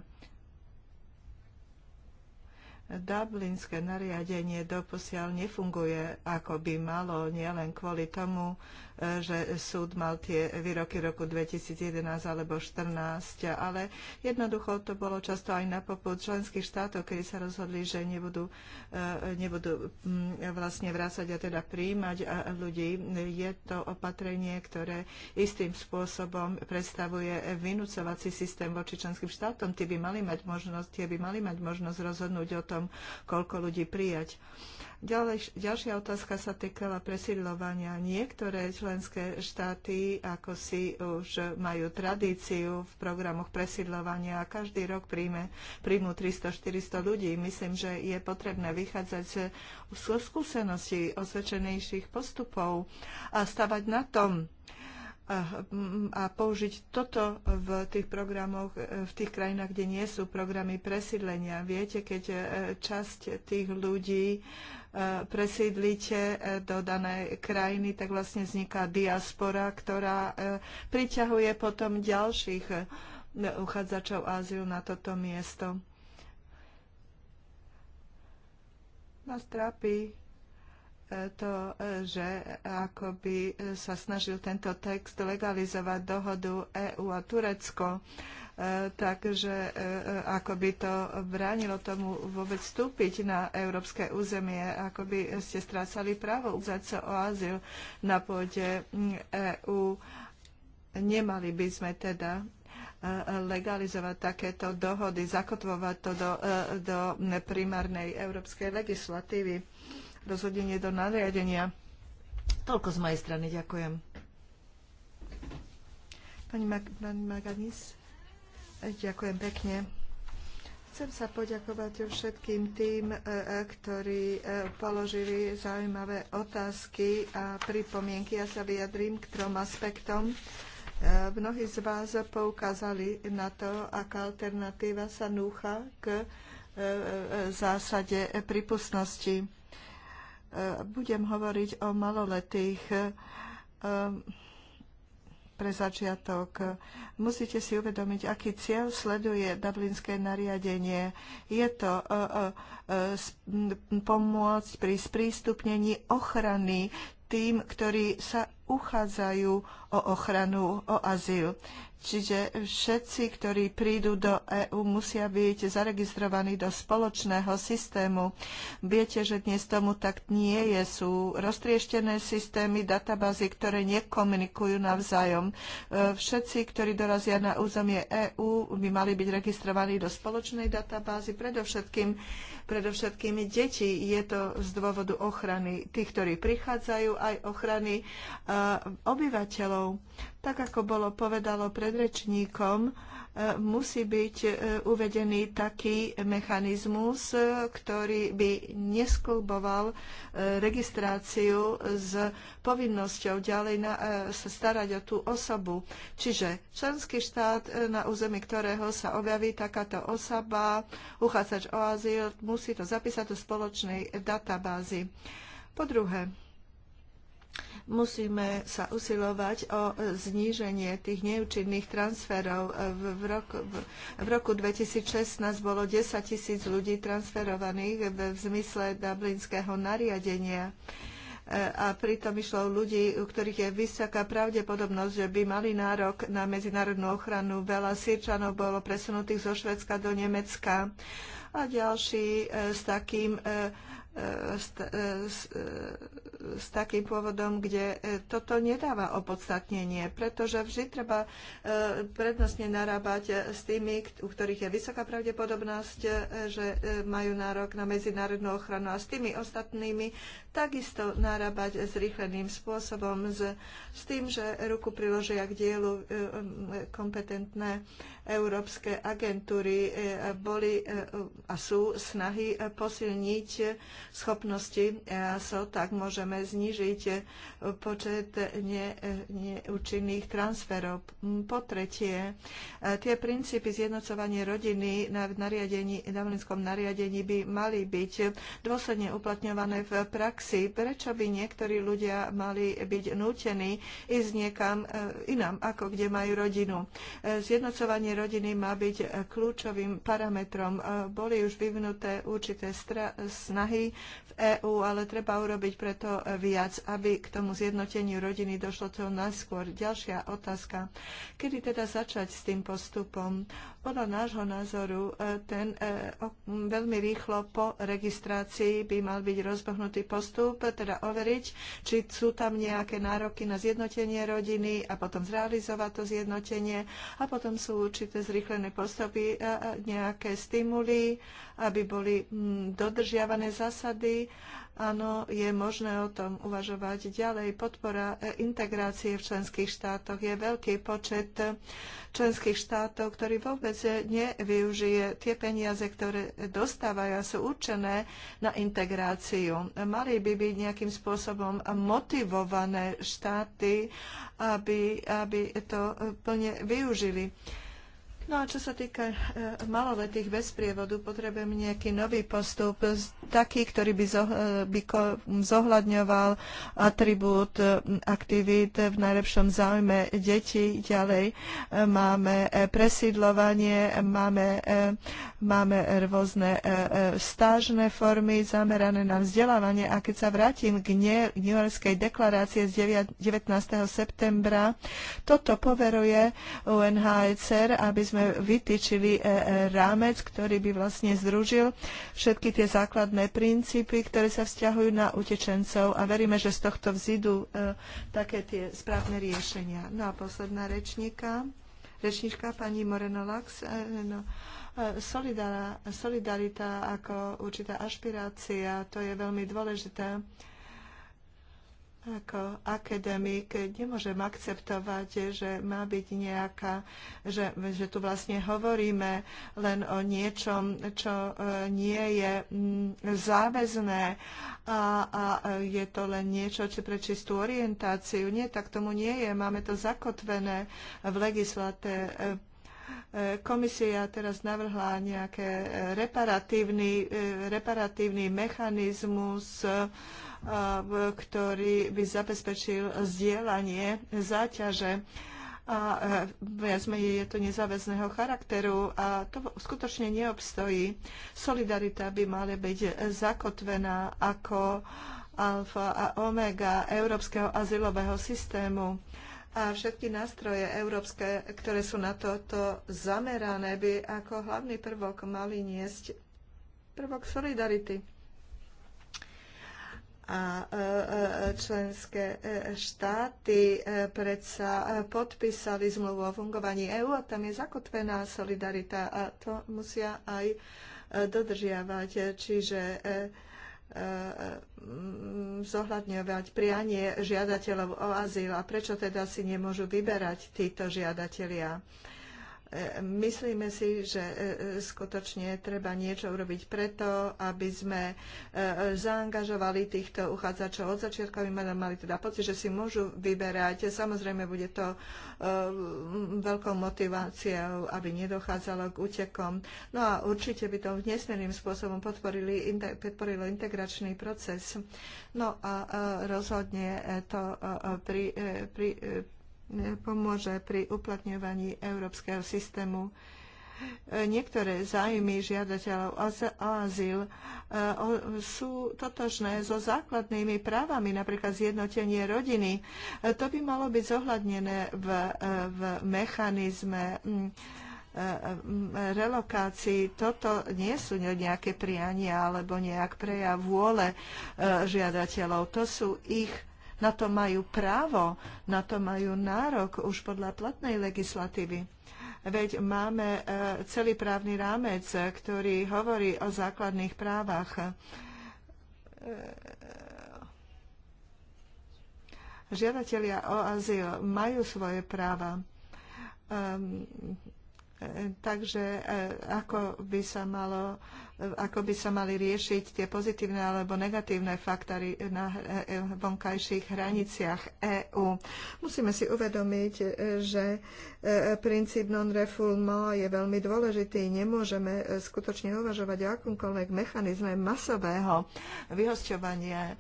Dublinské nariadenie doposiaľ nefunguje, ako by malo, nielen kvôli tomu, že súd mal tie výroky roku 2011 alebo 2014, ale jednoducho to bolo často aj na popud členských štátov, kedy sa rozhodli, že nebudú, e, nebudú mm, vlastne vrácať a teda príjmať e, ľudí. Je to opatrenie, ktoré istým spôsobom predstavuje vynúcovací systém voči členským štátom. Tie by mali mať možnosť, tie by mali mať možnosť rozhodnúť o tom, koľko ľudí prijať. Uh, Ďalej, ďalšia otázka sa týkala presidľovania. Niektoré členské štáty ako si už majú tradíciu v programoch presidlovania a každý rok príjme, príjmu 300-400 ľudí. Myslím, že je potrebné vychádzať z skúseností osvedčenejších postupov a stavať na tom a, mm, a použiť toto v tých programoch, e, v tých krajinách, kde nie sú programy presídlenia. Viete, keď e, časť tých ľudí e, presídlite do danej krajiny, tak vlastne vzniká diaspora, ktorá priťahuje potom ďalších uchádzačov Áziu na toto miesto. Nás trápi to, že akoby sa snažil tento text legalizovať dohodu EÚ a Turecko, e, takže e, akoby to bránilo tomu vôbec vstúpiť na európske územie, akoby ste strácali právo uzať sa o azyl na pôde EÚ. Nemali by sme teda e, legalizovať takéto dohody, zakotvovať to do, do primárnej európskej legislatívy rozhodenie do nariadenia. Toľko z mojej strany. Ďakujem. Pani, Mag- pani Maganis, ďakujem pekne. Chcem sa poďakovať všetkým tým, e, e, ktorí e, položili zaujímavé otázky a pripomienky. Ja sa vyjadrím k trom aspektom. Mnohí z vás poukázali na to, aká alternatíva sa núcha k zásade prípustnosti budem hovoriť o maloletých e, pre začiatok. Musíte si uvedomiť, aký cieľ sleduje Dublinské nariadenie. Je to e, e, pomôcť pri sprístupnení ochrany tým, ktorí sa uchádzajú o ochranu, o azyl. Čiže všetci, ktorí prídu do EÚ, musia byť zaregistrovaní do spoločného systému. Viete, že dnes tomu tak nie je. Sú roztrieštené systémy, databázy, ktoré nekomunikujú navzájom. E, všetci, ktorí dorazia na územie EÚ, by mali byť registrovaní do spoločnej databázy, predovšetkým, predovšetkým deti. Je to z dôvodu ochrany tých, ktorí prichádzajú, aj ochrany e, obyvateľov tak ako bolo povedalo predrečníkom, e, musí byť e, uvedený taký mechanizmus, e, ktorý by nesklboval registráciu s povinnosťou ďalej na, sa starať o tú osobu. Čiže členský štát, na území ktorého sa objaví takáto osoba, uchádzač o azyl, musí to zapísať do spoločnej databázy. Po druhé, Musíme sa usilovať o zníženie tých neúčinných transferov. V roku, v roku 2016 bolo 10 tisíc ľudí transferovaných v zmysle dublinského nariadenia e, a pritom išlo o ľudí, u ktorých je vysoká pravdepodobnosť, že by mali nárok na medzinárodnú ochranu. Veľa Sýrčanov bolo presunutých zo Švedska do Nemecka a ďalší e, s takým e, s, s, s takým pôvodom, kde e, toto nedáva opodstatnenie, pretože vždy treba e, prednostne narábať e, s tými, u ktorých je vysoká pravdepodobnosť, že majú nárok na medzinárodnú ochranu a s tými ostatnými takisto narábať zrýchleným spôsobom, s, s tým, že ruku priložia k dielu kompetentné európske agentúry. Boli a sú snahy posilniť schopnosti SO, tak môžeme môžeme znižiť eh, počet eh, ne, eh, neúčinných transferov. Mm, po tretie, tie princípy zjednocovania rodiny na nariadení, Dublinskom nariadení by mali byť dôsledne uplatňované v praxi. Prečo by niektorí ľudia mali byť nútení ísť niekam inam, ako kde majú rodinu? Zjednocovanie rodiny má byť kľúčovým parametrom. Boli už vyvinuté určité snahy v EÚ, ale treba urobiť preto viac, aby k tomu zjednoteniu rodiny došlo čo najskôr. Ďalšia otázka. Kedy teda začať s tým postupom? Podľa nášho názoru e, ten e, veľmi rýchlo po registrácii by mal byť rozbehnutý postup, teda overiť, či sú tam nejaké nároky na zjednotenie rodiny a potom zrealizovať to zjednotenie a potom sú určité zrýchlené postupy, e, nejaké stimuly, aby boli dodržiavané zásady Áno, je možné o tom uvažovať ďalej. Podpora e, integrácie v členských štátoch je veľký počet členských štátov, ktorý vôbec nevyužije tie peniaze, ktoré dostávajú a sú určené na integráciu. Mali by byť nejakým spôsobom motivované štáty, aby, aby to plne využili. No a čo sa týka e, maloletých bez prievodu, potrebujeme nejaký nový postup, taký, ktorý by, e, zohľadňoval atribút e, aktivít v najlepšom záujme detí. Ďalej máme presídlovanie, máme, máme rôzne stážne formy zamerané na vzdelávanie. A keď sa vrátim k New Yorkskej deklarácie z 19. septembra, toto poveruje UNHCR, aby sme sme vytýčili e, e, rámec, ktorý by vlastne združil všetky tie základné princípy, ktoré sa vzťahujú na utečencov a veríme, že z tohto vzídu e, také tie správne riešenia. No a posledná rečníka, rečníčka pani Moreno Lax. No, solidarita ako určitá ašpirácia, to je veľmi dôležité ako akademik nemôžem akceptovať, že má byť nejaká, že, že tu vlastne hovoríme len o niečom, čo e, nie je mm, záväzné a, a je to len niečo či pre čistú orientáciu. Nie, tak tomu nie je. Máme to zakotvené v legislate. E, e, komisia teraz navrhla nejaké reparatívny, reparatívny mechanizmus, ktorý by zabezpečil zdieľanie záťaže a e, viac menej je to nezáväzného charakteru a to skutočne neobstojí. Solidarita by mala byť zakotvená ako alfa a omega európskeho azylového systému a všetky nástroje európske, ktoré sú na toto zamerané, by ako hlavný prvok mali niesť prvok solidarity a e, e, členské e, štáty predsa podpísali zmluvu o fungovaní EÚ a tam je zakotvená solidarita a to musia aj dodržiavať. Čiže zohľadňovať prianie žiadateľov o azyl a prečo teda si nemôžu vyberať títo žiadatelia. E, myslíme si, že e, e, skutočne treba niečo urobiť preto, aby sme zaangažovali týchto uchádzačov od začiatku, aby mali teda pocit, že si môžu vyberať. Samozrejme, bude to veľkou motiváciou, aby nedochádzalo k útekom. No a určite by to nesmierným spôsobom podporilo integračný proces. No a rozhodne to pri, pri, pomôže pri uplatňovaní európskeho systému. Niektoré zájmy žiadateľov e, o azyl sú totožné so základnými právami, napríklad zjednotenie rodiny. E, to by malo byť zohľadnené v, e, v mechanizme mm, mm, relokácií. toto nie sú nejaké priania alebo nejak prejav vôle žiadateľov. To sú ich na to majú právo, na to majú nárok už podľa platnej legislatívy. Veď máme e, celý právny rámec, ktorý hovorí o základných právach e, žiadatelia o azyl majú svoje práva. Ehm, e, takže ako by sa malo ako by sa mali riešiť tie pozitívne alebo negatívne faktory na vonkajších hraniciach EÚ. Musíme si uvedomiť, že e, princíp non-refoulement je veľmi dôležitý. Nemôžeme e, skutočne uvažovať o akomkoľvek mechanizme masového vyhosťovania e,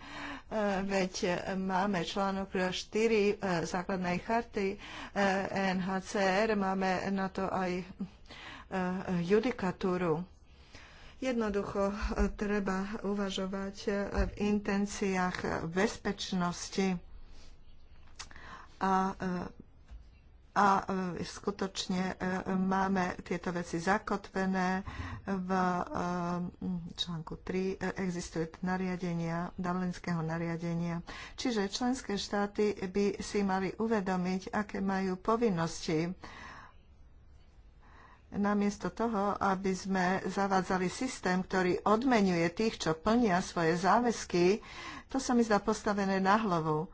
veď máme článok 4 základnej charty NHCR, máme na to aj judikatúru Jednoducho e, treba uvažovať e, v intenciách e, bezpečnosti a a skutočne máme tieto veci zakotvené v článku 3 existuje nariadenia, dublinského nariadenia. Čiže členské štáty by si mali uvedomiť, aké majú povinnosti namiesto toho, aby sme zavádzali systém, ktorý odmenuje tých, čo plnia svoje záväzky, to sa mi zdá postavené na hlavu. E,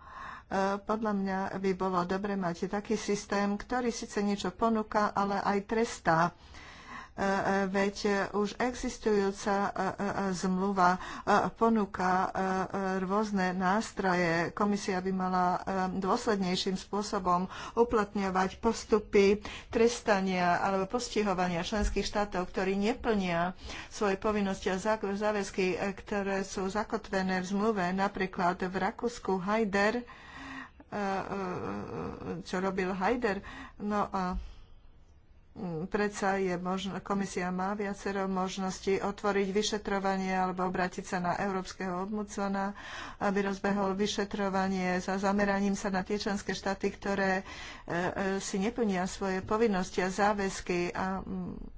podľa mňa by bolo dobre mať taký systém, ktorý síce niečo ponúka, ale aj trestá E, e, veď už existujúca e, zmluva ponúka rôzne nástroje. Komisia by mala dôslednejším spôsobom uplatňovať postupy trestania alebo postihovania členských štátov, ktorí neplnia svoje povinnosti a záväzky, ktoré sú zakotvené v zmluve, napríklad v Rakúsku Haider, čo robil Haider. No a Mm, predsa je možno, komisia má viacero možností otvoriť vyšetrovanie alebo obrátiť sa na európskeho obmucona, aby rozbehol vyšetrovanie za zameraním sa na tie členské štáty, ktoré e, e, si neplnia svoje povinnosti a záväzky a mm,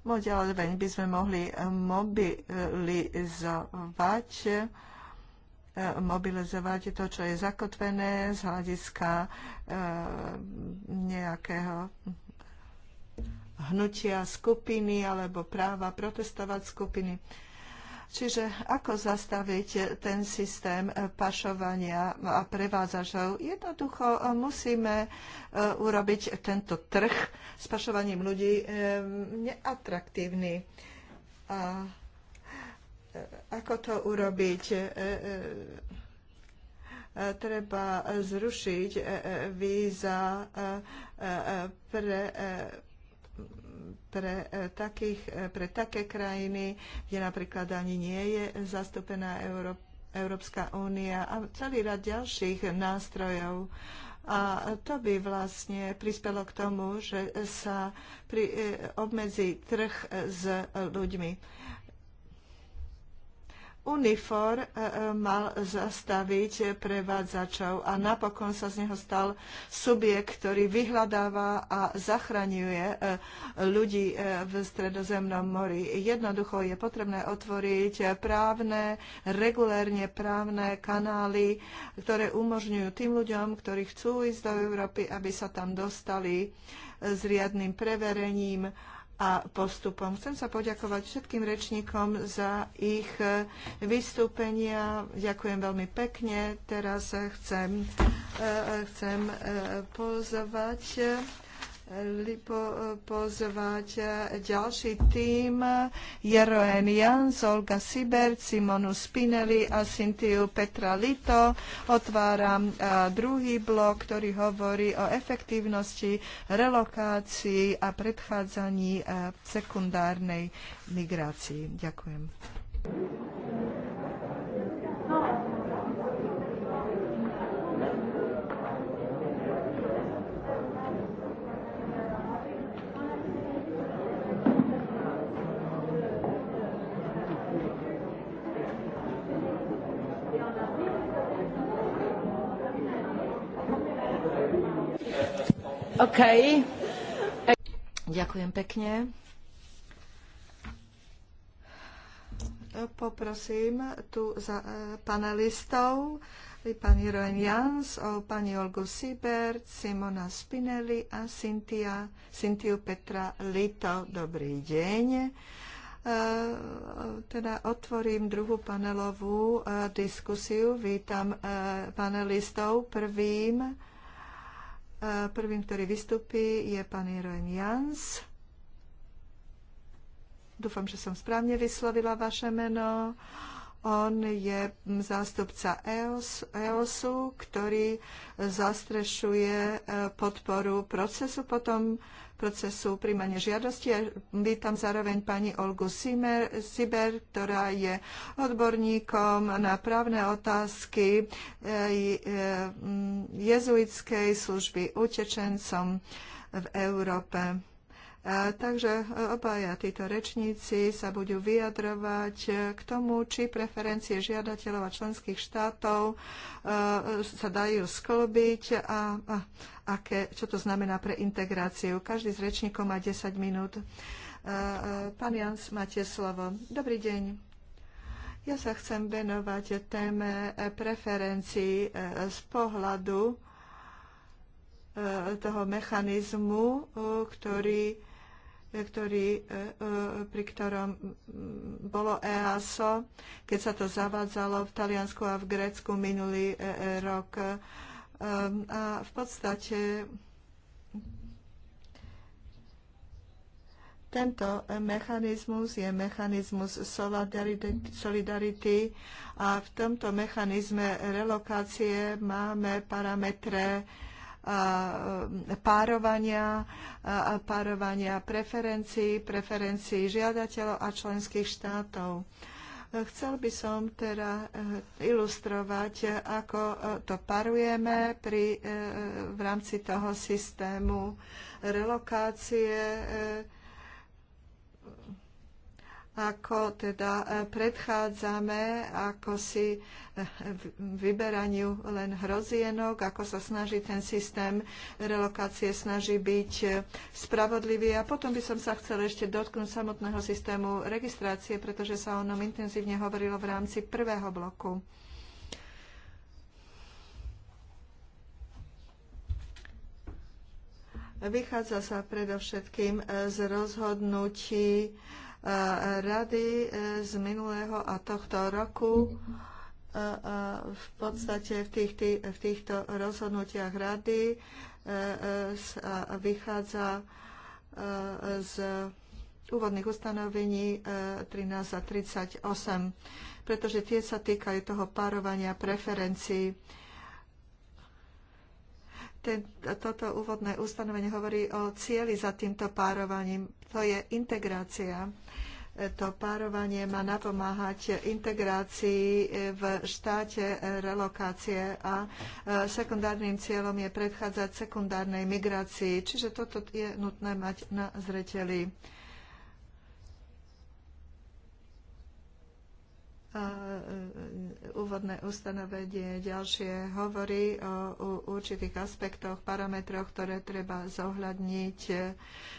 Môj by sme mohli e, mobilizovať E, mobilizovať to, čo je zakotvené z hľadiska e, nejakého hnutia skupiny alebo práva protestovať skupiny. Čiže ako zastaviť ten systém pašovania a prevádzačov? Jednoducho musíme e, urobiť tento trh s pašovaním ľudí neatraktívny. A ako to urobiť? E, e, e, treba zrušiť víza pre pre, takých, pre také krajiny, kde napríklad ani nie je zastúpená Európa Európska únia a celý rad ďalších nástrojov. A to by vlastne prispelo k tomu, že sa pri, obmedzi trh s ľuďmi Unifor e, e, mal zastaviť prevádzačov a napokon sa z neho stal subjekt, ktorý vyhľadáva a zachraňuje e, ľudí v Stredozemnom mori. Jednoducho je potrebné otvoriť právne, regulérne právne kanály, ktoré umožňujú tým ľuďom, ktorí chcú ísť do Európy, aby sa tam dostali s riadným preverením a postupom. Chcem sa poďakovať všetkým rečníkom za ich e, vystúpenia. Ďakujem veľmi pekne. Teraz chcem, e, e, chcem pozvať po, pozvať e, ďalší tým: Jeroen Jans, Olga Siber, Simonu Spinelli a Sintiu Petra Lito. Otváram e, druhý blok, ktorý hovorí o efektívnosti relokácií a predchádzaní e, sekundárnej migrácii. Ďakujem. No. Ďakujem pekne. Poprosím tu za e, panelistov pani Roen Jans, o pani Olgu Sibert, Simona Spinelli a Cynthia, Cynthia Petra Lito. Dobrý deň e, teda otvorím druhú panelovú e, diskusiu. Vítam panelistov. Prvým Prvým, ktorý vystupí, je pán Jeroen Jans. Dúfam, že som správne vyslovila vaše meno. On je zástupca EOS, EOSu, ktorý zastrešuje podporu procesu. Potom procesu príjmania žiadosti. Ja vítam zároveň pani Olgu Simer, Siber, ktorá je odborníkom na právne otázky eh, eh, jezuitskej služby utečencom v Európe. A takže e, obaja títo rečníci sa budú vyjadrovať e, k tomu, či preferencie žiadateľov a členských štátov e, sa dajú sklbiť a, a aké, čo to znamená pre integráciu. Každý z rečníkov má 10 minút. Pán Jans, máte slovo. Dobrý deň. Ja sa chcem venovať téme preferencií z pohľadu toho mechanizmu, ktorý ktorý, e, e, pri ktorom bolo EASO, keď sa to zavádzalo v Taliansku a v Grécku minulý e, rok. A v podstate Tento mechanizmus je mechanizmus solidarity a v tomto mechanizme relokácie máme parametre E, párovania, párovania preferencií, preferencií žiadateľov a členských štátov. Chcel by som teda e, ilustrovať, ako e, to parujeme pri, v rámci toho systému relokácie ako teda e, predchádzame, ako si e, vyberaniu len hrozienok, ako sa snaží ten systém relokácie snaží byť e, spravodlivý. A potom by som sa chcela ešte dotknúť samotného systému registrácie, pretože sa o ňom intenzívne hovorilo v rámci prvého bloku. Vychádza sa predovšetkým z rozhodnutí rady e, z minulého a tohto roku e, e, v podstate v, tých, v týchto rozhodnutiach rady vychádza z úvodných ustanovení 13 a 38, pretože tie sa týkajú toho párovania preferencií. Ten, toto úvodné ustanovenie hovorí o cieli za týmto párovaním. To je integrácia to párovanie má napomáhať integrácii v štáte relokácie a e, sekundárnym cieľom je predchádzať sekundárnej migrácii. Čiže toto je nutné mať na zreteli. úvodné ustanovenie ďalšie hovorí o určitých aspektoch, parametroch, ktoré treba zohľadniť e,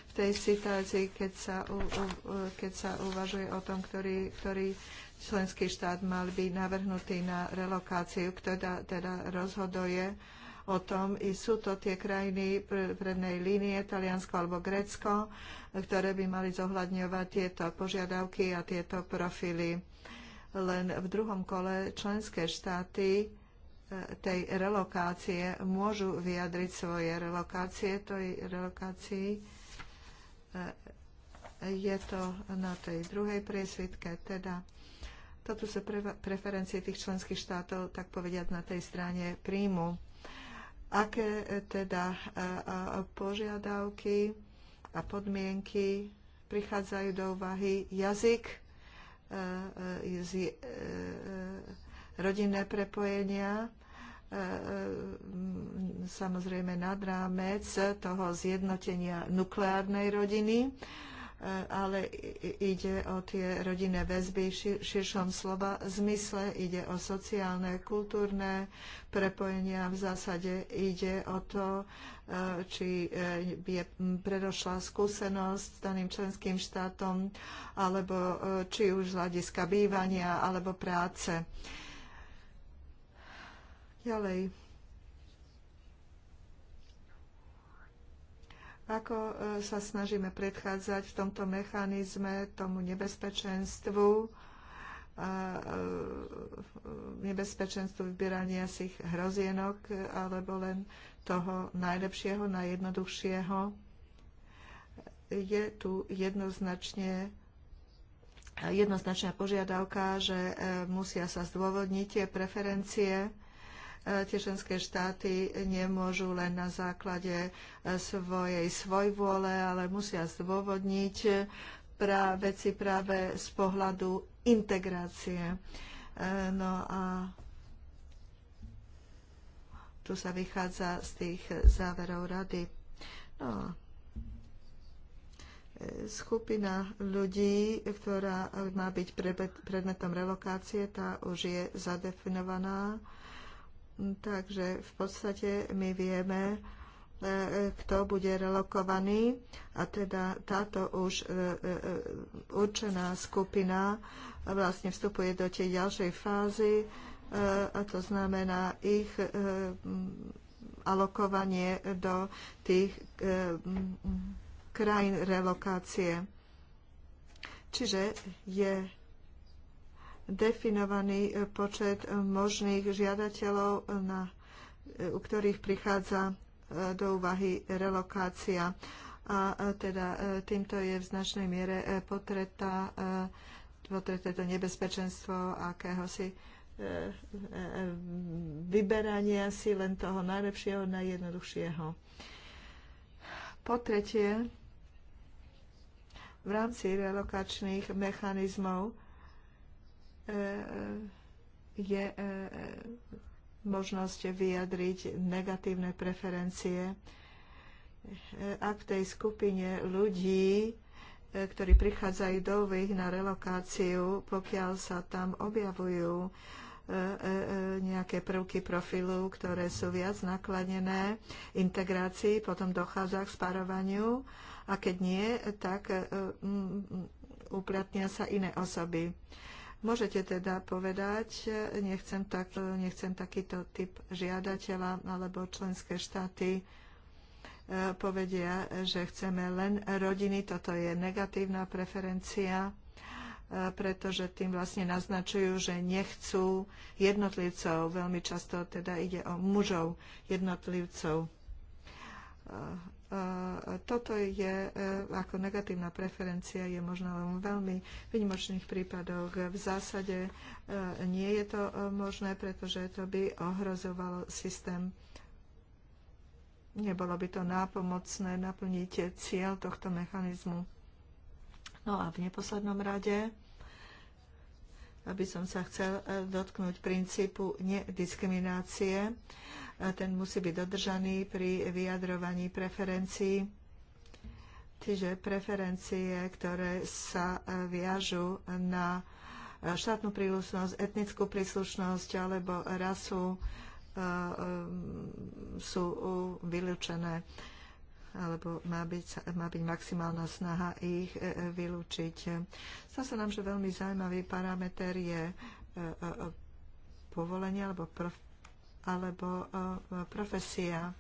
v tej situácii, keď sa, e, keď sa uvažuje o tom, ktorý, ktorý členský štát mal byť navrhnutý na relokáciu, ktorá teda rozhoduje o tom, i sú to tie krajiny prednej línie, Taliansko alebo Grécko, ktoré by mali zohľadňovať tieto požiadavky a tieto profily len v druhom kole členské štáty e, tej relokácie môžu vyjadriť svoje relokácie, tej relokácii. E, je to na tej druhej priesvitke, teda toto sú preferencie tých členských štátov, tak povediať na tej strane príjmu. Aké e, teda požiadavky a podmienky prichádzajú do úvahy jazyk, E, e, rodinné prepojenia, e, samozrejme nad rámec toho zjednotenia nukleárnej rodiny ale ide o tie rodinné väzby v šir, širšom slova zmysle, ide o sociálne, kultúrne prepojenia, v zásade ide o to, e, či e, je predošla skúsenosť s daným členským štátom, alebo e, či už z hľadiska bývania alebo práce. Ďalej ako e, sa snažíme predchádzať v tomto mechanizme tomu nebezpečenstvu, e, e, nebezpečenstvu vybierania si hrozienok alebo len toho najlepšieho, najjednoduchšieho. Je tu jednoznačne jednoznačná požiadavka, že musia sa zdôvodniť tie preferencie E, tie členské štáty nemôžu len na základe e, svojej svojvôle, ale musia zdôvodniť e, pra, veci práve z pohľadu integrácie. No a tu sa vychádza z tých záverov rady. No, skupina ľudí, ktorá má byť predmetom relokácie, tá už je zadefinovaná Takže v podstate my vieme, e, kto bude relokovaný a teda táto už e, e, určená skupina vlastne vstupuje do tej ďalšej fázy a to znamená ich alokovanie do tých krajín relokácie. Čiže je definovaný e, počet e, možných žiadateľov, e, na, u ktorých prichádza do úvahy relokácia. A teda týmto je v značnej miere potretá, potreté to nebezpečenstvo akéhosi vyberania si len toho najlepšieho, najjednoduchšieho. Po tretie, v rámci relokačných mechanizmov E, je e, možnosť vyjadriť negatívne preferencie. E, Ak v tej skupine ľudí, ktorí prichádzajú do ich na relokáciu, pokiaľ sa tam objavujú nejaké prvky profilu, ktoré sú viac nakladené integrácii, potom dochádza k spárovaniu a keď nie, tak uplatnia sa iné osoby. Môžete teda povedať, nechcem, tak, nechcem takýto typ žiadateľa alebo členské štáty e, povedia, že chceme len rodiny. Toto je negatívna preferencia, e, pretože tým vlastne naznačujú, že nechcú jednotlivcov. Veľmi často teda ide o mužov jednotlivcov e, toto je e, ako negatívna preferencia, je možná len veľmi výnimočných prípadoch. V zásade e, nie je to e, možné, pretože to by ohrozovalo systém. Nebolo by to nápomocné naplniť cieľ tohto mechanizmu. No a v neposlednom rade aby som sa chcel dotknúť princípu nediskriminácie a ten musí byť dodržaný pri vyjadrovaní preferencií. Čiže preferencie, ktoré sa e, viažu na e, štátnu príslušnosť, etnickú príslušnosť alebo rasu, e, sú vylúčené alebo má byť, má byť maximálna snaha ich vylúčiť. Zdá sa nám, že veľmi zaujímavý parameter je povolenie alebo alebo e, profesia.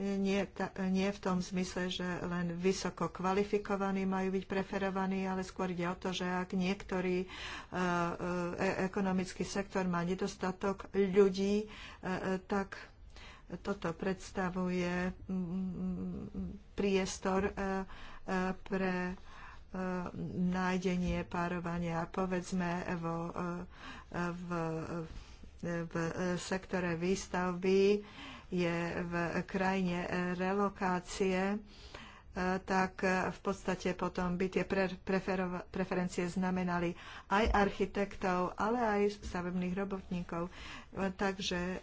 Nie, nie v tom zmysle, že len vysoko kvalifikovaní majú byť preferovaní, ale skôr ide o to, že ak niektorý e, e, ekonomický sektor má nedostatok ľudí, tak toto predstavuje priestor pre nájdenie párovania, povedzme, vo, v, v v e, sektore výstavby, je v krajine relokácie, e, tak e, v podstate potom by tie preferencie znamenali aj architektov, ale aj stavebných robotníkov. Takže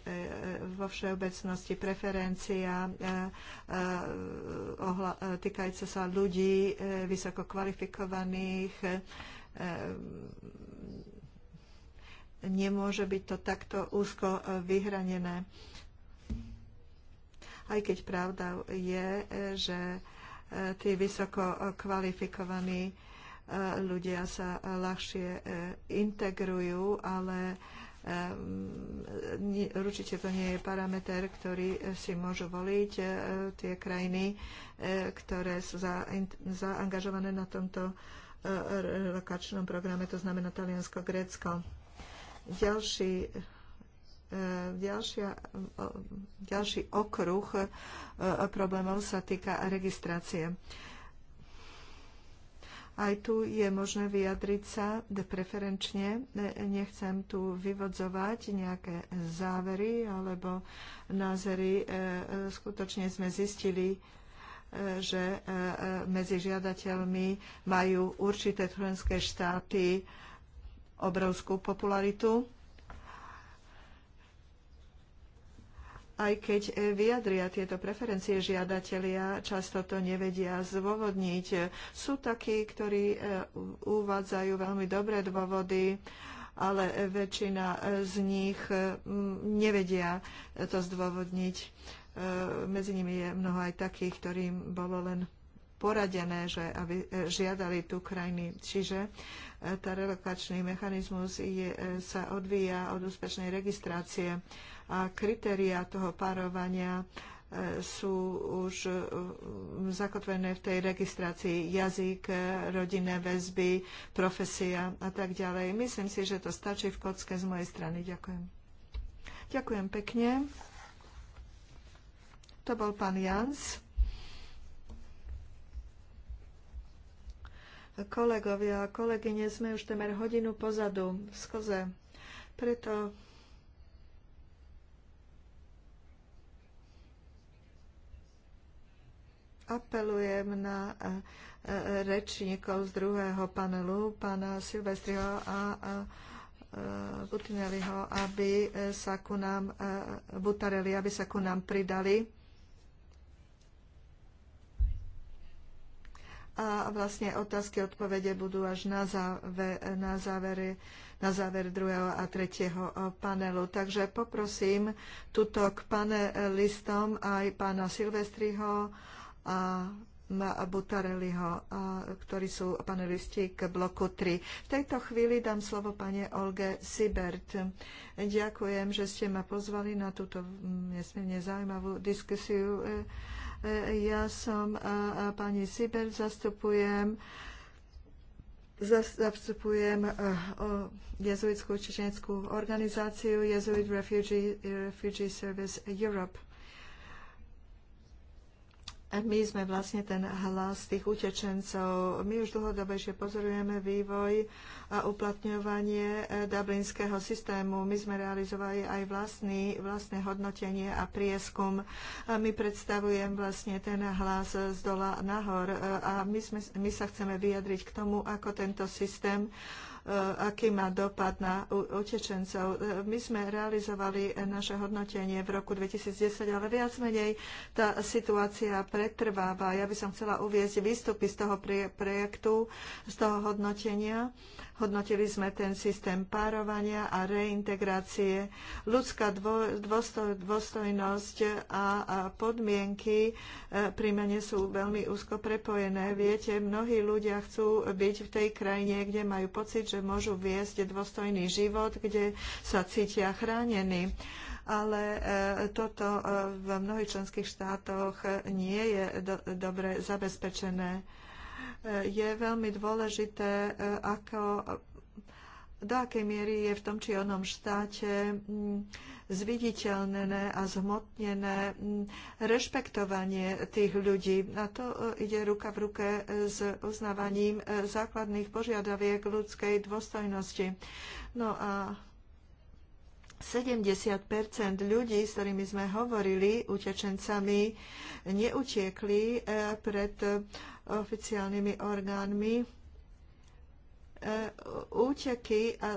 vo všeobecnosti preferencia týkajúca sa ľudí vysoko kvalifikovaných nemôže byť to takto úzko e, vyhranené. Aj keď pravda je, e, že e, tí vysoko kvalifikovaní ľudia sa ľahšie integrujú, ale určite to nie je parameter, ktorý si môžu voliť tie krajiny, ktoré sú zaangažované na tomto lokačnom programe, to znamená Taliansko, Grécko ďalší eh, ďalšia, ďalší okruh eh, problémov sa týka registrácie. Aj tu je možné vyjadriť sa preferenčne. Nechcem tu vyvodzovať nejaké závery alebo názery. Eh, skutočne sme zistili, že medzi žiadateľmi majú určité členské štáty, obrovskú popularitu. Aj keď vyjadria tieto preferencie žiadatelia, často to nevedia zdôvodniť. Sú takí, ktorí e, uvádzajú veľmi dobré dôvody, ale väčšina z nich e, nevedia to zdôvodniť. E, medzi nimi je mnoho aj takých, ktorým bolo len poradené, že aby žiadali tú krajiny. Čiže tá relokačný mechanizmus je, e, sa odvíja od úspešnej registrácie a kritéria toho párovania e, sú už e, zakotvené v tej registrácii jazyk, rodinné väzby, profesia a tak ďalej. Myslím si, že to stačí v kocke z mojej strany. Ďakujem. Ďakujem pekne. To bol pán Jans. Kolegovia a kolegyne, sme už temer hodinu pozadu v skoze. Preto apelujem na e, e, rečníkov z druhého panelu, pána Silvestriho a, e, Butinelliho, aby sa ku nám, Butarelli, aby sa ku nám pridali a vlastne otázky a odpovede budú až na, záver, na, závere, na záver druhého a tretieho eh, panelu. Takže poprosím tuto k panelistom aj pána Silvestriho a Butareliho, eh, ktorí sú panelisti k bloku 3. V tejto chvíli dám slovo pane Olge Sibert. Ďakujem, že ste ma pozvali na túto mm, nesmierne zaujímavú diskusiu. Eh, ja som e, e, pani Siber, zastupujem zastupujem e, jezuitskú čečenskú organizáciu Jesuit Refugee, Refugee Service Europe my sme vlastne ten hlas tých utečencov. My už dlhodobejšie pozorujeme vývoj a uplatňovanie e, dublinského systému. My sme realizovali aj vlastný, vlastné hodnotenie a prieskum. A my predstavujem vlastne ten hlas z dola nahor. E, a my, sme, my sa chceme vyjadriť k tomu, ako tento systém E, aký má dopad na utečencov. E, my sme realizovali naše hodnotenie v roku 2010, ale viac menej tá situácia pretrváva. Ja by som chcela uviezť výstupy z toho projektu, z toho hodnotenia Hodnotili sme ten systém párovania a reintegrácie, ľudská dôstojnosť a, podmienky e, príjmene sú veľmi úzko prepojené. Viete, mnohí ľudia chcú byť v tej krajine, kde majú pocit, že môžu viesť dôstojný život, kde sa cítia chránení ale e, toto e, v mnohých členských štátoch nie je do, dobre zabezpečené je veľmi dôležité, e, ako, do akej miery je v tom či onom štáte mm, zviditeľnené a zhmotnené mm, rešpektovanie tých ľudí. A to e, ide ruka v ruke e, s uznávaním základných požiadaviek ľudskej dôstojnosti. No a 70 ľudí, s ktorými sme hovorili, utečencami, neutiekli pred oficiálnymi orgánmi. E, úteky a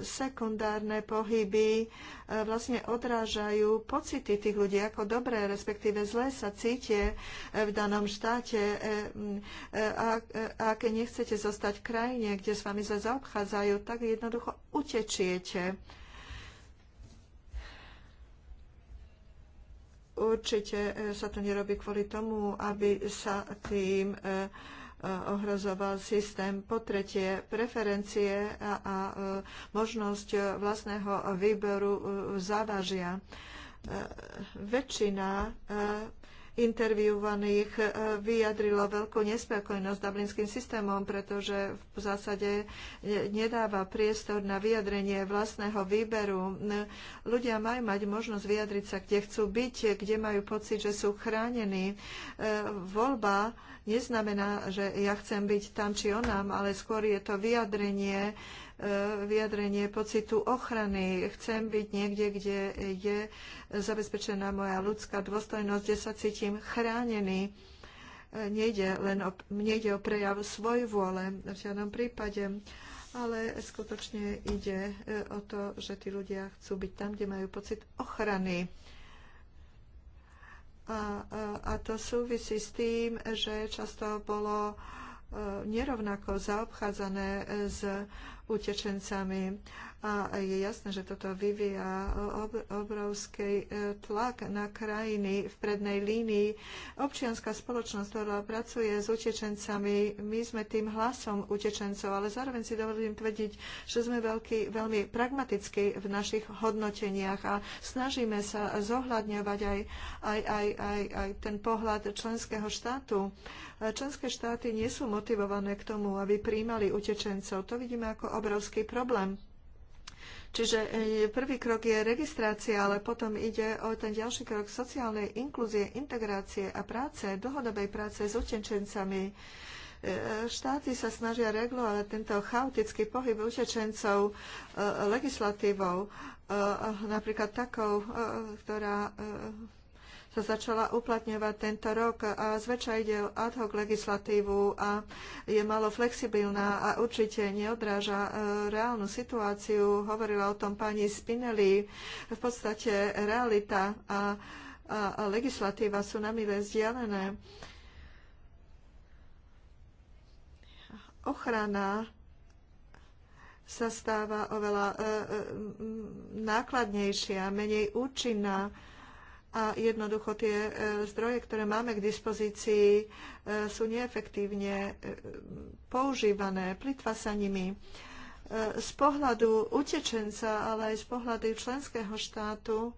sekundárne pohyby e, vlastne odrážajú pocity tých ľudí, ako dobré, respektíve zlé sa cítie e, v danom štáte. Ak, nechcete zostať v krajine, kde s vami zle zaobchádzajú, tak jednoducho utečiete Určite e, sa to nerobí kvôli tomu, aby sa tým e, e, ohrozoval systém. Po tretie, preferencie a, a možnosť vlastného výberu závažia. Väčšina interviewovaných e, vyjadrilo veľkú nespokojnosť dublinským systémom, pretože v zásade nedáva priestor na vyjadrenie vlastného výberu. Ľudia majú mať možnosť vyjadriť sa, kde chcú byť, kde majú pocit, že sú chránení. E, voľba neznamená, že ja chcem byť tam či onám, ale skôr je to vyjadrenie E, vyjadrenie pocitu ochrany. Chcem byť niekde, kde je zabezpečená moja ľudská dôstojnosť, kde sa cítim chránený. E, nejde len o, nejde o prejav svoj vôle v žiadnom prípade, ale skutočne ide e, o to, že tí ľudia chcú byť tam, kde majú pocit ochrany. A, a, a to súvisí s tým, že často bolo nerovnako zaobchádzané s utečencami. A je jasné, že toto vyvíja obrovský e, tlak na krajiny v prednej línii. Občianská spoločnosť, ktorá pracuje s utečencami, my sme tým hlasom utečencov, ale zároveň si dovolím tvrdiť, že sme veľký, veľmi pragmatickí v našich hodnoteniach a snažíme sa zohľadňovať aj, aj, aj, aj, aj ten pohľad členského štátu. Uh, Členské štáty nie sú motivované k tomu, aby príjmali utečencov. To vidíme ako obrovský problém. Čiže e, prvý krok je registrácia, ale potom ide o ten ďalší krok sociálnej inklúzie, integrácie a práce, dlhodobej práce s utečencami. E, štáty sa snažia regulovať tento chaotický pohyb utečencov e, legislatívou, napríklad takou, ktorá sa začala uplatňovať tento rok a zväčša ide o ad hoc legislatívu a je malo flexibilná a určite neodráža e, reálnu situáciu. Hovorila o tom pani Spinelli. V podstate realita a, a, a legislatíva sú na milé vzdialené. Ochrana sa stáva oveľa e, e, nákladnejšia, menej účinná a jednoducho tie e, zdroje, ktoré máme k dispozícii, e, sú neefektívne e, používané, plitva sa nimi. Z pohľadu utečenca, ale aj z pohľadu členského štátu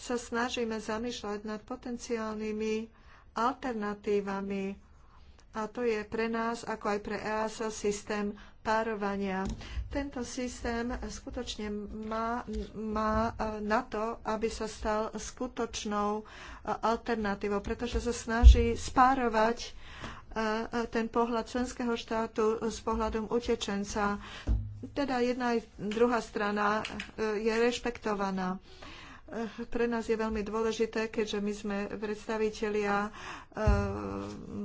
sa snažíme zamýšľať nad potenciálnymi alternatívami a to je pre nás, ako aj pre EASA, systém párovania. Tento systém skutočne má, má e, na to, aby sa stal skutočnou e, alternatívou, pretože sa snaží spárovať e, ten pohľad členského štátu s pohľadom utečenca. Teda jedna aj druhá strana je rešpektovaná. Eh, pre nás je veľmi dôležité, keďže my sme predstavitelia eh,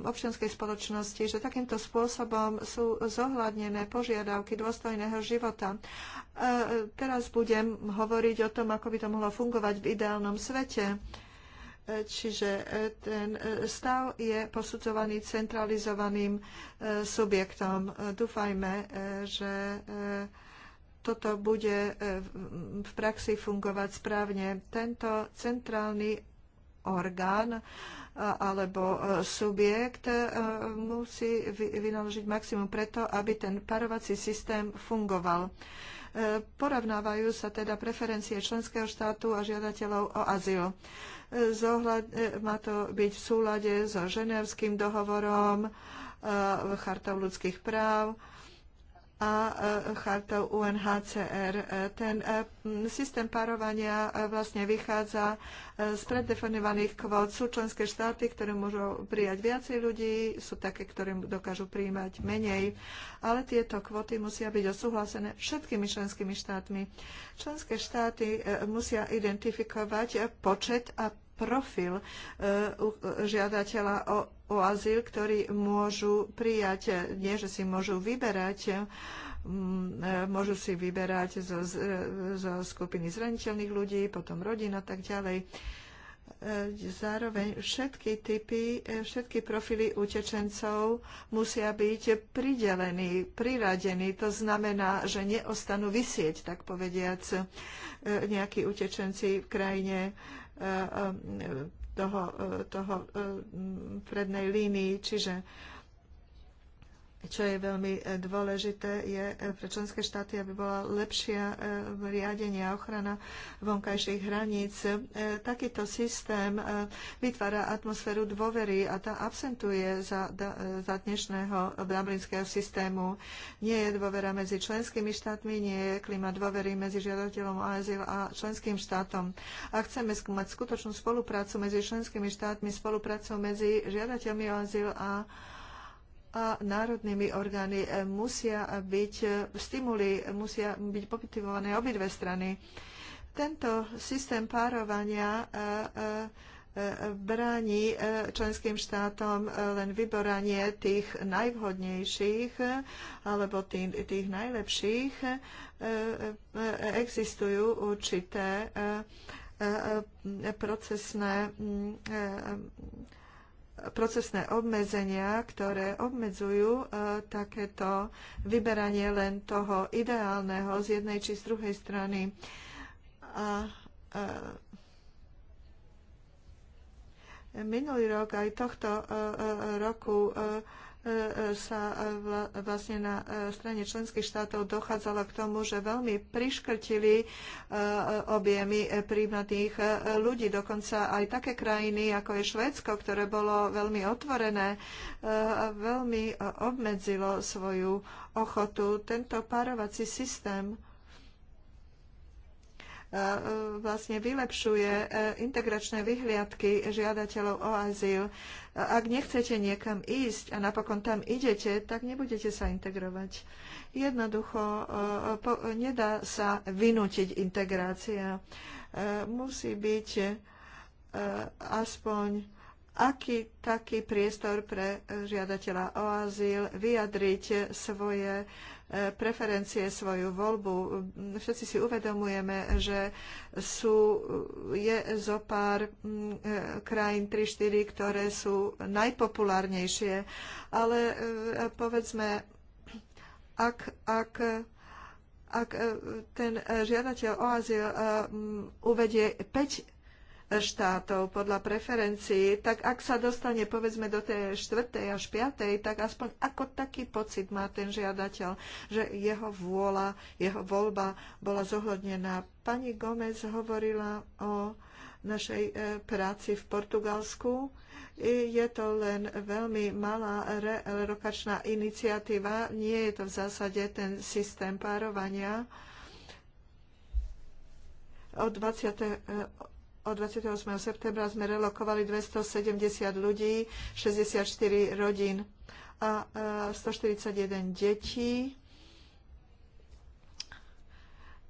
občianskej spoločnosti, že takýmto spôsobom sú zohľadnené požiadavky dôstojného života. Eh, teraz budem hovoriť o tom, ako by to mohlo fungovať v ideálnom svete. Čiže ten stav je posudzovaný centralizovaným subjektom. Dúfajme, že toto bude e, v praxi fungovať správne. Tento centrálny orgán e, alebo e, subjekt musí vynaložiť maximum preto, aby ten parovací systém fungoval. Porovnávajú sa teda preferencie členského štátu a žiadateľov o azyl. Zohľad, má to byť v súlade so ženevským dohovorom, chartou ľudských práv, a e, chartou UNHCR. E, ten e, systém parovania vlastne vychádza z preddefinovaných kvót. Sú členské štáty, ktoré môžu prijať viacej ľudí, sú také, ktoré dokážu prijímať menej, ale tieto kvóty musia byť osúhlasené všetkými členskými štátmi. Členské štáty musia identifikovať počet a profil žiadateľa o o azyl, ktorí môžu prijať, nie že si môžu vyberať, e, môžu si vyberať zo, zo skupiny zraniteľných ľudí, potom rodín a tak ďalej. E, zároveň všetky typy, e, všetky profily utečencov musia byť pridelení, priradení. To znamená, že neostanú vysieť, tak povediac, nejakí utečenci v krajine toho, e, toho e, prednej línii, čiže čo je veľmi e, dôležité, je e, pre členské štáty, aby bola lepšia e, riadenie a ochrana vonkajších hraníc. Takýto systém vytvára atmosféru dôvery a tá absentuje za, za dnešného dublinského systému. Nie je dôvera medzi členskými štátmi, nie je klima dôvery medzi žiadateľom o azyl a členským štátom. A chceme mať skutočnú spoluprácu medzi členskými štátmi, spoluprácu medzi žiadateľmi o azyl a a národnými orgány e, musia byť e, stimuli, musia byť popytované obidve strany. Tento systém párovania e, bráni členským štátom len vyboranie tých najvhodnejších alebo tých, tých najlepších. Existujú určité procesné procesné obmedzenia, ktoré obmedzujú e, takéto vyberanie len toho ideálneho z jednej či z druhej strany. A, a e, minulý rok aj tohto e, roku sa e, vlastne na e, strane členských štátov dochádzalo k tomu, že veľmi priškrtili e, objemy príjmatých ľudí. Dokonca aj také krajiny, ako je Švédsko, ktoré bolo veľmi otvorené, veľmi obmedzilo svoju ochotu. Tento párovací systém E, vlastne vylepšuje e, integračné vyhliadky žiadateľov o azyl. Ak nechcete niekam ísť a napokon tam idete, tak nebudete sa integrovať. Jednoducho e, nedá sa vynútiť integrácia. Musí byť aspoň aký taký priestor pre žiadateľa o azyl vyjadriť svoje preferencie, svoju voľbu. Všetci si uvedomujeme, že sú, je zo pár mm, e, krajín 3-4, ktoré sú najpopulárnejšie, ale e, povedzme, ak, ak ak e, ten žiadateľ o azyl uvedie 5 štátov podľa preferencií, tak ak sa dostane povedzme do tej štvrtej až piatej, tak aspoň ako taký pocit má ten žiadateľ, že jeho vôľa, jeho voľba bola zohľadnená. Pani Gomez hovorila o našej e, práci v Portugalsku. Je to len veľmi malá relokačná iniciatíva, nie je to v zásade ten systém párovania. Od 20 od 28. septembra sme relokovali 270 ľudí, 64 rodín a 141 detí.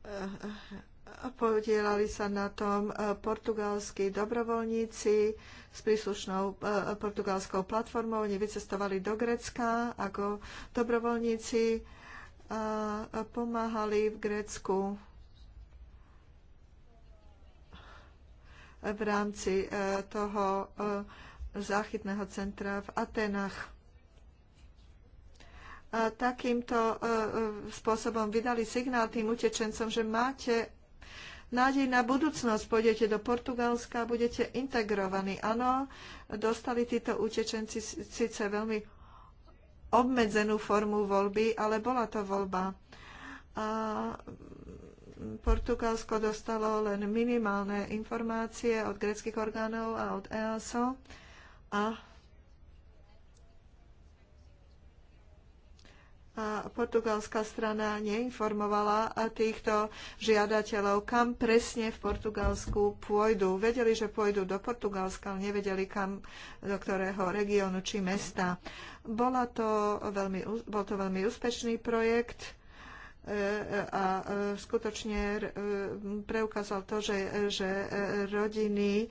E, e, podielali sa na tom e, portugalskí dobrovoľníci s príslušnou portugalskou platformou. Oni vycestovali do Grécka ako dobrovoľníci a pomáhali v Grécku v rámci e, toho e, záchytného centra v Atenách. A takýmto e, spôsobom vydali signál tým utečencom, že máte nádej na budúcnosť. Pôjdete do Portugalska a budete integrovaní. Áno, dostali títo utečenci síce veľmi obmedzenú formu voľby, ale bola to voľba. A Portugalsko dostalo len minimálne informácie od greckých orgánov a od EASO a a portugalská strana neinformovala a týchto žiadateľov, kam presne v Portugalsku pôjdu. Vedeli, že pôjdu do Portugalska, ale nevedeli, kam, do ktorého regiónu či mesta. Bola to veľmi, bol to veľmi úspešný projekt a skutočne e, preukázal to, že, že rodiny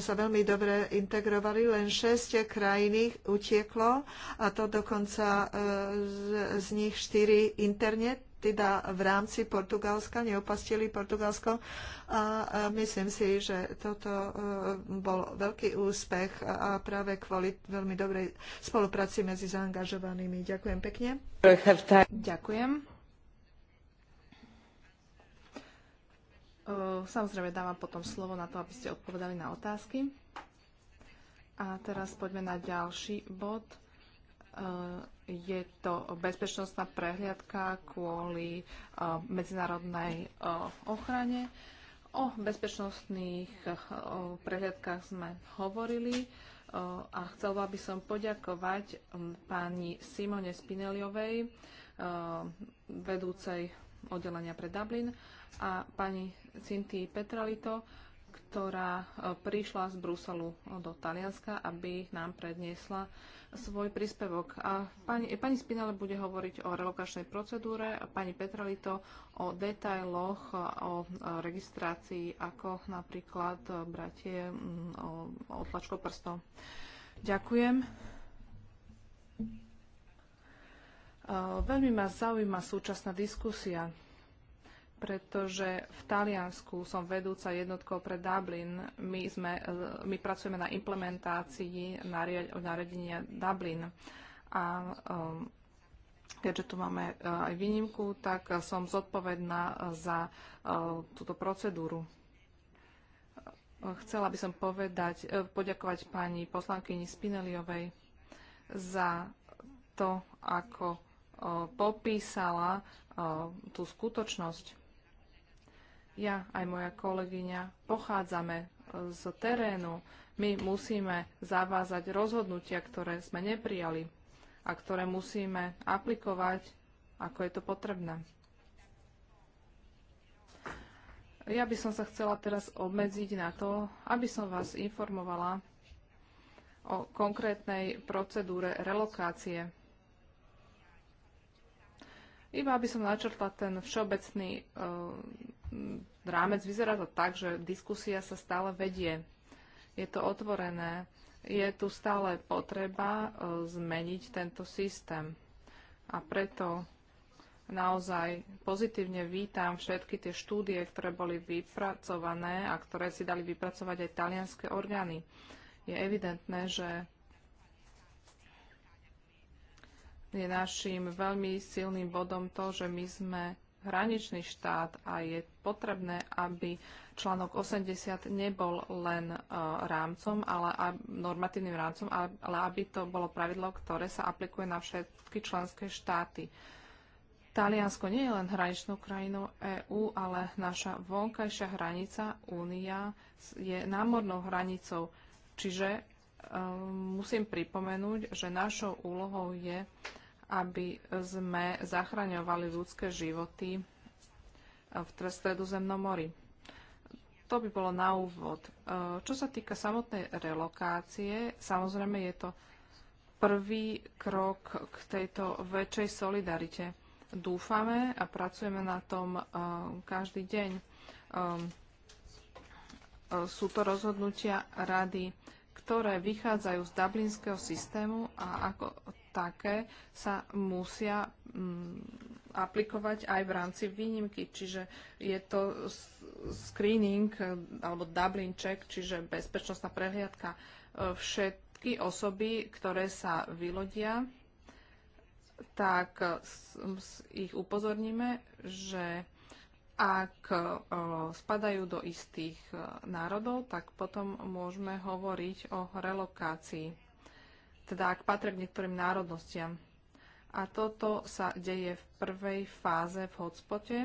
sa veľmi dobre integrovali, len 6 krajín ich utieklo a to dokonca e, z, z nich 4 internet teda v rámci Portugalska, neopastili Portugalsko a myslím si, že toto e, bol veľký úspech a práve kvôli veľmi dobrej spolupráci medzi zaangažovanými. Ďakujem pekne. Ďakujem. Ehm, samozrejme dávam potom slovo na to, aby ste odpovedali na otázky. A teraz poďme na ďalší bod. Ehm, je to bezpečnostná prehliadka kvôli ehm, medzinárodnej ochrane. O bezpečnostných prehliadkách sme hovorili a chcela by som poďakovať pani Simone Spineliovej, vedúcej oddelenia pre Dublin, a pani Cinti Petralito, ktorá e, prišla z Bruselu do Talianska, aby nám predniesla svoj príspevok. A pani, pani Spinale bude hovoriť o relokačnej procedúre a pani Petralito o detailoch, e, o e, registrácii, ako napríklad bratie mm, o, o prstov. Ďakujem. Veľmi ma zaujíma súčasná diskusia pretože v Taliansku som vedúca jednotkou pre Dublin. My, sme, my pracujeme na implementácii nariadenia Dublin. A um, keďže tu máme uh, aj výnimku, tak som zodpovedná za uh, túto procedúru. Chcela by som povedať, uh, poďakovať pani poslankyni Spineliovej za to, ako uh, popísala uh, tú skutočnosť ja aj moja kolegyňa pochádzame e, z terénu. My musíme zavázať rozhodnutia, ktoré sme neprijali a ktoré musíme aplikovať, ako je to potrebné. Ja by som sa chcela teraz obmedziť na to, aby som vás informovala o konkrétnej procedúre relokácie. Iba aby som načrtla ten všeobecný e, rámec vyzerá to tak, že diskusia sa stále vedie. Je to otvorené. Je tu stále potreba e, zmeniť tento systém. A preto naozaj pozitívne vítam všetky tie štúdie, ktoré boli vypracované a ktoré si dali vypracovať aj talianské orgány. Je evidentné, že je našim veľmi silným bodom to, že my sme hraničný štát a je potrebné, aby článok 80 nebol len e, rámcom, ale normatívnym rámcom, ale, ale aby to bolo pravidlo, ktoré sa aplikuje na všetky členské štáty. Taliansko nie je len hraničnou krajinou EÚ, ale naša vonkajšia hranica, únia, je námornou hranicou. Čiže um, musím pripomenúť, že našou úlohou je uh, aby sme zachraňovali ľudské životy v Stredozemnom mori. To by bolo na úvod. E, čo sa týka samotnej relokácie, samozrejme je to prvý krok k tejto väčšej solidarite. Dúfame a pracujeme na tom e, každý deň. E, sú to rozhodnutia rady, ktoré vychádzajú z dublinského systému a ako také sa musia mm, aplikovať aj v rámci výnimky, čiže je to screening eh, alebo Dublin check, čiže bezpečnostná prehliadka eh, všetky osoby, ktoré sa vylodia, tak eh, ich upozorníme, že ak spadajú do istých národov, tak potom môžeme hovoriť o relokácii teda ak patria k niektorým národnostiam. A toto sa deje v prvej fáze v hotspote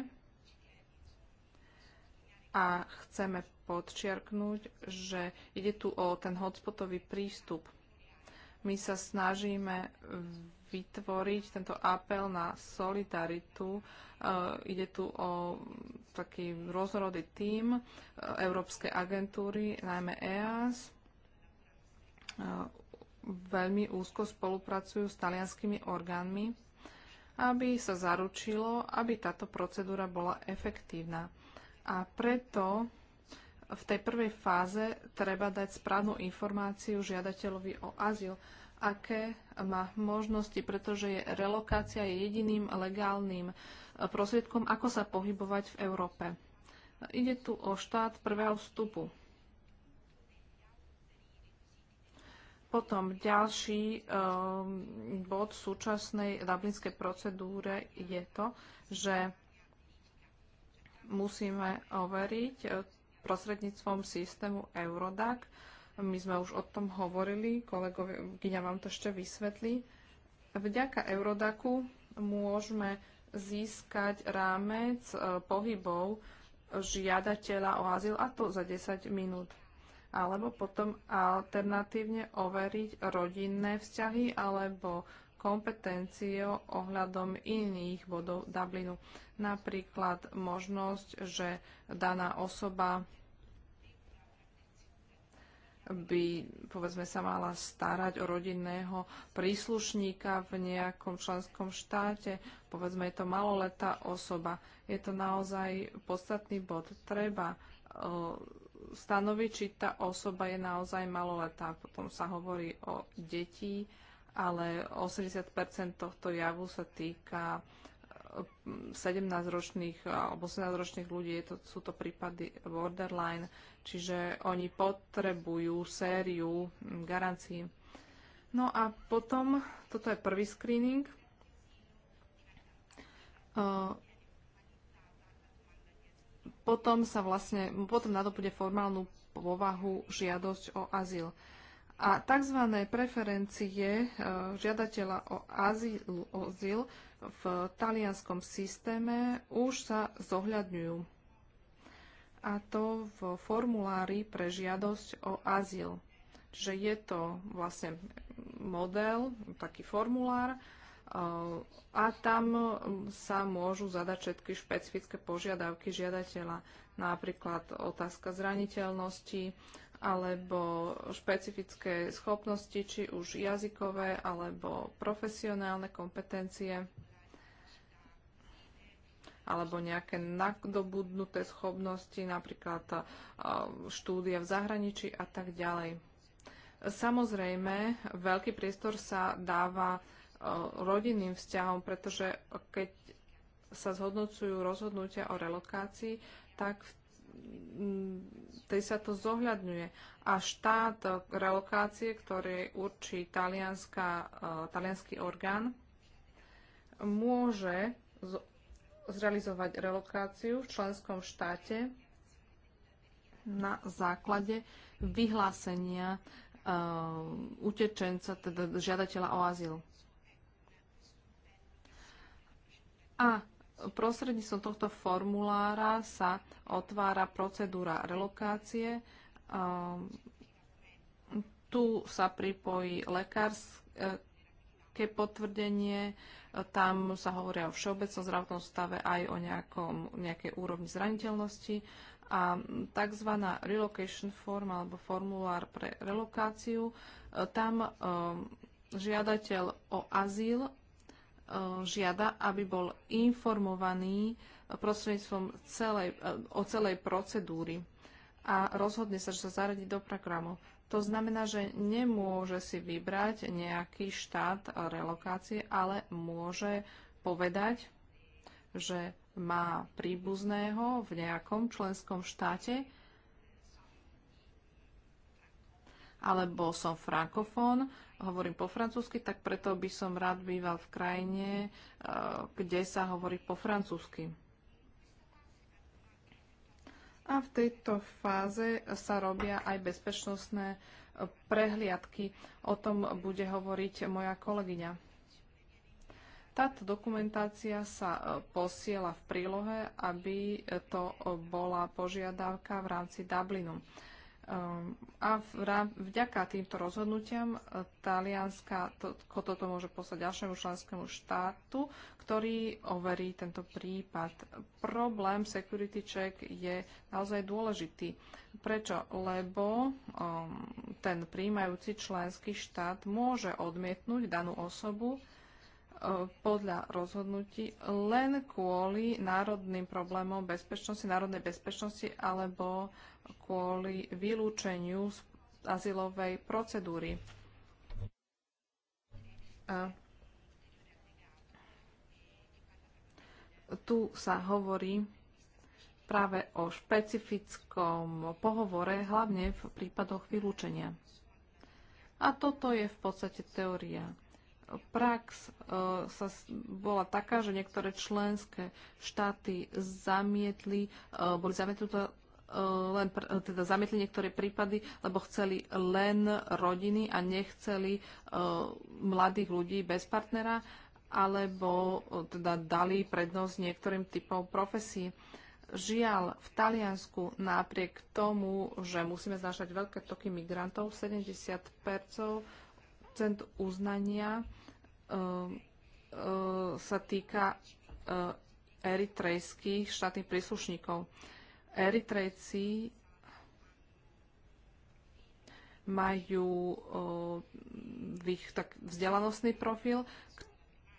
a chceme podčiarknúť, že ide tu o ten hotspotový prístup. My sa snažíme vytvoriť tento apel na solidaritu. E, ide tu o taký rozrodý tím e, Európskej agentúry, najmä EAS, e, veľmi úzko spolupracujú s talianskými orgánmi, aby sa zaručilo, aby táto procedúra bola efektívna. A preto v tej prvej fáze treba dať správnu informáciu žiadateľovi o azyl, aké má možnosti, pretože je relokácia je jediným legálnym eh, prostriedkom, ako sa pohybovať v Európe. Ide tu o štát prvého vstupu. Potom ďalší um, bod súčasnej dublinskej procedúre je to, že musíme overiť e, prostredníctvom systému Eurodac. My sme už o tom hovorili, kolegovia, Gina vám to ešte vysvetlí. Vďaka Eurodacu môžeme získať rámec e, pohybov žiadateľa o azyl a to za 10 minút alebo potom alternatívne overiť rodinné vzťahy alebo kompetencie ohľadom iných bodov Dublinu. Napríklad možnosť, že daná osoba by, povedzme, sa mala starať o rodinného príslušníka v nejakom členskom štáte. Povedzme, je to maloletá osoba. Je to naozaj podstatný bod. Treba uh, stanoviť, či tá osoba je naozaj maloletá. Potom sa hovorí o detí, ale 80 tohto javu sa týka 17-ročných eh, alebo 18-ročných ľudí. To, sú to prípady borderline, čiže oni potrebujú sériu hm, garancií. No a potom, toto je prvý screening. Eh, potom sa vlastne, potom bude formálnu povahu žiadosť o azyl. A tzv. preferencie e, žiadateľa o azyl, o azyl v talianskom systéme už sa zohľadňujú. A to v formulári pre žiadosť o azyl. Čiže je to vlastne model, taký formulár, a tam sa môžu zadať všetky špecifické požiadavky žiadateľa, napríklad otázka zraniteľnosti alebo špecifické schopnosti, či už jazykové alebo profesionálne kompetencie alebo nejaké nadobudnuté schopnosti, napríklad štúdia v zahraničí a tak ďalej. Samozrejme, veľký priestor sa dáva rodinným vzťahom, pretože keď sa zhodnocujú rozhodnutia o relokácii, tak v tej sa to zohľadňuje. A štát relokácie, ktorý určí e, talianský orgán, môže zrealizovať relokáciu v členskom štáte na základe vyhlásenia e, utečenca, teda žiadateľa o azyl. A prostredníctvom tohto formulára sa otvára procedúra relokácie. Ehm, tu sa pripojí lekárske potvrdenie, tam sa hovorí o všeobecnom zdravotnom stave aj o nejakom, nejakej úrovni zraniteľnosti a tzv. relocation form alebo formulár pre relokáciu, e, tam ehm, žiadateľ o azyl E, žiada, aby bol informovaný e, prostredníctvom celej, e, o celej procedúry a rozhodne sa, že sa zaradí do programu. To znamená, že nemôže si vybrať nejaký štát relokácie, ale môže povedať, že má príbuzného v nejakom členskom štáte, alebo som frankofón, hovorím po francúzsky, tak preto by som rád býval v krajine, eh, kde sa hovorí po francúzsky. A v tejto fáze sa robia aj bezpečnostné eh, prehliadky. O tom bude hovoriť moja kolegyňa. Táto dokumentácia sa eh, posiela v prílohe, aby to bola požiadavka v rámci Dublinu. Ehm, a vďaka týmto rozhodnutiam e, Talianska to, toto môže poslať ďalšiemu členskému štátu, ktorý overí tento prípad. Problém security check je naozaj dôležitý. Prečo? Lebo um, ten príjmajúci členský štát môže odmietnúť danú osobu e, podľa rozhodnutí len kvôli národným problémom bezpečnosti, národnej bezpečnosti alebo kvôli vylúčeniu z azylovej procedúry. A tu sa hovorí práve o špecifickom pohovore, hlavne v prípadoch vylúčenia. A toto je v podstate teória. Prax e, sa bola taká, že niektoré členské štáty zamietli, e, boli zamietnuté len teda zamietli niektoré prípady, lebo chceli len rodiny a nechceli e, mladých ľudí bez partnera, alebo e, teda dali prednosť niektorým typom profesí. Žiaľ, v Taliansku napriek tomu, že musíme znašať veľké toky migrantov, 70 cent uznania uh, uh, sa týka uh, eritrejských štátnych príslušníkov. Uh, Eritrejci majú v ich tak vzdelanostný profil,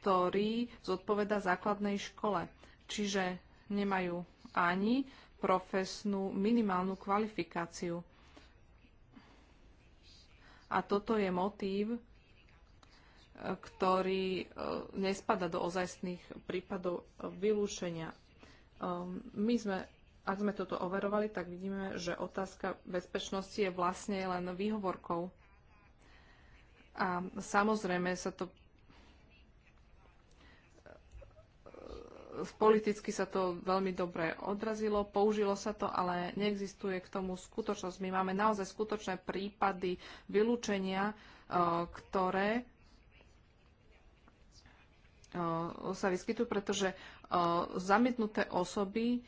ktorý zodpoveda základnej škole. Čiže nemajú ani profesnú minimálnu kvalifikáciu. A toto je motív, e, ktorý e, nespada do ozajstných prípadov e, vylúšenia. My sme ak sme toto overovali, tak vidíme, že otázka bezpečnosti je vlastne len výhovorkou. A samozrejme sa to politicky sa to veľmi dobre odrazilo, použilo sa to, ale neexistuje k tomu skutočnosť. My máme naozaj skutočné prípady vylúčenia, e, ktoré e, sa vyskytujú, pretože e, zamietnuté osoby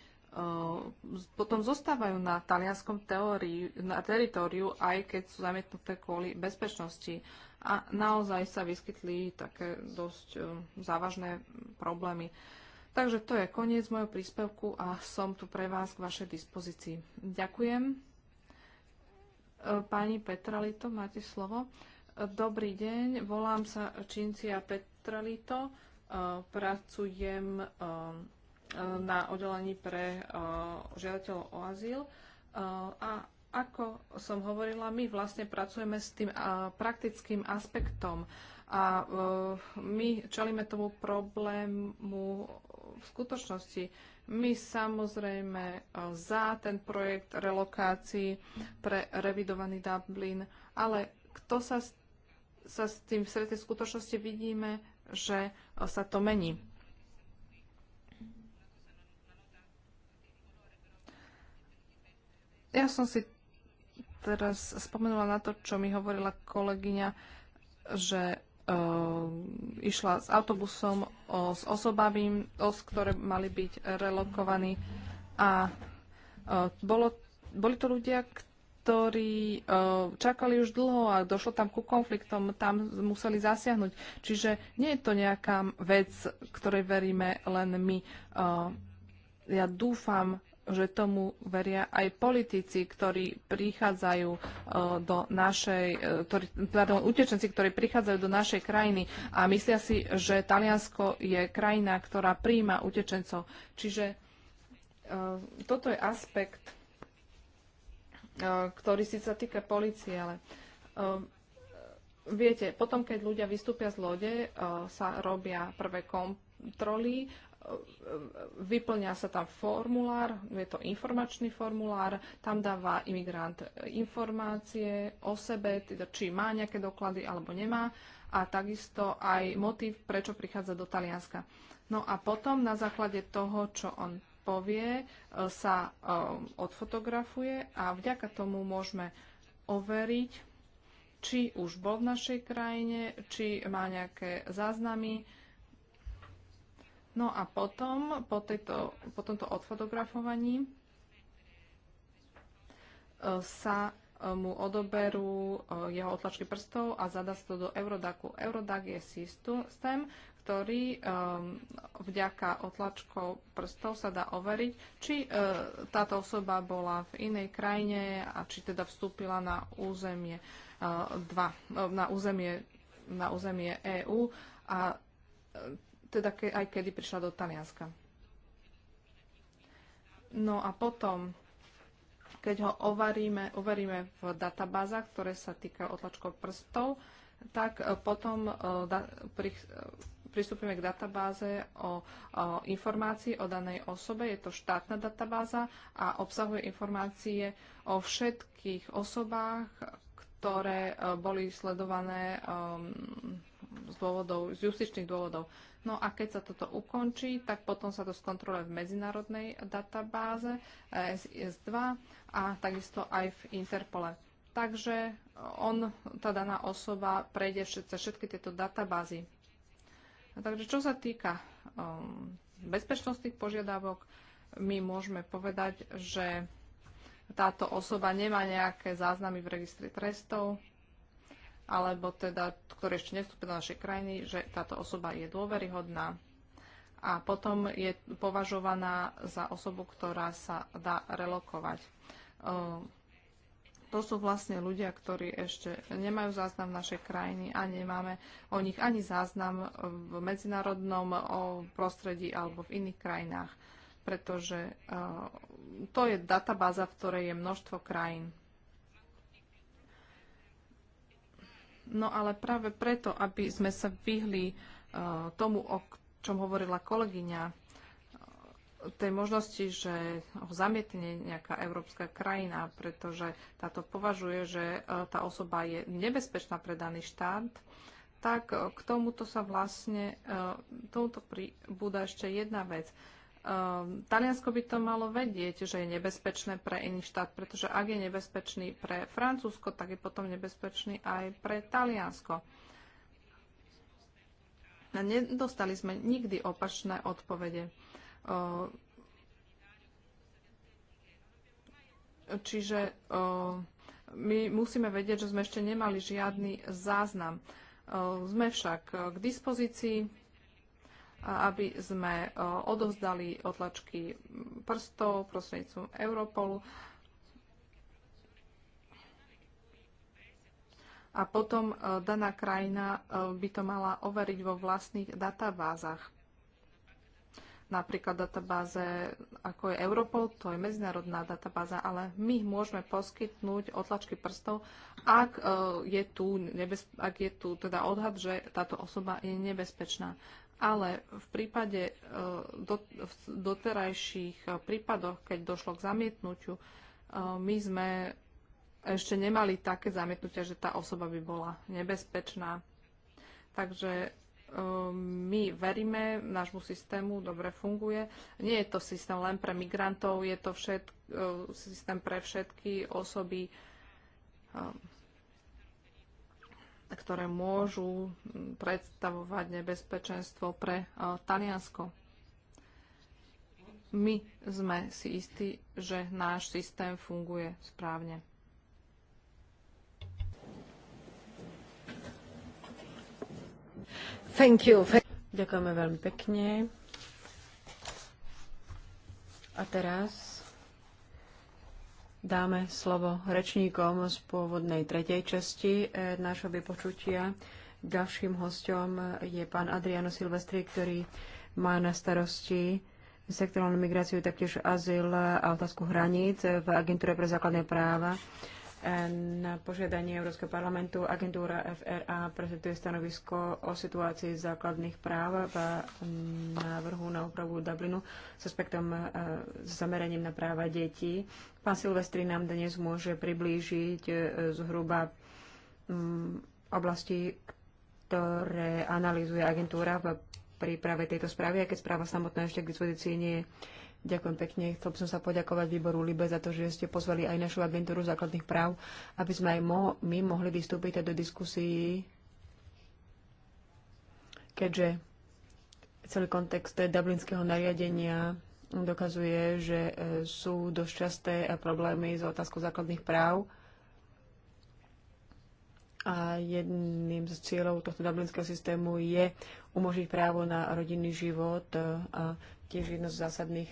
potom zostávajú na talianskom teórii, na teritoriu, aj keď sú zamietnuté kvôli bezpečnosti. A naozaj sa vyskytli také dosť e, závažné problémy. Takže to je koniec mojho príspevku a som tu pre vás k vašej dispozícii. Ďakujem. E, pani Petralito, máte slovo. E, dobrý deň, volám sa Čincia Petralito, pracujem na oddelení pre žiadateľov o azyl. A ako som hovorila, my vlastne pracujeme s tým praktickým aspektom a my čelíme tomu problému v skutočnosti. My samozrejme za ten projekt relokácií pre revidovaný Dublin, ale kto sa, sa s tým v skutočnosti vidíme, že sa to mení. Ja som si teraz spomenula na to, čo mi hovorila kolegyňa, že e, išla s autobusom o, s osobami, s ktoré mali byť relokovaní. A e, bolo, boli to ľudia, ktorí e, čakali už dlho a došlo tam ku konfliktom, tam museli zasiahnuť. Čiže nie je to nejaká vec, ktorej veríme len my. E, ja dúfam, že tomu veria aj politici, ktorí prichádzajú e, do našej, e, ktorí, pardon, utečenci, ktorí prichádzajú do našej krajiny a myslia si, že Taliansko je krajina, ktorá príjma utečencov. Čiže e, toto je aspekt, ktorý si sa týka policie, ale viete, potom, keď ľudia vystúpia z lode, sa robia prvé kontroly vyplňa sa tam formulár, je to informačný formulár, tam dáva imigrant informácie o sebe, teda či má nejaké doklady alebo nemá a takisto aj motív, prečo prichádza do Talianska. No a potom na základe toho, čo on povie, e, sa e, odfotografuje a vďaka tomu môžeme overiť, či už bol v našej krajine, či má nejaké záznamy, No a potom, po, tejto, po tomto odfotografovaní e, sa e, mu odoberú e, jeho otlačky prstov a zadá sa to do Eurodaku. Eurodac je systém, ktorý vďaka otlačkov prstov sa dá overiť, či táto osoba bola v inej krajine a či teda vstúpila na územie, dva, na územie, na územie EÚ a teda ke, aj kedy prišla do Talianska. No a potom, keď ho overíme, ovaríme v databázach, ktoré sa týkajú otlačkov prstov, tak e, potom e, da, pri, e, pristúpime k databáze o, o informácii o danej osobe. Je to štátna databáza a obsahuje informácie o všetkých osobách, ktoré boli sledované um, z, dôvodov, z justičných dôvodov. No a keď sa toto ukončí, tak potom sa to skontroluje v medzinárodnej databáze SIS-2 a takisto aj v Interpole. Takže on, tá daná osoba, prejde cez všetky tieto databázy. A takže čo sa týka um, bezpečnostných požiadavok, my môžeme povedať, že táto osoba nemá nejaké záznamy v registri trestov, alebo teda, ktoré ešte nevstúpili do našej krajiny, že táto osoba je dôveryhodná a potom je považovaná za osobu, ktorá sa dá relokovať. To sú vlastne ľudia, ktorí ešte nemajú záznam v našej krajiny a nemáme o nich ani záznam v medzinárodnom prostredí alebo v iných krajinách, pretože to je databáza, v ktorej je množstvo krajín. No ale práve preto, aby sme sa vyhli uh, tomu, o čom hovorila kolegyňa, e, tej možnosti, že ho zamietne nejaká európska krajina, pretože táto považuje, že uh, tá osoba je nebezpečná pre daný štát, tak uh, k tomuto sa vlastne, tomuto pribúda ešte jedna vec Ehm, Taliansko by to malo vedieť, že je nebezpečné pre iný štát, pretože ak je nebezpečný pre Francúzsko, tak je potom nebezpečný aj pre Taliansko. Nedostali sme nikdy opačné odpovede. Ehm, čiže ehm, my musíme vedieť, že sme ešte nemali žiadny záznam. Sme však k dispozícii aby sme e, odovzdali otlačky prstov prostredníctvom Europolu. A potom e, daná krajina e, by to mala overiť vo vlastných databázach. Napríklad databáze, ako je Europol, to je medzinárodná databáza, ale my môžeme poskytnúť otlačky prstov, ak je tu, nebez, ak je tu teda odhad, že táto osoba je nebezpečná ale v prípade e, v doterajších e, prípadoch, keď došlo k zamietnutiu, e, my sme ešte nemali také zamietnutia, že tá osoba by bola nebezpečná. Takže my veríme, nášmu systému dobre funguje. Nie je to systém len pre migrantov, je to všet, systém pre všetky osoby ktoré môžu mm, predstavovať nebezpečenstvo pre e, Taliansko. My sme si istí, že náš systém funguje správne. Thank you. Ďakujeme veľmi pekne. A teraz dáme slovo rečníkom z pôvodnej tretej časti e, nášho vypočutia. Ďalším hostom je pán Adriano Silvestri, ktorý má na starosti sektorálnu migráciu, taktiež azyl a otázku hraníc v Agentúre pre základné práva na požiadanie Európskeho parlamentu agentúra FRA prezentuje stanovisko o situácii základných práv v návrhu na úpravu Dublinu s aspektom e, s zameraním na práva detí. Pán Silvestri nám dnes môže priblížiť e, zhruba mm, oblasti, ktoré analýzuje agentúra v príprave tejto správy, aj keď správa samotná ešte k dispozícii nie je Ďakujem pekne. Chcel by som sa poďakovať výboru Libe za to, že ste pozvali aj našu agentúru základných práv, aby sme aj mo- my mohli vystúpiť do diskusii, keďže celý kontext dublinského nariadenia dokazuje, že e, sú dosť časté e, problémy s otázkou základných práv. A jedným z cieľov tohto dublinského systému je umožniť právo na rodinný život e, a tiež jedno z zásadných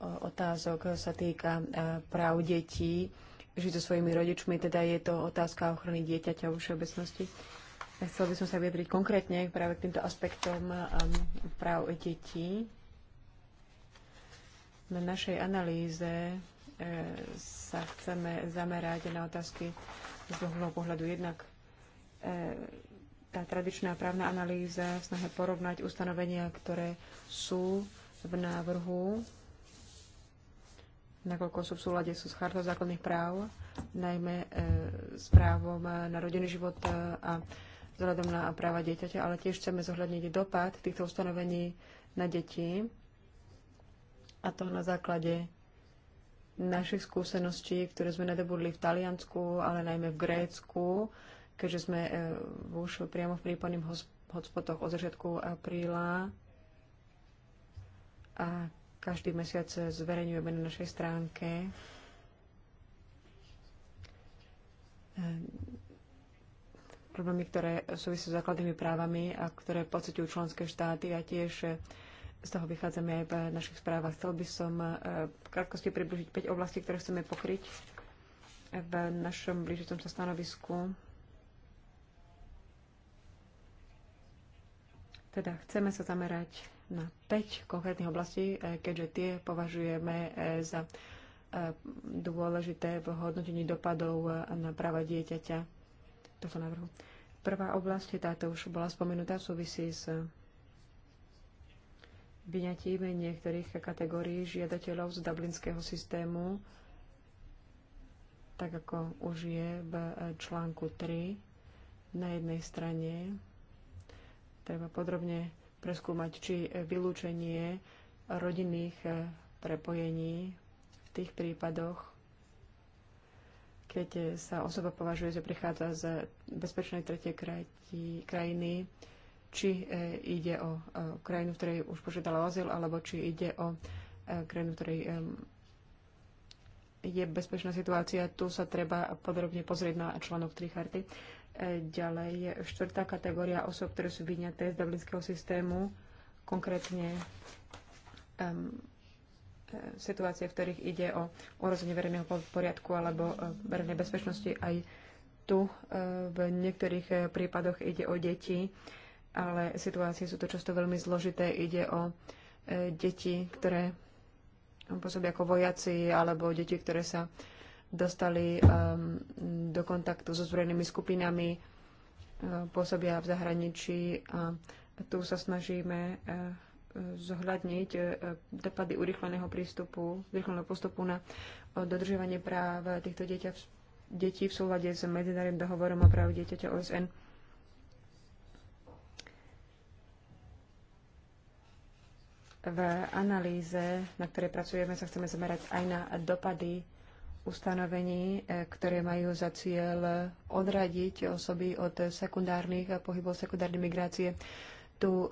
otázok sa týka e, práv detí žiť so svojimi rodičmi, teda je to otázka ochrany dieťaťa vo všeobecnosti. Chcel by som sa vyjadriť konkrétne práve k týmto aspektom e, práv detí. Na našej analýze e, sa chceme zamerať na otázky z dlhého pohľadu. Jednak tá tradičná právna analýza snaha snahe porovnať ustanovenia, ktoré sú v návrhu nakoľko sú v súlade sú s chartou základných práv, najmä e, s právom na rodinný život e, a vzhľadom na práva dieťaťa, ale tiež chceme zohľadniť dopad týchto ustanovení na deti a to na základe našich skúseností, ktoré sme nadobudli v Taliansku, ale najmä v Grécku, keďže sme e, už priamo v prípadných hotspotoch od začiatku apríla a každý mesiac zverejňujeme na našej stránke ehm, problémy, ktoré súvisia s základnými právami a ktoré pocitujú členské štáty a tiež e, z toho vychádzame aj v našich správach. Chcel by som e, v krátkosti približiť 5 oblastí, ktoré chceme pokryť v našom blížitom sa stanovisku. Teda chceme sa zamerať na 5 konkrétnych oblastí, e, keďže tie považujeme e, za e, dôležité v hodnotení dopadov na práva dieťaťa tohto návrhu. Prvá oblasť, táto už bola spomenutá, súvisí s vyňatím niektorých kategórií žiadateľov z dublinského systému, tak ako už je v článku 3. Na jednej strane treba podrobne preskúmať, či e, vylúčenie rodinných e, prepojení v tých prípadoch, keď e, sa osoba považuje, že prichádza z bezpečnej tretej krajiny, či ide o krajinu, v ktorej už požiadala azyl, alebo či ide o krajinu, v ktorej je bezpečná situácia. Tu sa treba podrobne pozrieť na článok 3 charty. Ďalej, štvrtá kategória osob, ktoré sú vyňaté z dublinského systému, konkrétne um, situácie, v ktorých ide o ohrozenie verejného poriadku alebo e, verejnej bezpečnosti. Aj tu e, v niektorých prípadoch ide o deti, ale situácie sú to často veľmi zložité. Ide o deti, ktoré pôsobia ako vojaci alebo deti, ktoré sa dostali um, do kontaktu so zbrojnými skupinami, uh, pôsobia v zahraničí a tu sa snažíme uh, zohľadniť uh, dopady urychleného prístupu, urychleného postupu na uh, dodržovanie práv týchto dieťa v, detí v súlade s medzinárodným dohovorom o práve dieťaťa OSN. V analýze, na ktorej pracujeme, sa chceme zamerať aj na dopady ustanovení, e, ktoré majú za cieľ odradiť osoby od sekundárnych eh, pohybov, sekundárnej migrácie. Tu eh,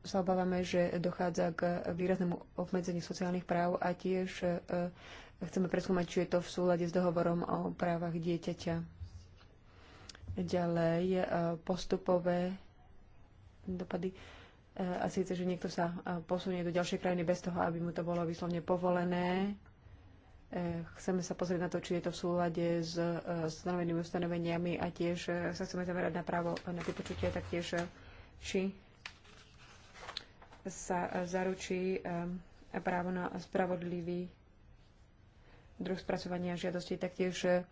sa obávame, že dochádza k výraznému obmedzeniu sociálnych práv a tiež eh, chceme preskúmať, či je to v súlade s dohovorom o právach dieťaťa. Ďalej postupové dopady a síce, že niekto sa posunie do ďalšej krajiny bez toho, aby mu to bolo vyslovne povolené, Eh, chceme sa pozrieť na to, či je to v súlade s eh, stanovenými ustanoveniami a tiež eh, sa chceme zamerať na právo na vypočutie, taktiež či sa zaručí právo na spravodlivý druh spracovania žiadosti, taktiež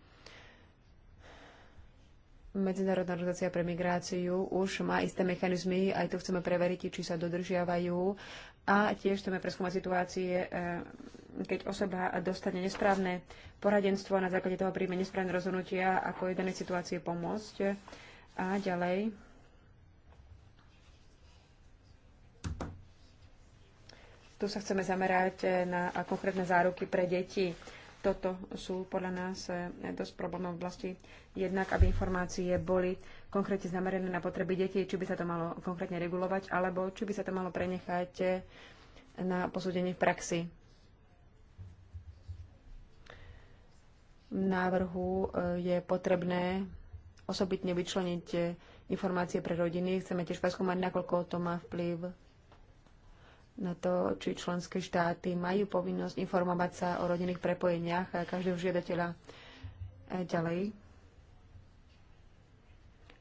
Medzinárodná organizácia pre migráciu už má isté mechanizmy, aj tu chceme preveriť, či sa dodržiavajú a tiež chceme preskúmať situácie keď osoba dostane nesprávne poradenstvo a na základe toho príjme nesprávne rozhodnutia, ako je danej situácii pomôcť. A ďalej. Tu sa chceme zamerať na konkrétne záruky pre deti. Toto sú podľa nás dosť problémov v oblasti. Jednak, aby informácie boli konkrétne zamerané na potreby detí, či by sa to malo konkrétne regulovať, alebo či by sa to malo prenechať na posúdenie v praxi. návrhu e, je potrebné osobitne vyčleniť e, informácie pre rodiny. Chceme tiež preskúmať, nakoľko to má vplyv na to, či členské štáty majú povinnosť informovať sa o rodinných prepojeniach každého žiadateľa e, ďalej.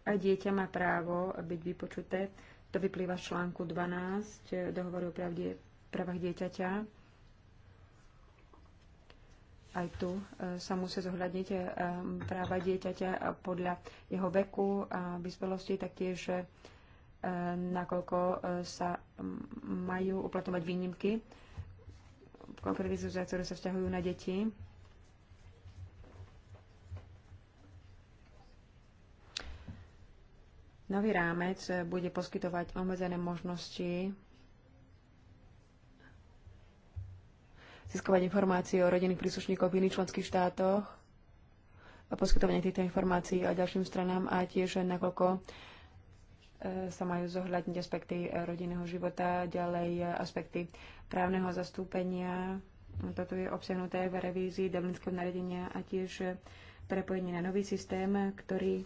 A dieťa má právo byť vypočuté. To vyplýva z článku 12 dohovoru o pravde, právach dieťaťa. Aj tu e, sa musia zohľadniť e, práva dieťaťa podľa jeho veku a vyspelosti, taktiež e, nakoľko sa majú uplatovať výnimky v konkrétnych ktoré sa vzťahujú na deti. Nový rámec bude poskytovať obmedzené možnosti získovať informácie o rodinných príslušníkoch v iných členských štátoch a poskytovanie týchto informácií a ďalším stranám a tiež nakoľko e, sa majú zohľadniť aspekty rodinného života, ďalej aspekty právneho zastúpenia. Toto je obsiahnuté v revízii Dublinského nariadenia a tiež prepojenie na nový systém, ktorý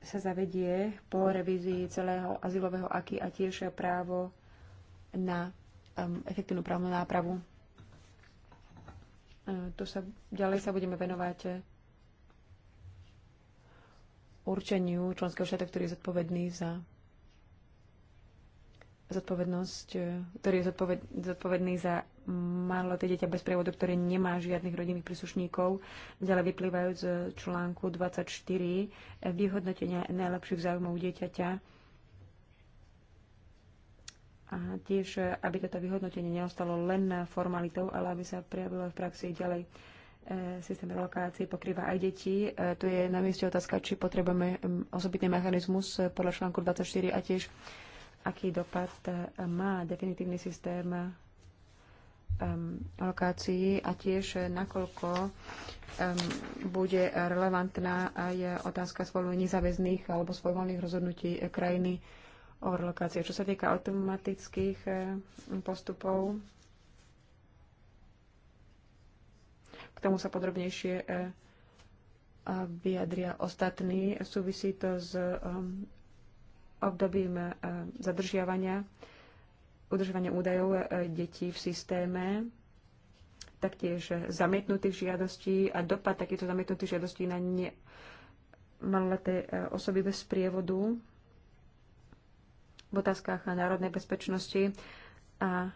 sa zavedie po revízii celého azylového aky a tiež právo na Um, efektívnu právnu nápravu. E, tu sa, ďalej sa budeme venovať určeniu členského štátu, ktorý je zodpovedný za zodpovednosť, e, ktorý je zodpoved, zodpovedný za maloleté dieťa bez prievodu, ktoré nemá žiadnych rodinných príslušníkov. Ďalej vyplývajú z článku 24 e, vyhodnotenia najlepších záujmov dieťaťa a tiež, aby toto vyhodnotenie neostalo len formalitou, ale aby sa prijavilo v praxi ďalej. E, systém relokácie pokrýva aj deti. E, tu je na mieste otázka, či potrebujeme osobitný mechanizmus podľa článku 24 a tiež aký dopad e, má definitívny systém um, e, lokácií a tiež e, nakoľko um, bude relevantná aj otázka svojho nezáväzných alebo svojvoľných rozhodnutí krajiny o Čo sa týka automatických eh, postupov, k tomu sa podrobnejšie eh, vyjadria ostatní. Súvisí to s ehm, obdobím eh, zadržiavania, udržovania údajov detí v systéme, taktiež zamietnutých žiadostí a dopad takýchto zamietnutých žiadostí na ne, maloleté osoby bez prievodu v otázkach národnej bezpečnosti a,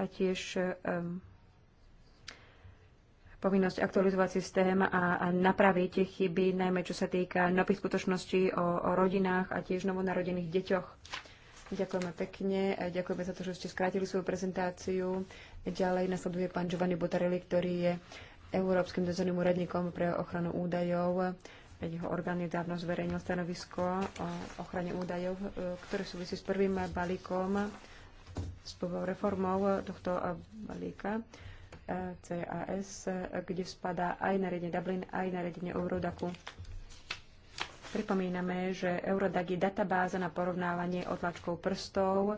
a tiež um, povinnosť aktualizovať systém a, a napraviť chyby, najmä čo sa týka nových skutočností o, o rodinách a tiež novonarodených deťoch. Ďakujeme pekne, ďakujeme za to, že ste skrátili svoju prezentáciu. Ďalej nasleduje pán Giovanni Botarelli, ktorý je Európskym dozorným úradníkom pre ochranu údajov. Jeho orgán nedávno zverejnil stanovisko o ochrane údajov, e, ktoré súvisí s prvým balíkom s reformou tohto e, balíka e, CAS, kde spadá aj nariadenie Dublin, aj nariadenie Eurodaku. Pripomíname, že Eurodac je databáza na porovnávanie otlačkov prstov,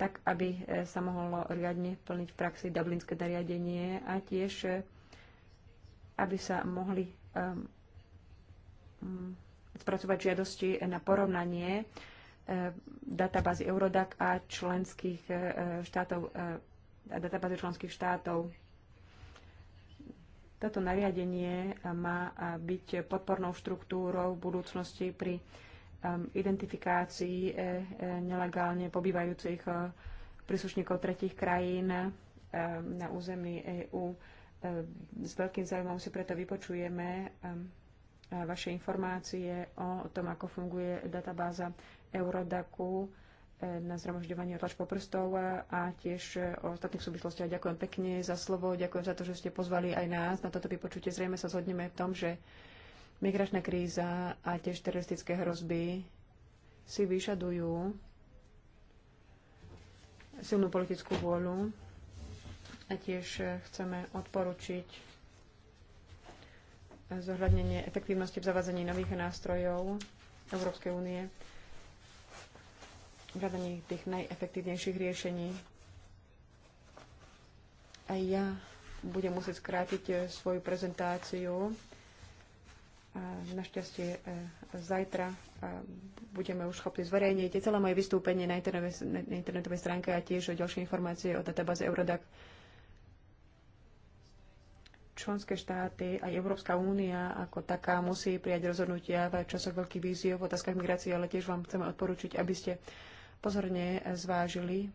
tak aby sa mohlo riadne plniť v praxi dublinské nariadenie a tiež aby sa mohli um, Mm, spracovať žiadosti na porovnanie e, databázy Eurodac a členských e, štátov, e, a databázy členských štátov. Toto nariadenie má byť podpornou štruktúrou v budúcnosti pri identifikácii nelegálne pobývajúcich príslušníkov tretich krajín na území EÚ. S veľkým záujmom si preto vypočujeme vaše informácie o tom, ako funguje databáza Eurodaku e, na zhromažďovanie otlačkov prstov a tiež e, o ostatných súvislostiach. Ďakujem pekne za slovo, ďakujem za to, že ste pozvali aj nás na toto vypočutie. Zrejme sa zhodneme v tom, že migračná kríza a tiež teroristické hrozby si vyžadujú silnú politickú vôľu a tiež e, chceme odporučiť zohľadnenie efektívnosti v zavádzaní nových nástrojov Európskej únie, hľadaní tých najefektívnejších riešení. A ja budem musieť skrátiť eh, svoju prezentáciu. Našťastie eh, zajtra eh, budeme už schopní zverejniť celé moje vystúpenie na internetovej stránke a tiež ďalšie informácie o databáze Eurodac členské štáty, aj Európska únia ako taká musí prijať rozhodnutia v časoch veľkých víziev v otázkach migrácie, ale tiež vám chceme odporučiť, aby ste pozorne zvážili,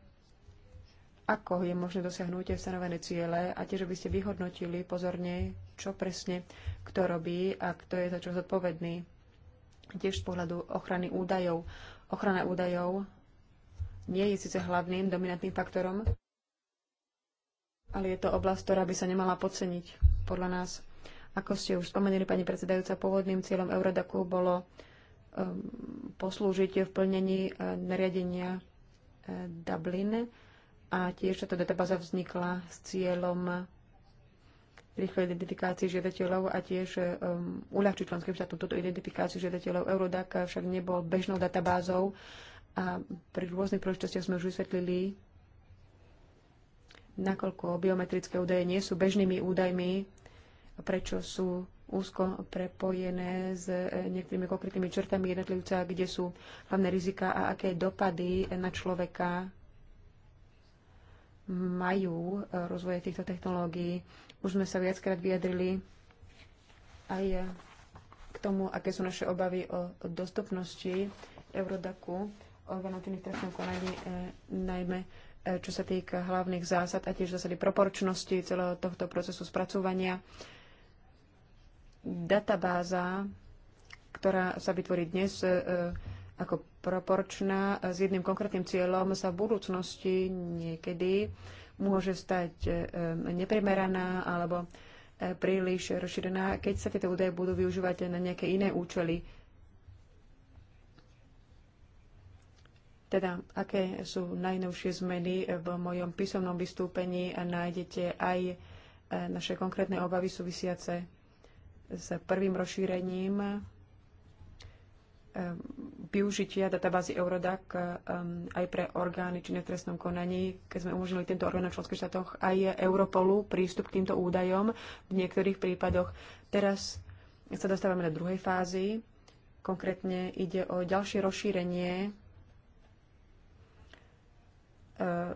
ako je možné dosiahnuť stanovené ciele a tiež aby ste vyhodnotili pozorne, čo presne kto robí a kto je za čo zodpovedný. Tiež z pohľadu ochrany údajov. Ochrana údajov nie je síce hlavným dominantným faktorom, ale je to oblasť, ktorá by sa nemala podceniť podľa nás. Ako ste už spomenuli, pani predsedajúca, pôvodným cieľom Eurodaku bolo um, poslúžiť v plnení uh, nariadenia uh, Dublin a tiež táto databáza vznikla s cieľom rýchlej identifikácii žiadateľov a tiež um, uľahčiť členským štátom túto identifikáciu žiadateľov. Eurodac však nebol bežnou databázou a pri rôznych príležitostiach sme už vysvetlili, nakoľko biometrické údaje nie sú bežnými údajmi, prečo sú úzko prepojené s e, niektorými konkrétnymi črtami jednotlivca, kde sú hlavné rizika a aké dopady na človeka majú e, rozvoje týchto technológií. Už sme sa viackrát vyjadrili aj e, k tomu, aké sú naše obavy o dostupnosti Eurodaku, o činných trestných konaní, najmä čo sa týka hlavných zásad a tiež zásady proporčnosti celého tohto procesu spracúvania databáza, ktorá sa vytvorí dnes e, e, ako proporčná e, s jedným konkrétnym cieľom, sa v budúcnosti niekedy môže stať neprimeraná alebo príliš rozšírená, keď sa tieto údaje budú využívať na nejaké iné účely. Teda, aké sú najnovšie zmeny v mojom písomnom vystúpení a nájdete aj naše konkrétne obavy súvisiace s prvým rozšírením um, využitia databázy Eurodac um, aj pre orgány či v trestnom konaní, keď sme umožnili tento orgán na členských štátoch aj Europolu prístup k týmto údajom v niektorých prípadoch. Teraz sa dostávame do druhej fázy. Konkrétne ide o ďalšie rozšírenie uh,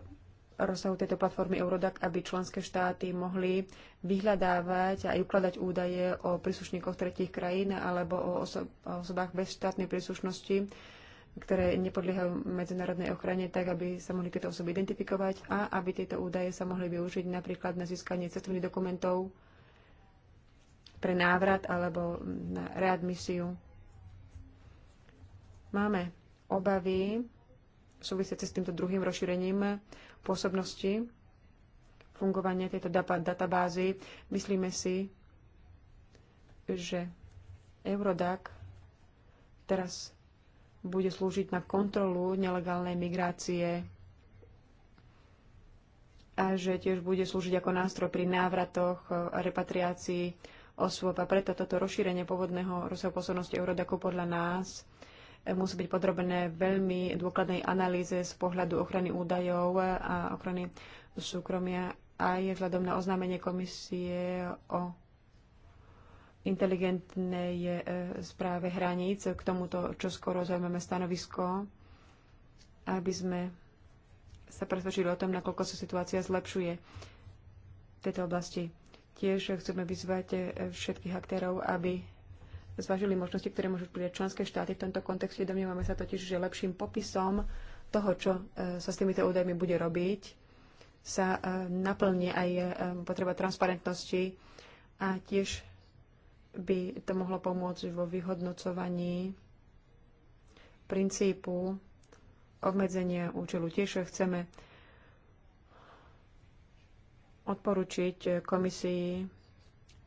rozsahu tejto platformy Eurodac, aby členské štáty mohli vyhľadávať a ukladať údaje o príslušníkoch tretich krajín alebo o, oso- o osobách bez štátnej príslušnosti, ktoré nepodliehajú medzinárodnej ochrane, tak aby sa mohli tieto osoby identifikovať a aby tieto údaje sa mohli využiť napríklad na získanie cestovných dokumentov pre návrat alebo na readmisiu. Máme obavy súvisiace s týmto druhým rozšírením pôsobnosti fungovania tejto databázy. Myslíme si, že Eurodac teraz bude slúžiť na kontrolu nelegálnej migrácie a že tiež bude slúžiť ako nástroj pri návratoch e, a repatriácii osôb. A preto toto rozšírenie pôvodného rozsahu pôsobnosti Eurodacu podľa nás musí byť podrobené veľmi dôkladnej analýze z pohľadu ochrany údajov a ochrany súkromia aj vzhľadom na oznámenie komisie o inteligentnej e, správe hraníc. K tomuto čo skoro zaujímame stanovisko, aby sme sa presvedčili o tom, nakoľko sa situácia zlepšuje v tejto oblasti. Tiež chceme vyzvať e, všetkých aktérov, aby zvažili možnosti, ktoré môžu prijať členské štáty. V tomto kontexte domnievame sa totiž, že lepším popisom toho, čo e, sa s týmito údajmi bude robiť, sa e, naplní aj e, potreba transparentnosti a tiež by to mohlo pomôcť vo vyhodnocovaní princípu obmedzenia účelu. Tiež chceme odporučiť komisii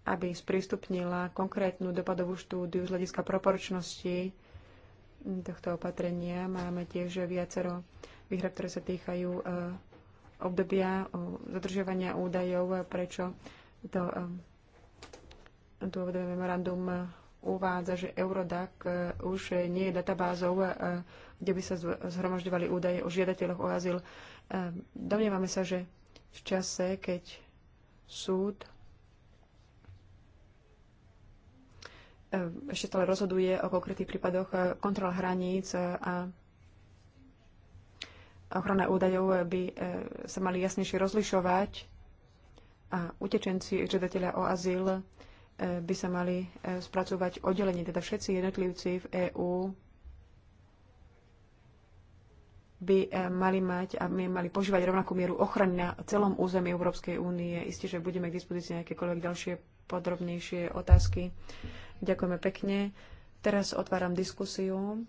aby sprístupnila konkrétnu dopadovú štúdiu z hľadiska proporčnosti tohto opatrenia. Máme tiež viacero výhrad, ktoré sa týkajú e, obdobia zadržiavania údajov, e, prečo to dôvodové e, memorandum uvádza, že Eurodac už nie je databázou, kde by sa zhromažďovali údaje o žiadateľoch o azyl. Domnievame sa, že v čase, keď súd Ehm, ešte stále rozhoduje o konkrétnych prípadoch eh, kontrol hraníc eh, a ochrana údajov by eh, sa mali jasnejšie rozlišovať a utečenci žiadateľa o azyl by sa mali spracovať oddelenie, teda všetci jednotlivci v EÚ by mali mať a my mali požívať rovnakú mieru ochrany na celom území Európskej únie. Isté, že budeme k dispozícii nejakékoľvek ďalšie podrobnejšie otázky. Ďakujeme pekne. Teraz otváram diskusiu.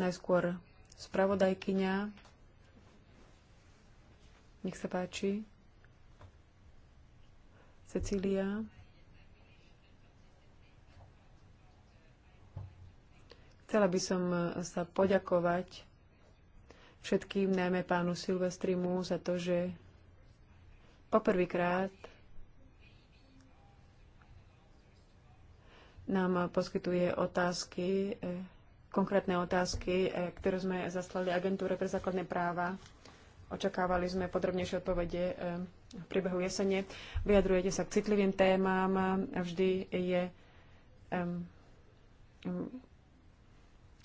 Najskôr spravodajkyňa. Nech sa páči. Cecília. Chcela by som sa poďakovať všetkým, najmä pánu Silvestrimu, za to, že poprvýkrát nám poskytuje otázky, e, konkrétne otázky, e, ktoré sme zaslali agentúre pre základné práva. Očakávali sme podrobnejšie odpovede e, v priebehu jesene. Vyjadrujete sa k citlivým témam. Vždy je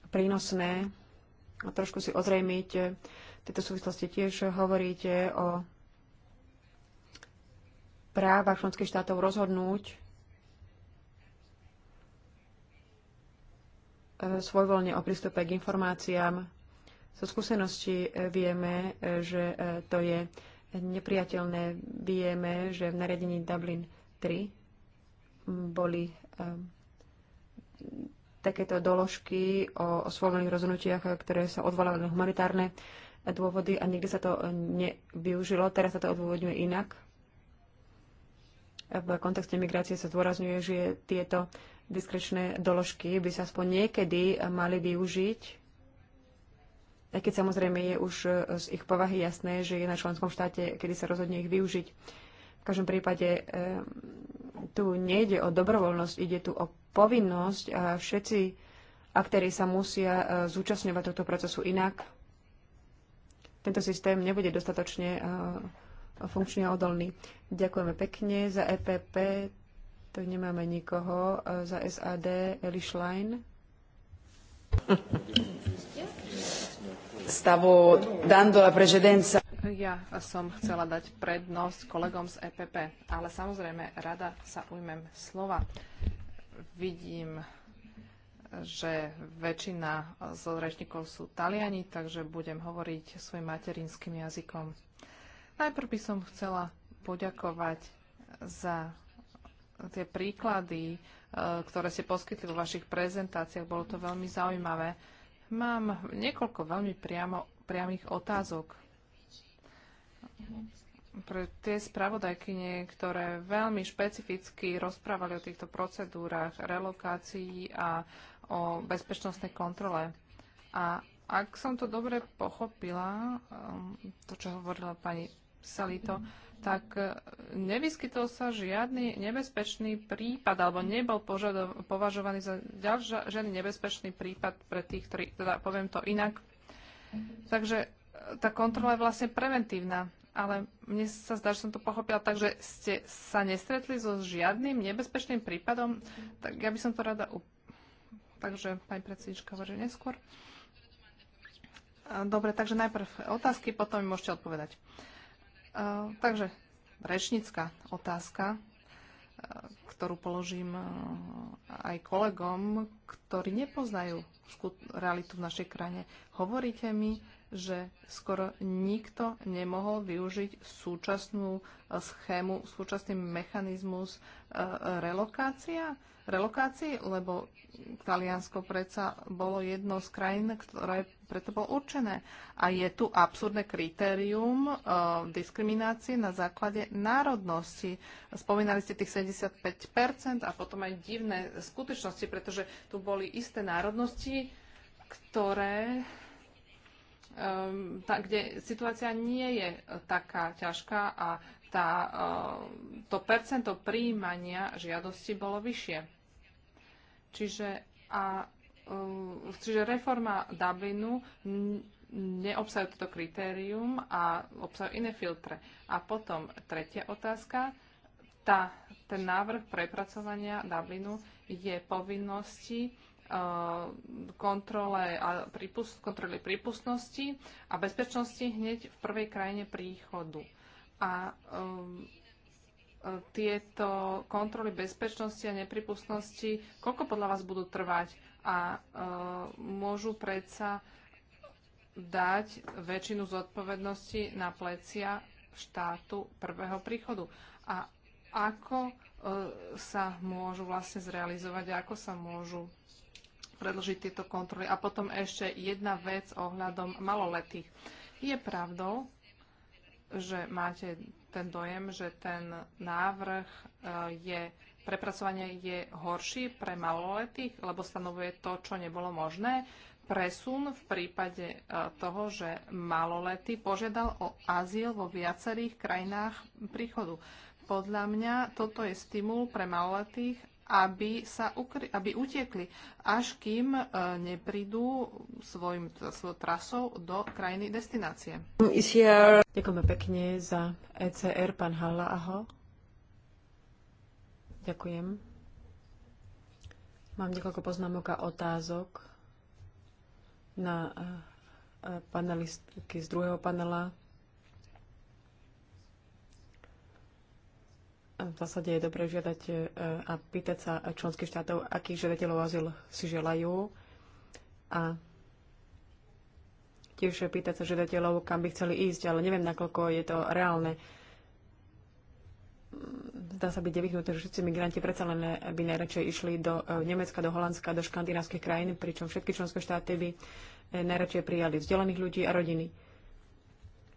prínosné a trošku si ozrejmiť e, tieto súvislosti. Tiež hovoríte o práva členských štátov rozhodnúť e, svojvoľne o prístupe k informáciám. Zo so skúsenosti e, vieme, že to je nepriateľné. Vieme, že v nariadení Dublin 3 boli takéto doložky o, o svojvoľných rozhodnutiach, ktoré sa odvolajú na humanitárne dôvody a nikdy sa to nevyužilo. Teraz sa to odôvodňuje inak. V kontexte migrácie sa zdôrazňuje, že tieto diskrečné doložky by sa aspoň niekedy mali využiť, aj keď samozrejme je už z ich povahy jasné, že je na členskom štáte, kedy sa rozhodne ich využiť. V každom prípade tu nejde o dobrovoľnosť, ide tu o povinnosť a všetci aktéry sa musia e, zúčastňovať tohto procesu inak. Tento systém nebude dostatočne e, funkčne odolný. Ďakujeme pekne za EPP. Tu nemáme nikoho. E, za SAD Eli Schlein. Stavo dando la precedenza. Ja som chcela dať prednosť kolegom z EPP, ale samozrejme rada sa ujmem slova. Vidím, že väčšina z rečníkov sú Taliani, takže budem hovoriť svojim materinským jazykom. Najprv by som chcela poďakovať za tie príklady, e, ktoré ste poskytli vo vašich prezentáciách. Bolo to veľmi zaujímavé. Mám niekoľko veľmi priamo, priamých otázok pre tie spravodajkyne, ktoré veľmi špecificky rozprávali o týchto procedúrach relokácií a o bezpečnostnej kontrole. A ak som to dobre pochopila, um, to, čo hovorila pani Salito, tak uh, nevyskytol sa žiadny nebezpečný prípad, alebo nebol požado- považovaný za ďalšia, žiadny nebezpečný prípad pre tých, ktorí, teda poviem to inak. Takže uh, tá kontrola je vlastne preventívna ale mne sa zdá, že som to pochopila tak, že ste sa nestretli so žiadnym nebezpečným prípadom, tak ja by som to rada... U... Takže pani predsednička hovorí neskôr. Dobre, takže najprv otázky, potom mi môžete odpovedať. takže rečnícka otázka, ktorú položím aj kolegom, ktorí nepoznajú realitu v našej krajine. Hovoríte mi, že skoro nikto nemohol využiť súčasnú e, schému, súčasný mechanizmus e, relokácia, relokácii, lebo Taliansko predsa bolo jedno z krajín, ktoré preto bolo určené. A je tu absurdné kritérium e, diskriminácie na základe národnosti. Spomínali ste tých 75% a potom aj divné skutočnosti, pretože tu boli isté národnosti, ktoré Ehm, tá, kde situácia nie je taká ťažká a tá, ehm, to percento príjmania žiadosti bolo vyššie. Čiže, a, ehm, čiže reforma Dublinu neobsahuje toto kritérium a obsahuje iné filtre. A potom tretia otázka. Tá, ten návrh prepracovania Dublinu je povinnosti Eh, kontrole a prípust, kontroly prípustnosti a bezpečnosti hneď v prvej krajine príchodu. A um, tieto kontroly bezpečnosti a nepripustnosti, koľko podľa vás budú trvať a uh, môžu predsa dať väčšinu zodpovednosti na plecia štátu prvého príchodu. A ako uh, sa môžu vlastne zrealizovať a ako sa môžu predlžiť tieto kontroly. A potom ešte jedna vec ohľadom maloletých. Je pravdou, že máte ten dojem, že ten návrh e, je, prepracovanie je horší pre maloletých, lebo stanovuje to, čo nebolo možné. Presun v prípade e, toho, že maloletý požiadal o azyl vo viacerých krajinách príchodu. Podľa mňa toto je stimul pre maloletých, aby, sa ukry, aby utiekli, až kým e, neprídu svojim, svojou trasou do krajiny destinácie. Ďakujeme pekne za ECR, pán Halla, aho. Ďakujem. Mám niekoľko poznámok a otázok na e, e, panelistky z druhého panela. v zásade je dobré žiadať e, a pýtať sa členských štátov, akých žiadateľov azyl si želajú a tiež pýtať sa žiadateľov, kam by chceli ísť, ale neviem, nakoľko je to reálne. Zdá sa byť nevyhnuté, že všetci migranti predsa len by najradšej išli do e, Nemecka, do Holandska, do škandinávskych krajín, pričom všetky členské štáty by e, najradšej prijali vzdelaných ľudí a rodiny.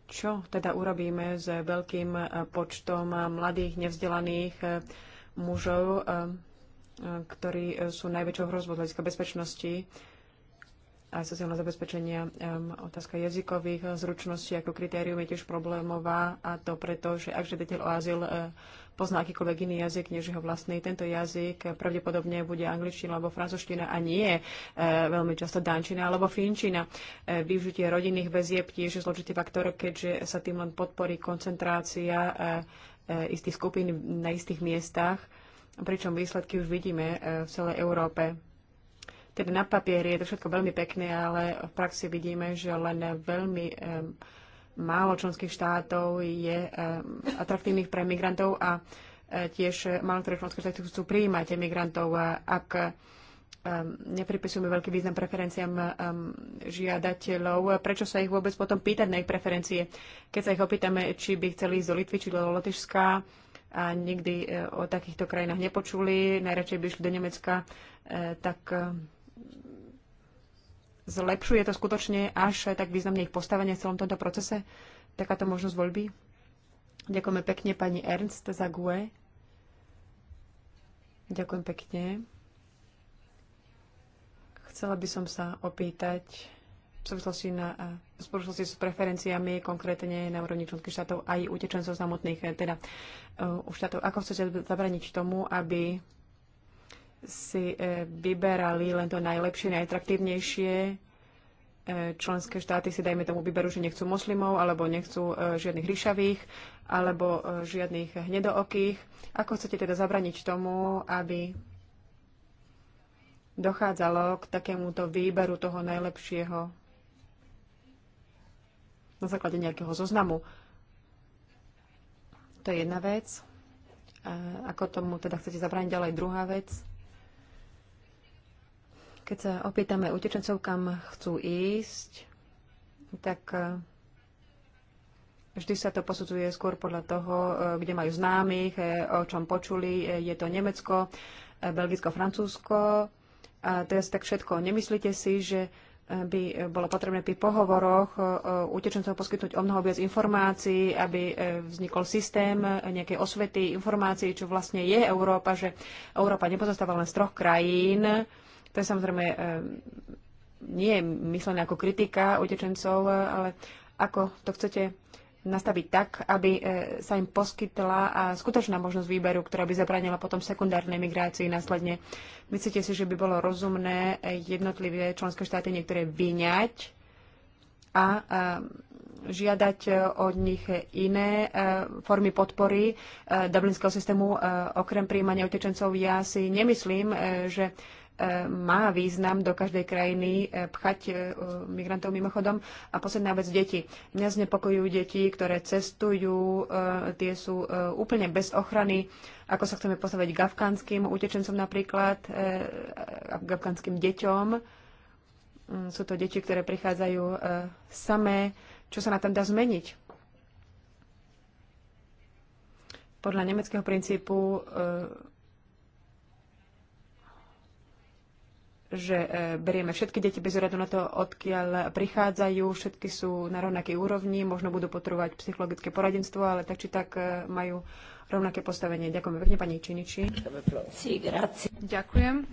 Čo teda urobíme s veľkým eh, počtom eh, mladých, nevzdelaných eh, mužov, ktorí sú najväčšou hrozbou z hľadiska bezpečnosti a sociálneho zabezpečenia. Otázka jazykových zručností ako kritérium je tiež problémová a to preto, že ak žiadateľ o azyl pozná akýkoľvek iný jazyk než jeho vlastný. Tento jazyk pravdepodobne bude angličtina alebo francúzština a nie e, veľmi často dančina alebo finčina. E, využitie rodinných väzieb tiež je zložitý faktor, keďže sa tým len podporí koncentrácia e, istých skupín na istých miestach, pričom výsledky už vidíme v celej Európe. Teda na papieri je to všetko veľmi pekné, ale v praxi vidíme, že len veľmi málo členských štátov je eh, atraktívnych pre migrantov a eh, tiež málo ktoré členské štáty chcú prijímať migrantov. Ak eh, nepripisujeme veľký význam preferenciám žiadateľov, prečo sa ich vôbec potom pýtať na ich preferencie? Keď sa ich opýtame, či by chceli ísť do Litvy či do Lotyšska, a nikdy o takýchto krajinách nepočuli, najradšej by išli do Nemecka, tak zlepšuje to skutočne až tak významne ich postavenie v celom tomto procese? Takáto možnosť voľby? Ďakujeme pekne pani Ernst za GUE. Ďakujem pekne. Chcela by som sa opýtať v súvislosti, na, v súvislosti s preferenciami, konkrétne na úrovni členských štátov aj utečencov samotných, eh, teda eh, u štátov. Ako chcete zabraniť tomu, aby si e, vyberali len to najlepšie, najatraktívnejšie. E, členské štáty si, dajme tomu, vyberú, že nechcú moslimov, alebo nechcú e, žiadnych ryšavých, alebo žiadnych hnedookých. Ako chcete teda zabraniť tomu, aby dochádzalo k takémuto výberu toho najlepšieho na základe nejakého zoznamu? To je jedna vec. Ako tomu teda chcete zabrániť ďalej? Druhá vec – keď sa opýtame utečencov, kam chcú ísť, tak e, vždy sa to posudzuje skôr podľa toho, e, kde majú známych, e, o čom počuli. Je to Nemecko, Belgicko, Francúzsko. A teraz tak všetko. Nemyslíte si, že by bolo potrebné pri pohovoroch utečencov poskytnúť o mnoho viac informácií, aby vznikol systém nejakej osvety informácií, čo vlastne je Európa, že Európa nepozostáva len z troch krajín, to je samozrejme eh, nie je myslené ako kritika utečencov, eh, ale ako to chcete nastaviť tak, aby eh, sa im poskytla a skutočná možnosť výberu, ktorá by zabránila potom sekundárnej migrácii následne. Myslíte si, že by bolo rozumné jednotlivé členské štáty niektoré vyňať a žiadať od nich iné formy podpory dublinského systému okrem príjmania utečencov. Ja si nemyslím, že má význam do každej krajiny eh, pchať eh, migrantov mimochodom. A posledná vec, deti. Mňa znepokojujú deti, ktoré cestujú, eh, tie sú úplne bez ochrany. Ako sa chceme postaviť k afgánskym utečencom napríklad, k afgánskym deťom. Mm, sú to deti, ktoré prichádzajú samé. Čo sa na tom dá zmeniť? Podľa nemeckého princípu že e, berieme všetky deti bez ohľadu na to, odkiaľ prichádzajú, všetky sú na rovnakej úrovni, možno budú potrebovať psychologické poradenstvo, ale tak či tak e, majú rovnaké postavenie. Ďakujem pekne pani Činiči. Ďakujem.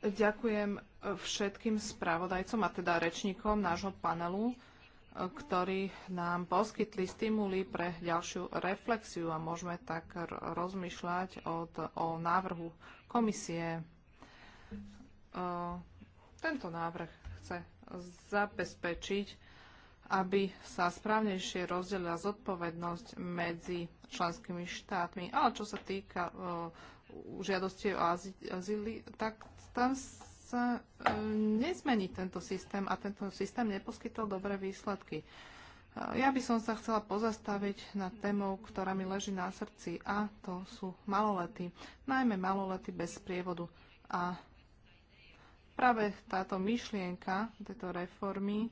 Ďakujem všetkým spravodajcom a teda rečníkom nášho panelu, e, ktorí nám poskytli stimuly pre ďalšiu reflexiu a môžeme tak rozmýšľať od, o návrhu komisie tento návrh chce zabezpečiť, aby sa správnejšie rozdelila zodpovednosť medzi členskými štátmi. Ale čo sa týka e, žiadosti o azyly, tak tam sa e, nezmení tento systém a tento systém neposkytol dobré výsledky. E, ja by som sa chcela pozastaviť nad témou, ktorá mi leží na srdci a to sú malolety. Najmä malolety bez prievodu. A práve táto myšlienka tejto reformy eh,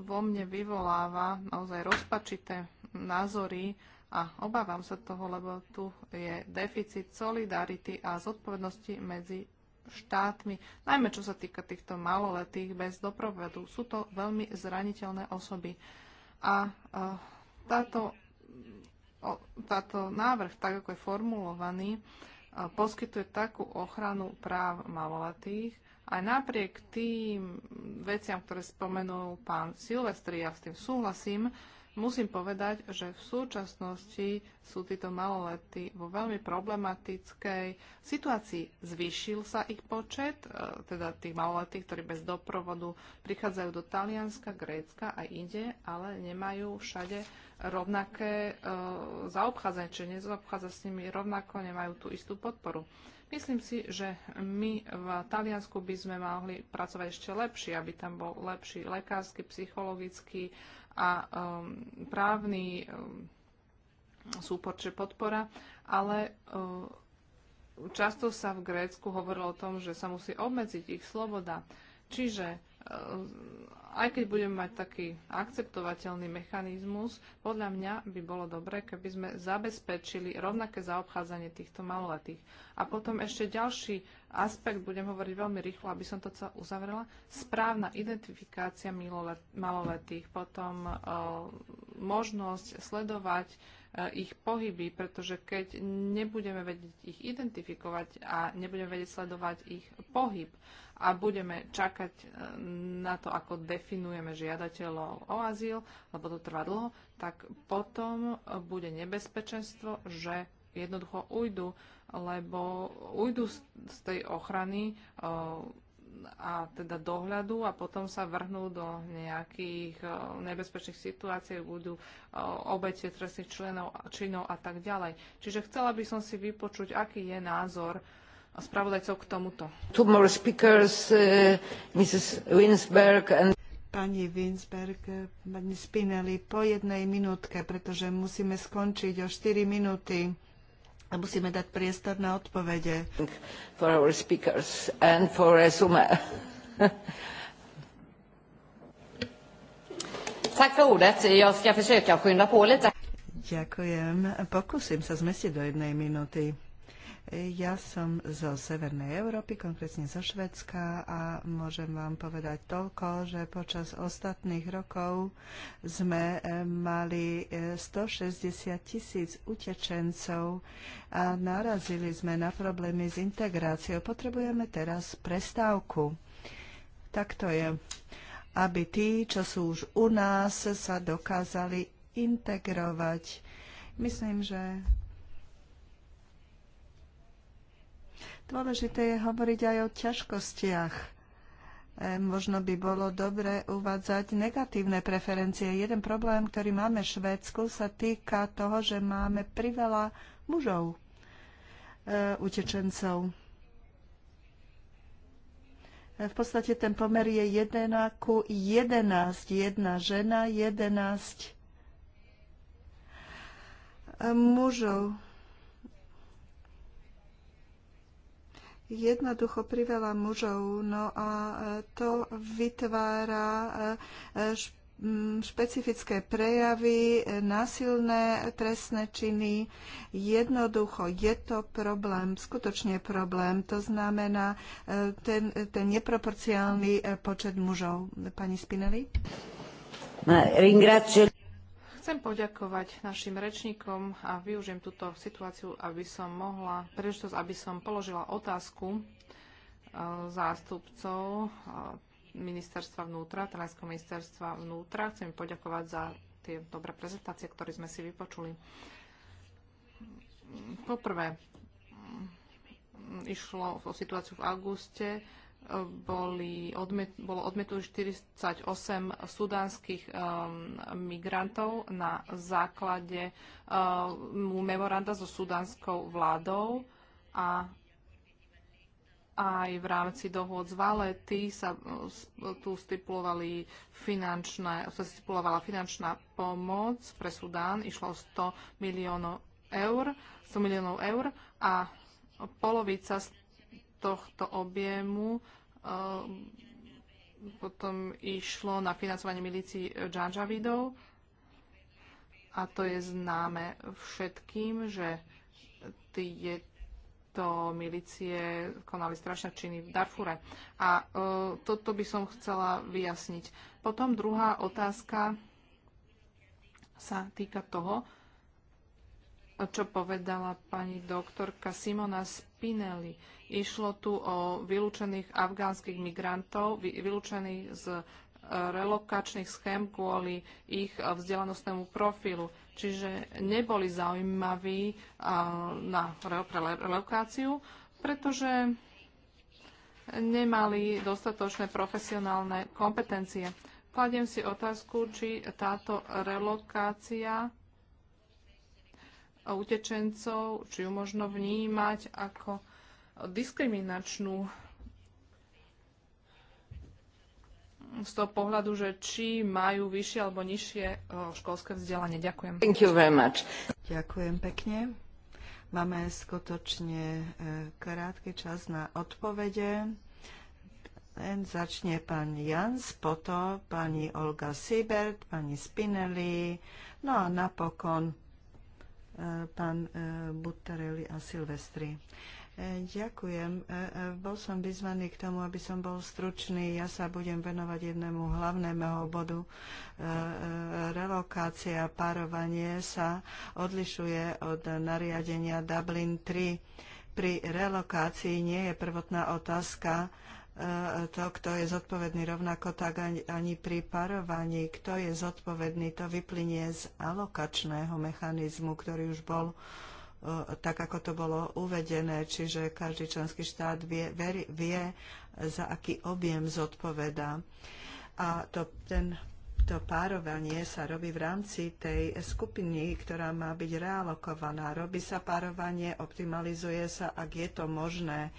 vo mne vyvoláva naozaj rozpačité názory a obávam sa toho, lebo tu je deficit solidarity a zodpovednosti medzi štátmi, najmä čo sa týka týchto maloletých bez doprovedu. Sú to veľmi zraniteľné osoby. A, eh, táto, táto návrh, tak ako je formulovaný, poskytuje takú ochranu práv maloletých, aj napriek tým veciam, ktoré spomenul pán Silvestri, ja s tým súhlasím, Musím povedať, že v súčasnosti sú títo maloletí vo veľmi problematickej situácii. Zvýšil sa ich počet, e, teda tých maloletých, ktorí bez doprovodu prichádzajú do Talianska, Grécka a inde, ale nemajú všade rovnaké e, zaobchádzanie, čiže nezaobchádza s nimi rovnako, nemajú tú istú podporu. Myslím si, že my v Taliansku by sme mohli pracovať ešte lepšie, aby tam bol lepší lekársky, psychologický a um, právny um, súpor či podpora, ale um, často sa v Grécku hovorilo o tom, že sa musí obmedziť ich sloboda. Čiže um, aj keď budeme mať taký akceptovateľný mechanizmus, podľa mňa by bolo dobré, keby sme zabezpečili rovnaké zaobchádzanie týchto maloletých. A potom ešte ďalší aspekt, budem hovoriť veľmi rýchlo, aby som to celé uzavrela, správna identifikácia maloletých, potom eh, možnosť sledovať ich pohyby, pretože keď nebudeme vedieť ich identifikovať a nebudeme vedieť sledovať ich pohyb a budeme čakať e, na to, ako definujeme žiadateľov o azyl, lebo to trvá dlho, tak potom bude nebezpečenstvo, že jednoducho ujdu, lebo ujdu z tej ochrany e, a teda dohľadu a potom sa vrhnú do nejakých e, nebezpečných situácií, budú e, obete trestných členov, činov a tak ďalej. Čiže chcela by som si vypočuť, aký je názor spravodajcov k tomuto. Two more speakers, uh, e, Mrs. Winsberg and pani Winsberg, pani Spinelli, po jednej minútke, pretože musíme skončiť o 4 minúty a musíme dať priestor na odpovede. For our speakers and for resume. Tack för ordet. Jag ska försöka skynda på lite. Ďakujem. Pokúsim sa zmestiť do jednej minúty. Ja som zo Severnej Európy, konkrétne zo Švedska a môžem vám povedať toľko, že počas ostatných rokov sme eh, mali 160 eh, tisíc utečencov a narazili sme na problémy s integráciou. Potrebujeme teraz prestávku. Tak to je aby tí, čo sú už u nás, sa dokázali integrovať. Myslím, že Dôležité je hovoriť aj o ťažkostiach. E, možno by bolo dobre uvádzať negatívne preferencie. Jeden problém, ktorý máme v Švédsku, sa týka toho, že máme priveľa mužov, e, utečencov. E, v podstate ten pomer je 1 ku 11. Jedna žena, 11 e, mužov. jednoducho priveľa mužov. No a e, to vytvára e, e, špecifické prejavy, násilné trestné činy. Jednoducho je to problém, skutočne problém. To znamená ten, ten neproporciálny počet mužov. Pani Spinelli? Ringrazio Chcem poďakovať našim rečníkom a využijem túto situáciu, aby som mohla, príležitosť, aby som položila otázku e, zástupcov e, ministerstva vnútra, Talianského ministerstva vnútra. Chcem poďakovať za tie dobré prezentácie, ktoré sme si vypočuli. Poprvé, išlo o situáciu v auguste, boli odmet, bolo odmetnuté 48 sudánskych um, migrantov na základe um, memoranda so sudánskou vládou a aj v rámci dohôd z Valety sa um, tu stipulovali finančné, sa stipulovala finančná pomoc pre Sudán, išlo 100 miliónov eur, 100 miliónov eur a polovica z tohto objemu eh, potom išlo na financovanie milícií Džanžavidov a to je známe všetkým, že tieto milície konali strašné činy v Darfure. A e, toto by som chcela vyjasniť. Potom druhá otázka sa týka toho, čo povedala pani doktorka Simona z Spinelli. Išlo tu o vylúčených afgánskych migrantov, vylúčených z e, relokačných schém kvôli ich e, vzdelanostnému profilu. Čiže neboli zaujímaví e, na relokáciu, pretože nemali dostatočné profesionálne kompetencie. Kladiem si otázku, či táto relokácia utečencov, či ju možno vnímať ako diskriminačnú z toho pohľadu, že či majú vyššie alebo nižšie eh, školské vzdelanie. Ďakujem. Thank you very much. Ďakujem pekne. Máme skutočne eh, krátky čas na odpovede. Len začne pán Jans, potom pani Olga Siebert, pani Spinelli, no a napokon pán e, Buttarelli a Silvestri. E, ďakujem. E, bol som vyzvaný k tomu, aby som bol stručný. Ja sa budem venovať jednému hlavnému bodu. Relokácia a párovanie sa odlišuje od nariadenia Dublin 3. Pri relokácii nie je prvotná otázka to, kto je zodpovedný, rovnako tak ani pri parovaní, kto je zodpovedný, to vyplynie z alokačného mechanizmu, ktorý už bol tak, ako to bolo uvedené, čiže každý členský štát vie, vie za aký objem zodpovedá. A to, ten, to párovanie sa robí v rámci tej skupiny, ktorá má byť realokovaná. Robí sa párovanie, optimalizuje sa, ak je to možné.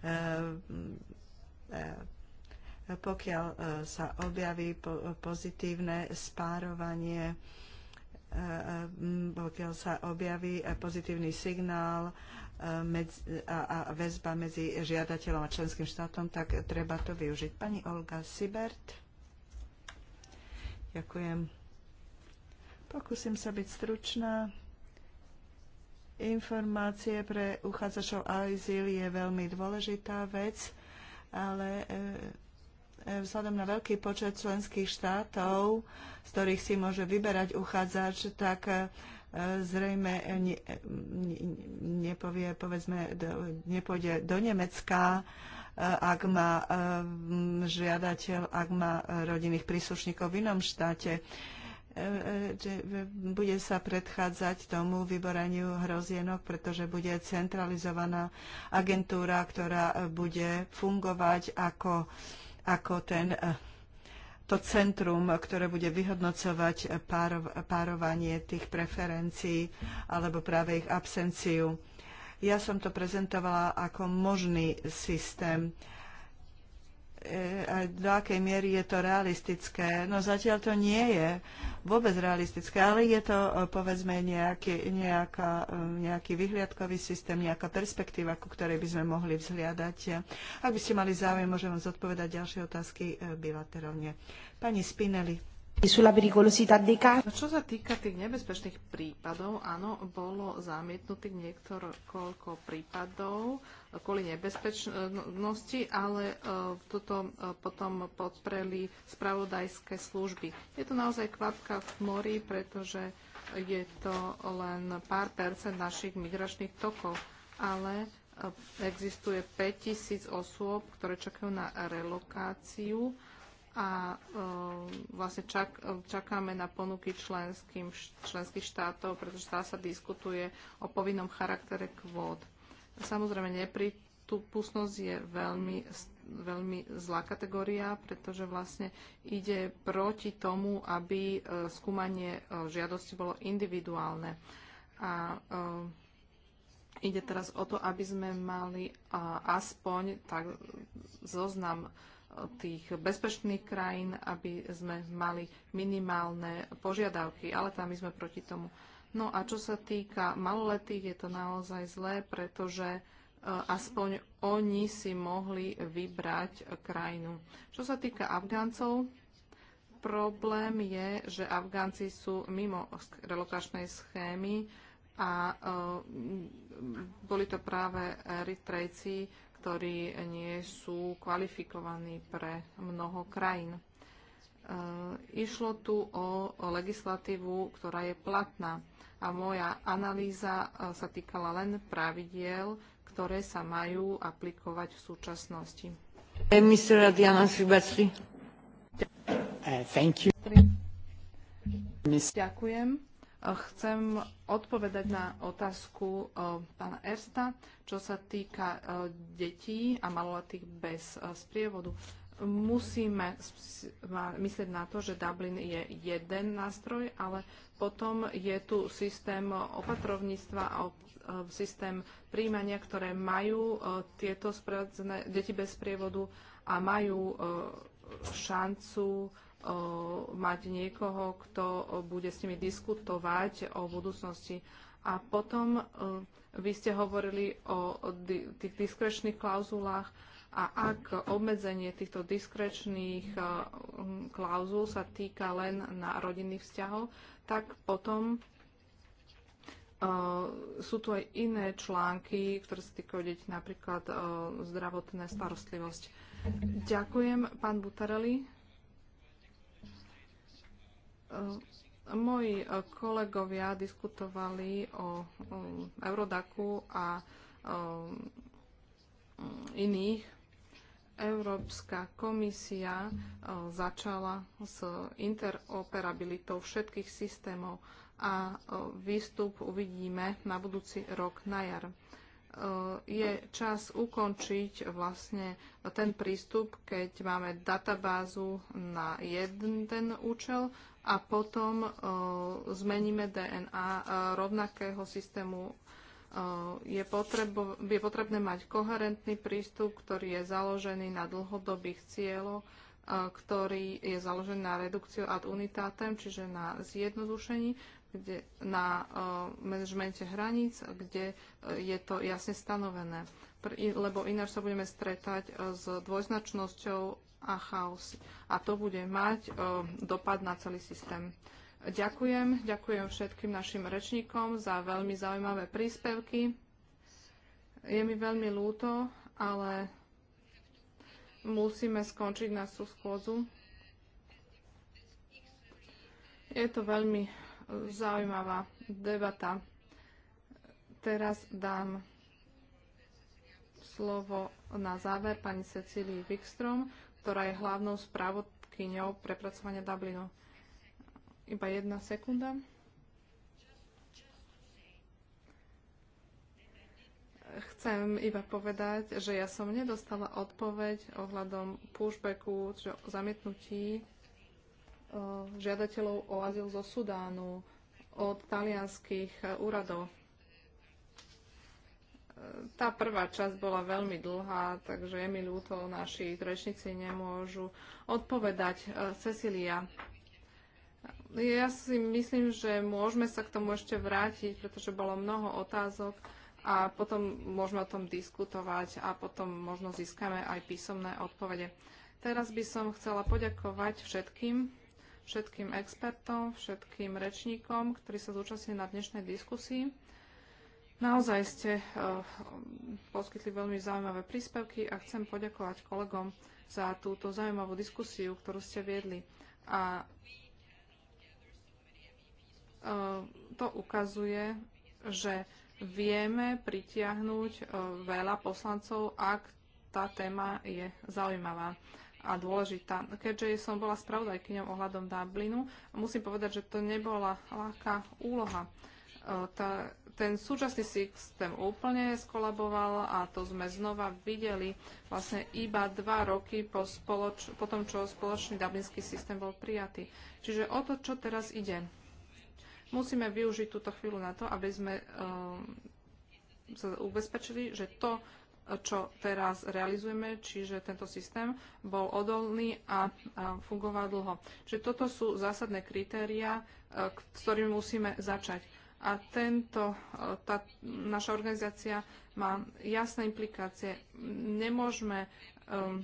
E, E, e, e, pokiaľ sa objaví pozitívne spárovanie, pokiaľ sa objaví pozitívny signál a väzba medzi žiadateľom a členským štátom, tak treba to využiť. Pani Olga Sibert. Ďakujem. Pokúsim sa byť stručná. Informácie pre uchádzačov o azyl je veľmi dôležitá vec ale e, e, vzhľadom na veľký počet členských štátov, z ktorých si môže vyberať uchádzač, tak e, zrejme ne, nepovie, povedzme, do, nepôjde do Nemecka, ak má žiadateľ, ak má rodinných príslušníkov v inom štáte že bude sa predchádzať tomu vyboraniu hrozienok, pretože bude centralizovaná agentúra, ktorá e, bude fungovať ako, ako ten, e, to centrum, ktoré bude vyhodnocovať e, párov, párovanie tých preferencií alebo práve ich absenciu. Ja som to prezentovala ako možný systém E, aj do akej miery je to realistické. No zatiaľ to nie je vôbec realistické, ale je to e, povedzme nejaký, nejaká, e, nejaký vyhliadkový systém, nejaká perspektíva, ku ktorej by sme mohli vzhliadať. Ak by ste mali záujem, môžem vám zodpovedať ďalšie otázky bilaterovne. Pani Spinelli. No, čo sa týka tých nebezpečných prípadov, áno, bolo zamietnutých niekoľko prípadov kvôli nebezpečnosti, ale e, toto e, potom podpreli spravodajské služby. Je to naozaj kvapka v mori, pretože je to len pár percent našich migračných tokov, ale e, existuje 5000 osôb, ktoré čakajú na relokáciu a vlastne čak, čakáme na ponuky členským, členských štátov, pretože tá sa diskutuje o povinnom charaktere kvót. Samozrejme, nepripustnosť je veľmi, veľmi zlá kategória, pretože vlastne ide proti tomu, aby e, skúmanie e, žiadosti bolo individuálne. A e, ide teraz o to, aby sme mali aspoň tak zoznam tých bezpečných krajín, aby sme mali minimálne požiadavky, ale tam my sme proti tomu. No a čo sa týka maloletých, je to naozaj zlé, pretože e, aspoň oni si mohli vybrať e, krajinu. Čo sa týka Afgáncov, problém je, že Afgánci sú mimo relokačnej schémy a e, boli to práve Eritrejci, ktorí nie sú kvalifikovaní pre mnoho krajín. Išlo tu o legislatívu, ktorá je platná a moja analýza eh, sa týkala len pravidiel, ktoré sa majú aplikovať v súčasnosti. Eh, eh, Ďakujem. Chcem odpovedať na otázku pána Ersta, čo sa týka detí a maloletých bez sprievodu musíme myslieť na to, že Dublin je jeden nástroj, ale potom je tu systém opatrovníctva a e, systém príjmania, ktoré majú e, tieto deti bez prievodu a majú e, šancu mať niekoho, kto bude s nimi diskutovať o budúcnosti. A potom vy ste hovorili o tých diskrečných klauzulách, a ak obmedzenie týchto diskrečných eh, klauzul sa týka len na rodinných vzťahov, tak potom Uh, sú tu aj iné články, ktoré sa týkajú detí, napríklad uh, eh, zdravotná starostlivosť. Ďakujem, pán Butarelli. Uh, moji kolegovia diskutovali o um, Eurodaku a um, iných Európska komisia e, začala s interoperabilitou všetkých systémov a e, výstup uvidíme na budúci rok na jar. E, je čas ukončiť vlastne ten prístup, keď máme databázu na jeden ten účel a potom zmeníme DNA rovnakého systému Eh, je, potrebo, je potrebné mať koherentný prístup, ktorý je založený na dlhodobých cieľoch, eh, ktorý je založený na redukciu ad unitatem, čiže na zjednodušení, kde, na eh, manažmente hraníc, kde je to jasne stanovené. Lebo ináč sa budeme stretať s dvojznačnosťou a chaos. A to bude mať dopad na celý systém. Ďakujem, ďakujem všetkým našim rečníkom za veľmi zaujímavé príspevky. Je mi veľmi ľúto, ale musíme skončiť na schôdzu. Je to veľmi zaujímavá debata. Teraz dám slovo na záver pani Cecílii Wikstrom, ktorá je hlavnou správodkyňou prepracovania Dublinu. Iba jedna sekunda. Chcem iba povedať, že ja som nedostala odpoveď ohľadom pushbacku, čiže zamietnutí e, žiadateľov o azyl zo Sudánu od talianských e, úradov. E, tá prvá časť bola veľmi dlhá, takže je mi ľúto, naši rečníci nemôžu odpovedať. Cecilia, ja si myslím, že môžeme sa k tomu ešte vrátiť, pretože bolo mnoho otázok a potom môžeme o tom diskutovať a potom možno získame aj písomné odpovede. Teraz by som chcela poďakovať všetkým, všetkým expertom, všetkým rečníkom, ktorí sa zúčastnili na dnešnej diskusii. Naozaj ste uh, poskytli veľmi zaujímavé príspevky a chcem poďakovať kolegom za túto zaujímavú diskusiu, ktorú ste viedli. A E, to ukazuje, že vieme pritiahnuť e, veľa poslancov, ak tá téma je zaujímavá a dôležitá. Keďže som bola spravodajkyňou ohľadom Dublinu, musím povedať, že to nebola ľahká úloha. E, tá, ten súčasný systém úplne skolaboval a to sme znova videli vlastne iba dva roky po, spoloč- po tom, čo spoločný dublinský systém bol prijatý. Čiže o to, čo teraz ide Musíme využiť túto chvíľu na to, aby sme um, sa ubezpečili, že to, čo teraz realizujeme, čiže tento systém bol odolný a, a fungoval dlho. Čiže toto sú zásadné kritéria, e, s ktorými musíme začať. A tento, e, tá, naša organizácia má jasné implikácie. Nemôžeme, um,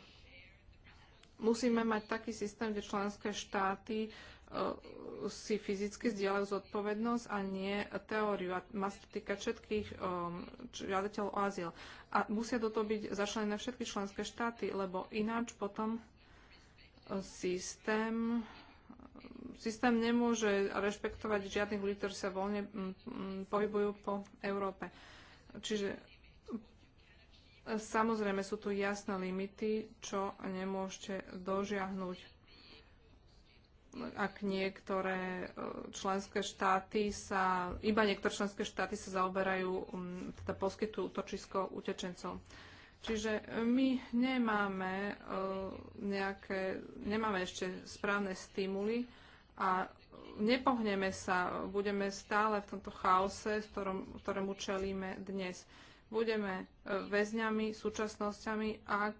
musíme mať taký systém, kde členské štáty E, si fyzicky zdieľajú zodpovednosť a nie teóriu. A má sa týkať všetkých e, žiadateľov o azyl. A musia do toho byť zašlené všetky členské štáty, lebo ináč potom e, systém systém nemôže rešpektovať žiadnych ľudí, ktorí sa voľne pohybujú po Európe. Čiže samozrejme sú tu jasné limity, čo nemôžete dožiahnuť ak niektoré e, členské štáty sa, iba niektoré členské štáty sa zaoberajú, um, teda poskytujú útočisko utečencov. Čiže my nemáme e, nejaké, nemáme ešte správne stimuly a nepohneme sa, budeme stále v tomto chaose, v ktorom, ktorému čelíme dnes. Budeme e, väzňami, súčasnosťami, ak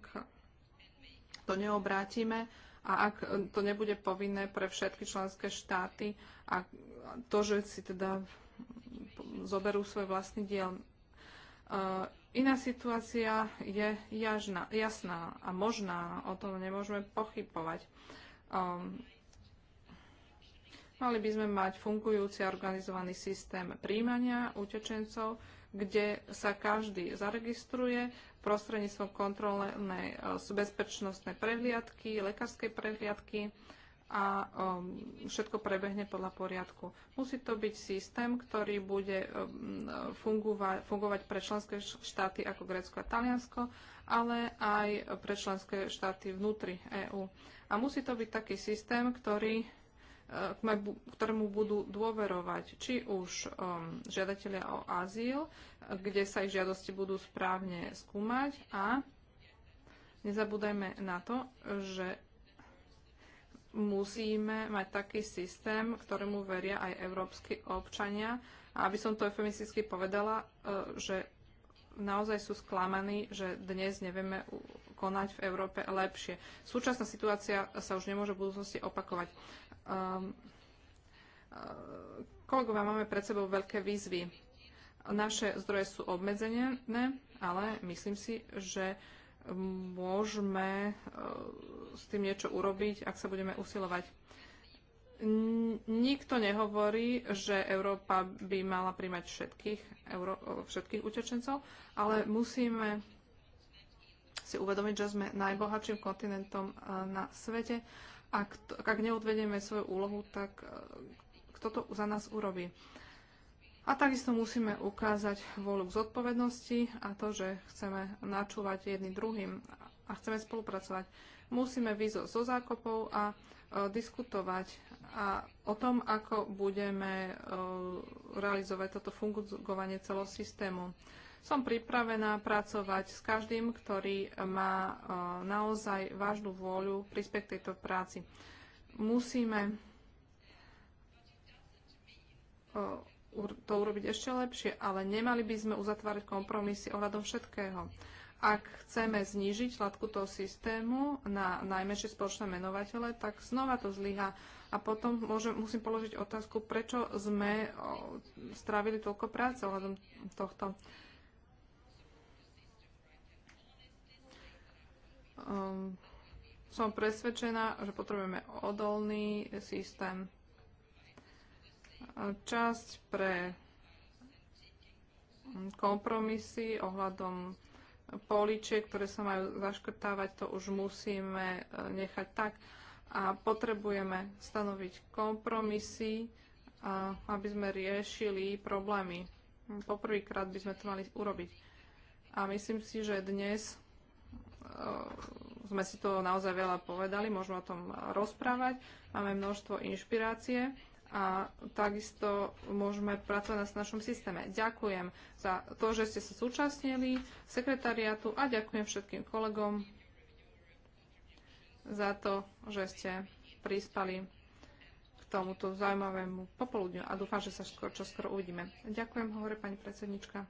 to neobrátime a ak to nebude povinné pre všetky členské štáty a to, že si teda zoberú svoj vlastný diel. E, iná situácia je jažná, jasná a možná, o tom nemôžeme pochybovať. Um, mali by sme mať fungujúci a organizovaný systém príjmania utečencov, kde sa každý zaregistruje prostredníctvom kontrolnej e, bezpečnostnej prehliadky, lekárskej prehliadky a um, všetko prebehne podľa poriadku. Musí to byť systém, ktorý bude um, fungovať pre členské štáty ako Grécko a Taliansko, ale aj pre členské štáty vnútri EÚ. A musí to byť taký systém, ktorý ktorému budú dôverovať, či už um, žiadatelia o azyl, kde sa ich žiadosti budú správne skúmať a nezabúdajme na to, že musíme mať taký systém, ktorému veria aj európsky občania. A aby som to eufemisticky povedala, uh, že naozaj sú sklamaní, že dnes nevieme konať v Európe lepšie. Súčasná situácia sa už nemôže v budúcnosti opakovať. Um, kolegovia, máme pred sebou veľké výzvy. Naše zdroje sú obmedzené, ale myslím si, že môžeme ehm, s tým niečo urobiť, ak sa budeme usilovať. Nikto nehovorí, že Európa by mala príjmať všetkých, Euró- všetkých utečencov, ale musíme si uvedomiť, že sme najbohatším kontinentom eh, na svete ak, to, ak neodvedieme svoju úlohu, tak e, kto to za nás urobí? A takisto musíme ukázať vôľu k zodpovednosti a to, že chceme načúvať jedným druhým a chceme spolupracovať. Musíme výjsť zo zákopov a e, diskutovať a o tom, ako budeme e, realizovať toto fungovanie celého systému. Som pripravená pracovať s každým, ktorý má e, naozaj vážnu vôľu prispieť tejto práci. Musíme e, to urobiť ešte lepšie, ale nemali by sme uzatvárať kompromisy ohľadom všetkého. Ak chceme znížiť hladku toho systému na najmenšie spoločné menovatele, tak znova to zlyha. A potom môžem, musím položiť otázku, prečo sme strávili toľko práce ohľadom tohto. Uh, um, som presvedčená, že potrebujeme odolný systém. Časť pre kompromisy ohľadom políčiek, ktoré sa majú zaškrtávať, to už musíme eh, nechať tak. A potrebujeme stanoviť kompromisy, aby sme riešili problémy. Poprvýkrát by sme to mali urobiť. A myslím si, že dnes Eh, sme si to naozaj veľa povedali, môžeme o tom rozprávať, máme množstvo inšpirácie a takisto môžeme pracovať na našom systéme. Ďakujem za to, že ste sa súčasnili sekretariatu a ďakujem všetkým kolegom za to, že ste prispali k tomuto zaujímavému popoludňu a dúfam, že sa skoro, čo skoro uvidíme. Ďakujem, hovorí pani predsednička.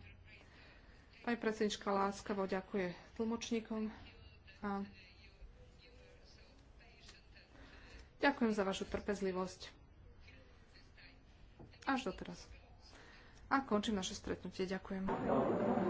Pani predsednička láskavo ďakuje tlmočníkom ďakujem za vašu trpezlivosť. Až doteraz. A končím naše stretnutie. Ďakujem.